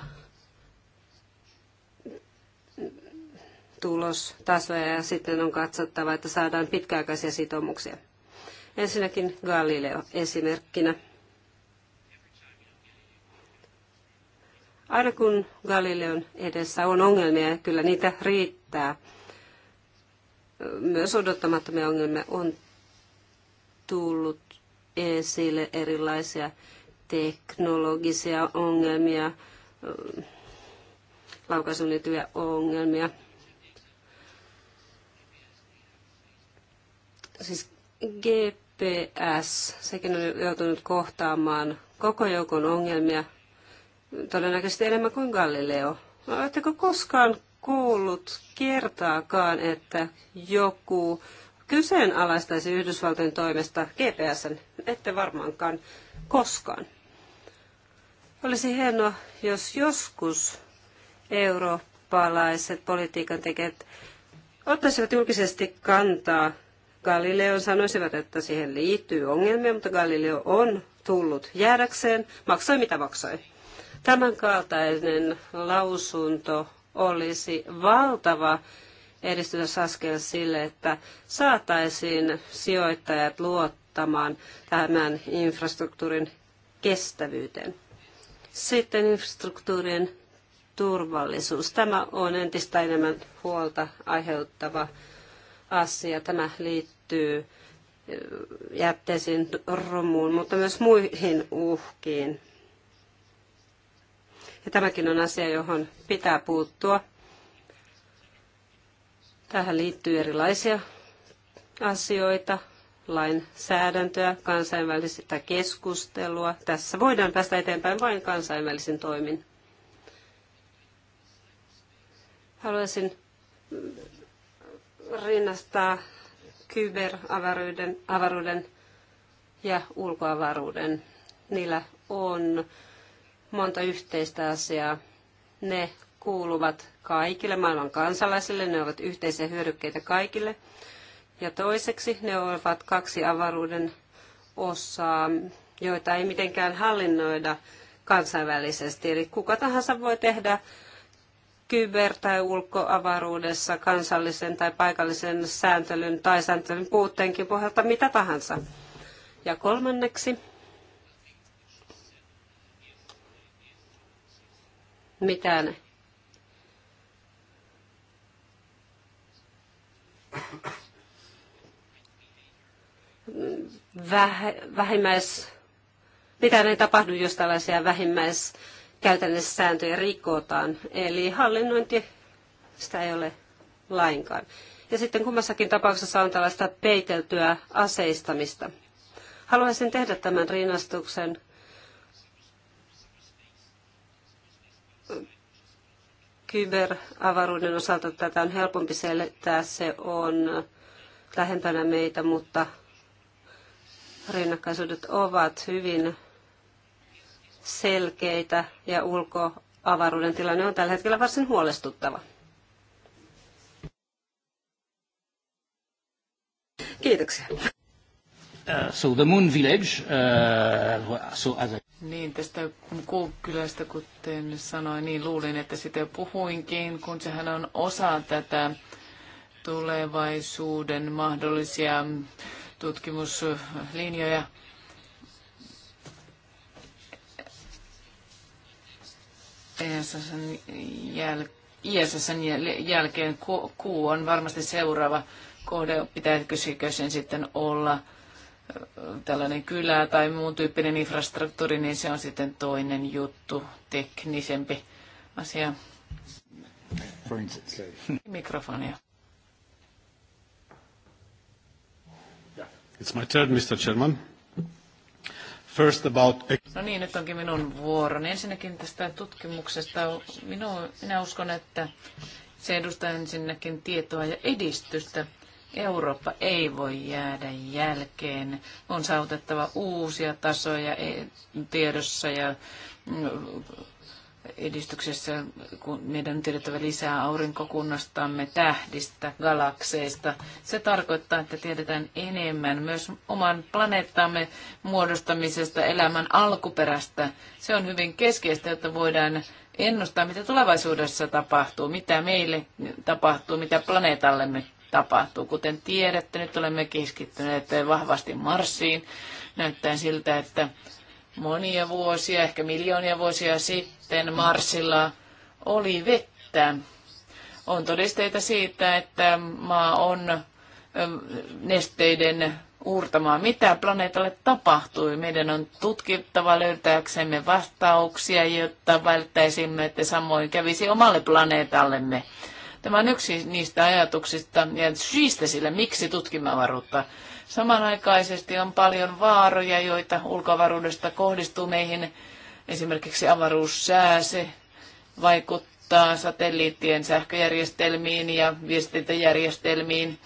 Speaker 3: tulostasoja ja sitten on katsottava, että saadaan pitkäaikaisia sitoumuksia. Ensinnäkin Galileo esimerkkinä. Aina kun Galileon edessä on ongelmia, ja kyllä niitä riittää, myös odottamattomia ongelmia on tullut esille erilaisia teknologisia ongelmia, laukaisuun liittyviä ongelmia. Siis GPS, sekin on joutunut kohtaamaan koko joukon ongelmia, todennäköisesti enemmän kuin Galileo. Oletteko koskaan kuullut kertaakaan, että joku kyseenalaistaisi Yhdysvaltojen toimesta GPSn, ette varmaankaan koskaan. Olisi hienoa, jos joskus eurooppalaiset politiikan tekijät ottaisivat julkisesti kantaa Galileo sanoisivat, että siihen liittyy ongelmia, mutta Galileo on tullut jäädäkseen, maksoi mitä maksoi. Tämän kaltainen lausunto olisi valtava edistysaskel sille, että saataisiin sijoittajat luottamaan tämän infrastruktuurin kestävyyteen. Sitten infrastruktuurien turvallisuus. Tämä on entistä enemmän huolta aiheuttava asia. Tämä liittyy eh, jätteisiin, romuun, mutta myös muihin uhkiin. Ja tämäkin on asia, johon pitää puuttua Tähän liittyy erilaisia asioita, lainsäädäntöä, kansainvälistä keskustelua. Tässä voidaan päästä eteenpäin vain kansainvälisin toimin. Haluaisin rinnastaa kyberavaruuden avaruuden ja ulkoavaruuden. Niillä on monta yhteistä asiaa. Ne kuuluvat kaikille maailman kansalaisille, ne ovat yhteisiä hyödykkeitä kaikille. Ja toiseksi ne ovat kaksi avaruuden osaa, joita ei mitenkään hallinnoida kansainvälisesti. Eli kuka tahansa voi tehdä kyber- tai ulkoavaruudessa kansallisen tai paikallisen sääntelyn tai sääntelyn puutteenkin pohjalta mitä tahansa. Ja kolmanneksi, mitään vähimmäis, mitä ei tapahdu, jos tällaisia sääntöjä rikotaan. Eli hallinnointi, sitä ei ole lainkaan. Ja sitten kummassakin tapauksessa on tällaista peiteltyä aseistamista. Haluaisin tehdä tämän rinnastuksen kyberavaruuden osalta tätä on helpompi selittää. Se on lähempänä meitä, mutta rinnakkaisuudet ovat hyvin selkeitä ja ulkoavaruuden tilanne on tällä hetkellä varsin huolestuttava. Kiitoksia.
Speaker 1: Uh, so the Moon Village, uh, so as a... Niin, tästä Kuukkylästä, kuten sanoin, niin luulin, että sitä puhuinkin, kun sehän on osa tätä tulevaisuuden mahdollisia tutkimuslinjoja. ISSn, e jäl, ISSn e jälkeen kuu on varmasti seuraava kohde, pitäisikö sen sitten olla – tällainen kylä tai muun tyyppinen infrastruktuuri, niin se on sitten toinen juttu, teknisempi asia. Mikrofonia. It's my turn, Mr. Chairman. First about... E- no niin, nyt onkin minun vuoroni. Ensinnäkin tästä tutkimuksesta. Minu, minä uskon, että se edustaa ensinnäkin tietoa ja edistystä Eurooppa ei voi jäädä jälkeen. On saavutettava uusia tasoja e, tiedossa ja mm, edistyksessä, kun meidän on tiedettävä lisää aurinkokunnastamme, tähdistä, galakseista. Se tarkoittaa, että tiedetään enemmän myös oman planeettamme muodostamisesta, elämän alkuperästä. Se on hyvin keskeistä, että voidaan ennustaa, mitä tulevaisuudessa tapahtuu, mitä meille tapahtuu, mitä planeetallemme tapahtuu. Kuten tiedätte, nyt olemme keskittyneet vahvasti Marsiin. Näyttää siltä, että monia vuosia, ehkä miljoonia vuosia sitten Marsilla oli vettä. On todisteita siitä, että maa on ähm, nesteiden uurtamaa. mitä planeetalle tapahtui. Meidän on tutkittava löytääksemme vastauksia, jotta välttäisimme, että samoin kävisi omalle planeetallemme. Tämä on yksi niistä ajatuksista ja syistä sille, miksi tutkimme avaruutta. Samanaikaisesti on paljon vaaroja, joita ulkoavaruudesta kohdistuu meihin. Esimerkiksi avaruussää, se vaikuttaa satelliittien sähköjärjestelmiin ja viestintäjärjestelmiin.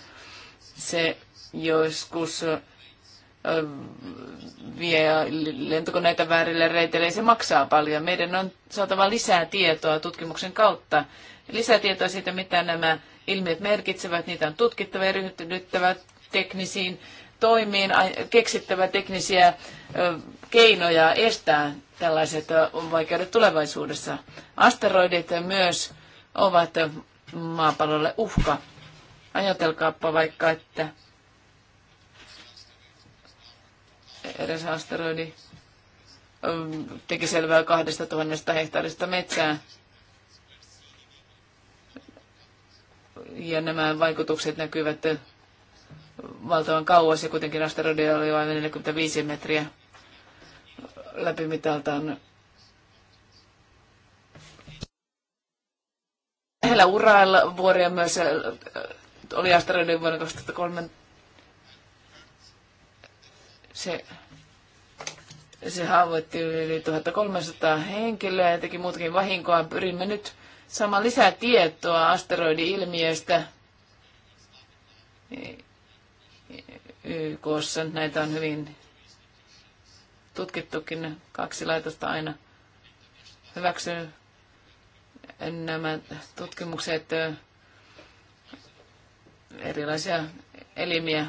Speaker 1: Se joskus vie lentokoneita väärille reiteille, se maksaa paljon. Meidän on saatava lisää tietoa tutkimuksen kautta. Lisää tietoa siitä, mitä nämä ilmiöt merkitsevät, niitä on tutkittava ja ryhdyttävä teknisiin toimiin, keksittävä teknisiä keinoja estää tällaiset vaikeudet tulevaisuudessa. Asteroidit myös ovat maapallolle uhka. Ajatelkaapa vaikka, että eräs asteroidi ähm, teki selvää kahdesta tuhannesta hehtaarista metsää. Ja nämä vaikutukset näkyvät valtavan kauas ja kuitenkin asteroidi oli vain 45 metriä läpimitaltaan. Lähellä vuoria myös äh, oli asteroidi vuonna 2013 se, se haavoitti yli 1300 henkilöä ja teki muutakin vahinkoa. Pyrimme nyt saamaan lisää tietoa asteroidi-ilmiöstä. YKssa näitä on hyvin tutkittukin. Kaksi laitosta aina hyväksyy nämä tutkimukset erilaisia elimiä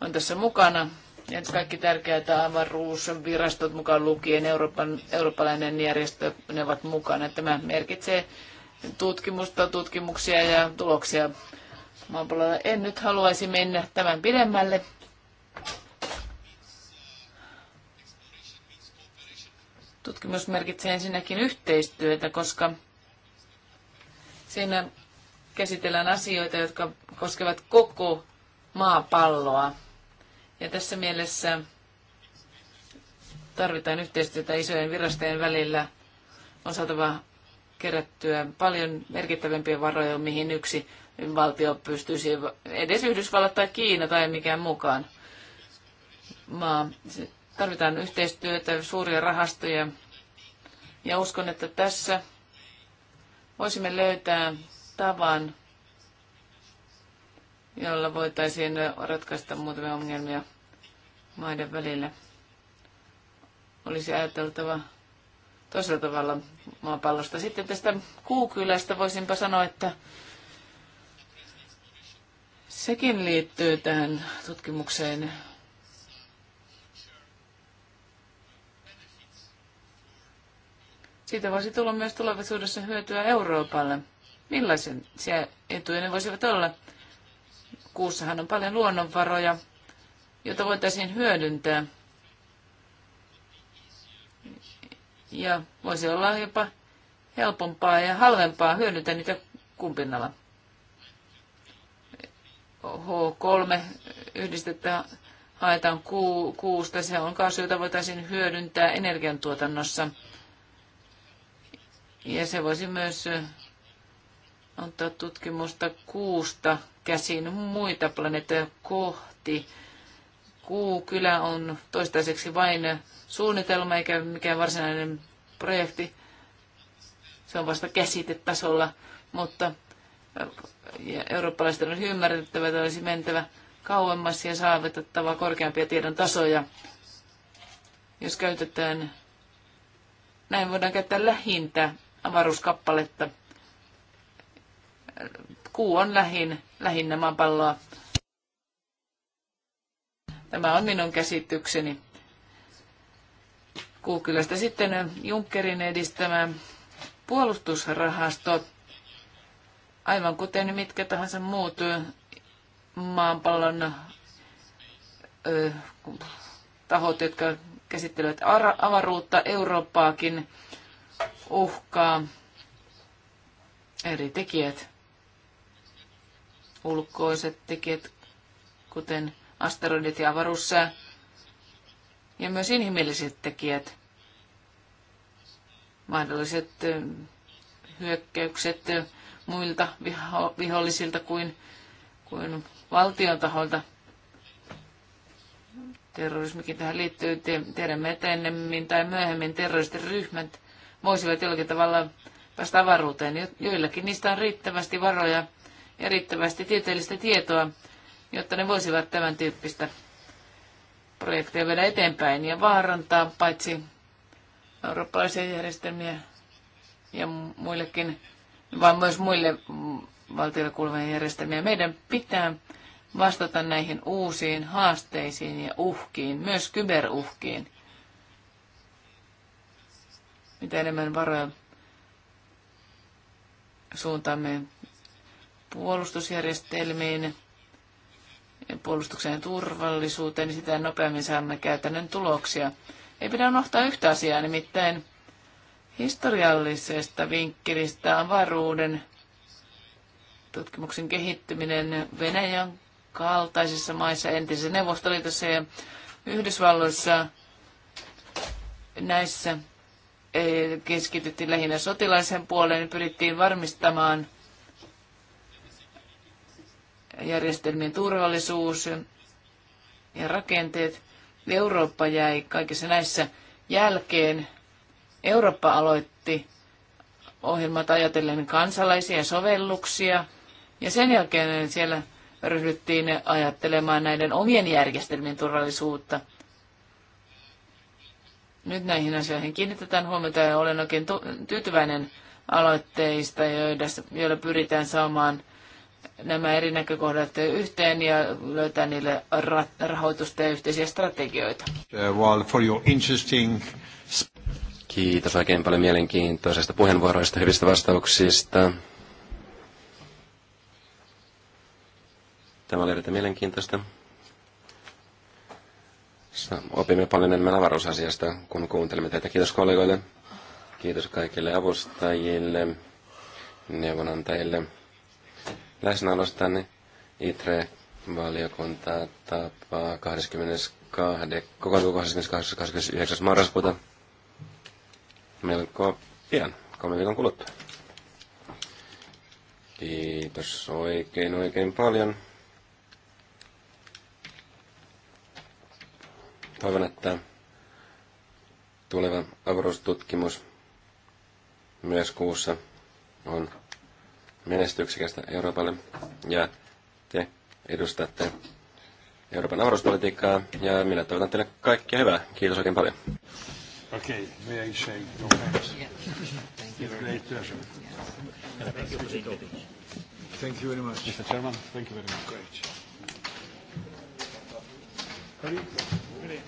Speaker 1: on tässä mukana. Ja kaikki tärkeät avaruus, virastot mukaan lukien, Euroopan, eurooppalainen järjestö, ne ovat mukana. Tämä merkitsee tutkimusta, tutkimuksia ja tuloksia maapallolla. En nyt haluaisi mennä tämän pidemmälle. Tutkimus merkitsee ensinnäkin yhteistyötä, koska siinä käsitellään asioita, jotka koskevat koko maapalloa. Ja tässä mielessä tarvitaan yhteistyötä isojen virastojen välillä. On saatava kerättyä paljon merkittävämpiä varoja, mihin yksi valtio pystyisi, edes Yhdysvallat tai Kiina tai mikään mukaan maa. Tarvitaan yhteistyötä, suuria rahastoja. Ja uskon, että tässä voisimme löytää tavan jolla voitaisiin ratkaista muutamia ongelmia maiden välillä. Olisi ajateltava toisella tavalla maapallosta. Sitten tästä Kuukylästä voisinpa sanoa, että sekin liittyy tähän tutkimukseen. Siitä voisi tulla myös tulevaisuudessa hyötyä Euroopalle. Millaisia etuja ne voisivat olla? Kuussahan on paljon luonnonvaroja, joita voitaisiin hyödyntää. Ja voisi olla jopa helpompaa ja halvempaa hyödyntää niitä kumpinnalla. H3 yhdistettä haetaan ku, kuusta. Se on kaasu, jota voitaisiin hyödyntää energiantuotannossa. Ja se voisi myös antaa tutkimusta kuusta käsin muita planeettoja kohti. Kuu kyllä on toistaiseksi vain suunnitelma eikä mikään varsinainen projekti. Se on vasta käsitetasolla, mutta eurooppalaisten on ymmärrettävä, että olisi mentävä kauemmas ja saavutettava korkeampia tiedon tasoja. Jos käytetään, näin voidaan käyttää lähintä avaruuskappaletta Kuu on lähin, lähinnä maapalloa. Tämä on minun käsitykseni. Kuukylästä sitten Junckerin edistämä puolustusrahasto, aivan kuten mitkä tahansa muut maanpallon tahot, jotka käsittelevät avaruutta, Eurooppaakin uhkaa eri tekijät ulkoiset tekijät, kuten asteroidit ja avaruussää, ja myös inhimilliset tekijät, mahdolliset hyökkäykset muilta viho- vihollisilta kuin, kuin valtion taholta. Terrorismikin tähän liittyy. Tiedämme, että ennemmin tai myöhemmin terroristiryhmät voisivat jollakin tavalla päästä avaruuteen. Joillakin niistä on riittävästi varoja ja riittävästi tieteellistä tietoa, jotta ne voisivat tämän tyyppistä projekteja viedä eteenpäin ja vaarantaa paitsi eurooppalaisia järjestelmiä ja muillekin, vaan myös muille valtioille kuuluvia järjestelmiä. Meidän pitää vastata näihin uusiin haasteisiin ja uhkiin, myös kyberuhkiin. Mitä enemmän varoja suuntaamme puolustusjärjestelmiin, puolustukseen ja turvallisuuteen, niin sitä nopeammin saamme käytännön tuloksia. Ei pidä unohtaa yhtä asiaa, nimittäin historiallisesta vinkkelistä avaruuden tutkimuksen kehittyminen Venäjän kaltaisissa maissa, entisessä Neuvostoliitossa ja Yhdysvalloissa näissä eh, keskityttiin lähinnä sotilaisen puoleen, pyrittiin varmistamaan – järjestelmien turvallisuus ja rakenteet. Eurooppa jäi kaikissa näissä jälkeen. Eurooppa aloitti ohjelmat ajatellen kansalaisia sovelluksia ja sen jälkeen siellä ryhdyttiin ajattelemaan näiden omien järjestelmien turvallisuutta. Nyt näihin asioihin kiinnitetään huomiota ja olen oikein tyytyväinen aloitteista, joilla pyritään saamaan nämä eri näkökohdat yhteen ja löytää niille ra- rahoitusta ja yhteisiä strategioita.
Speaker 3: Uh, for your
Speaker 1: interesting...
Speaker 2: Kiitos oikein paljon mielenkiintoisesta puheenvuoroista, hyvistä vastauksista. Tämä oli erittäin mielenkiintoista. Opimme paljon enemmän avaruusasiasta, kun kuuntelimme teitä. Kiitos kollegoille, kiitos kaikille avustajille, neuvonantajille tänne niin itre valiokuntaa tapaa 22, kokoontuu 28. 29. marraskuuta melko pian, kolme viikon kuluttua. Kiitos oikein oikein paljon. Toivon, että tuleva avaruustutkimus myös kuussa on menestyksekästä Euroopalle ja te edustatte Euroopan avaruuspolitiikkaa ja minä toivotan teille kaikkia hyvää. Kiitos oikein paljon.
Speaker 1: Okay, may I say no thanks? Thank you. It's a great pleasure. Thank you very much. Mr. Chairman, thank you very much. Great.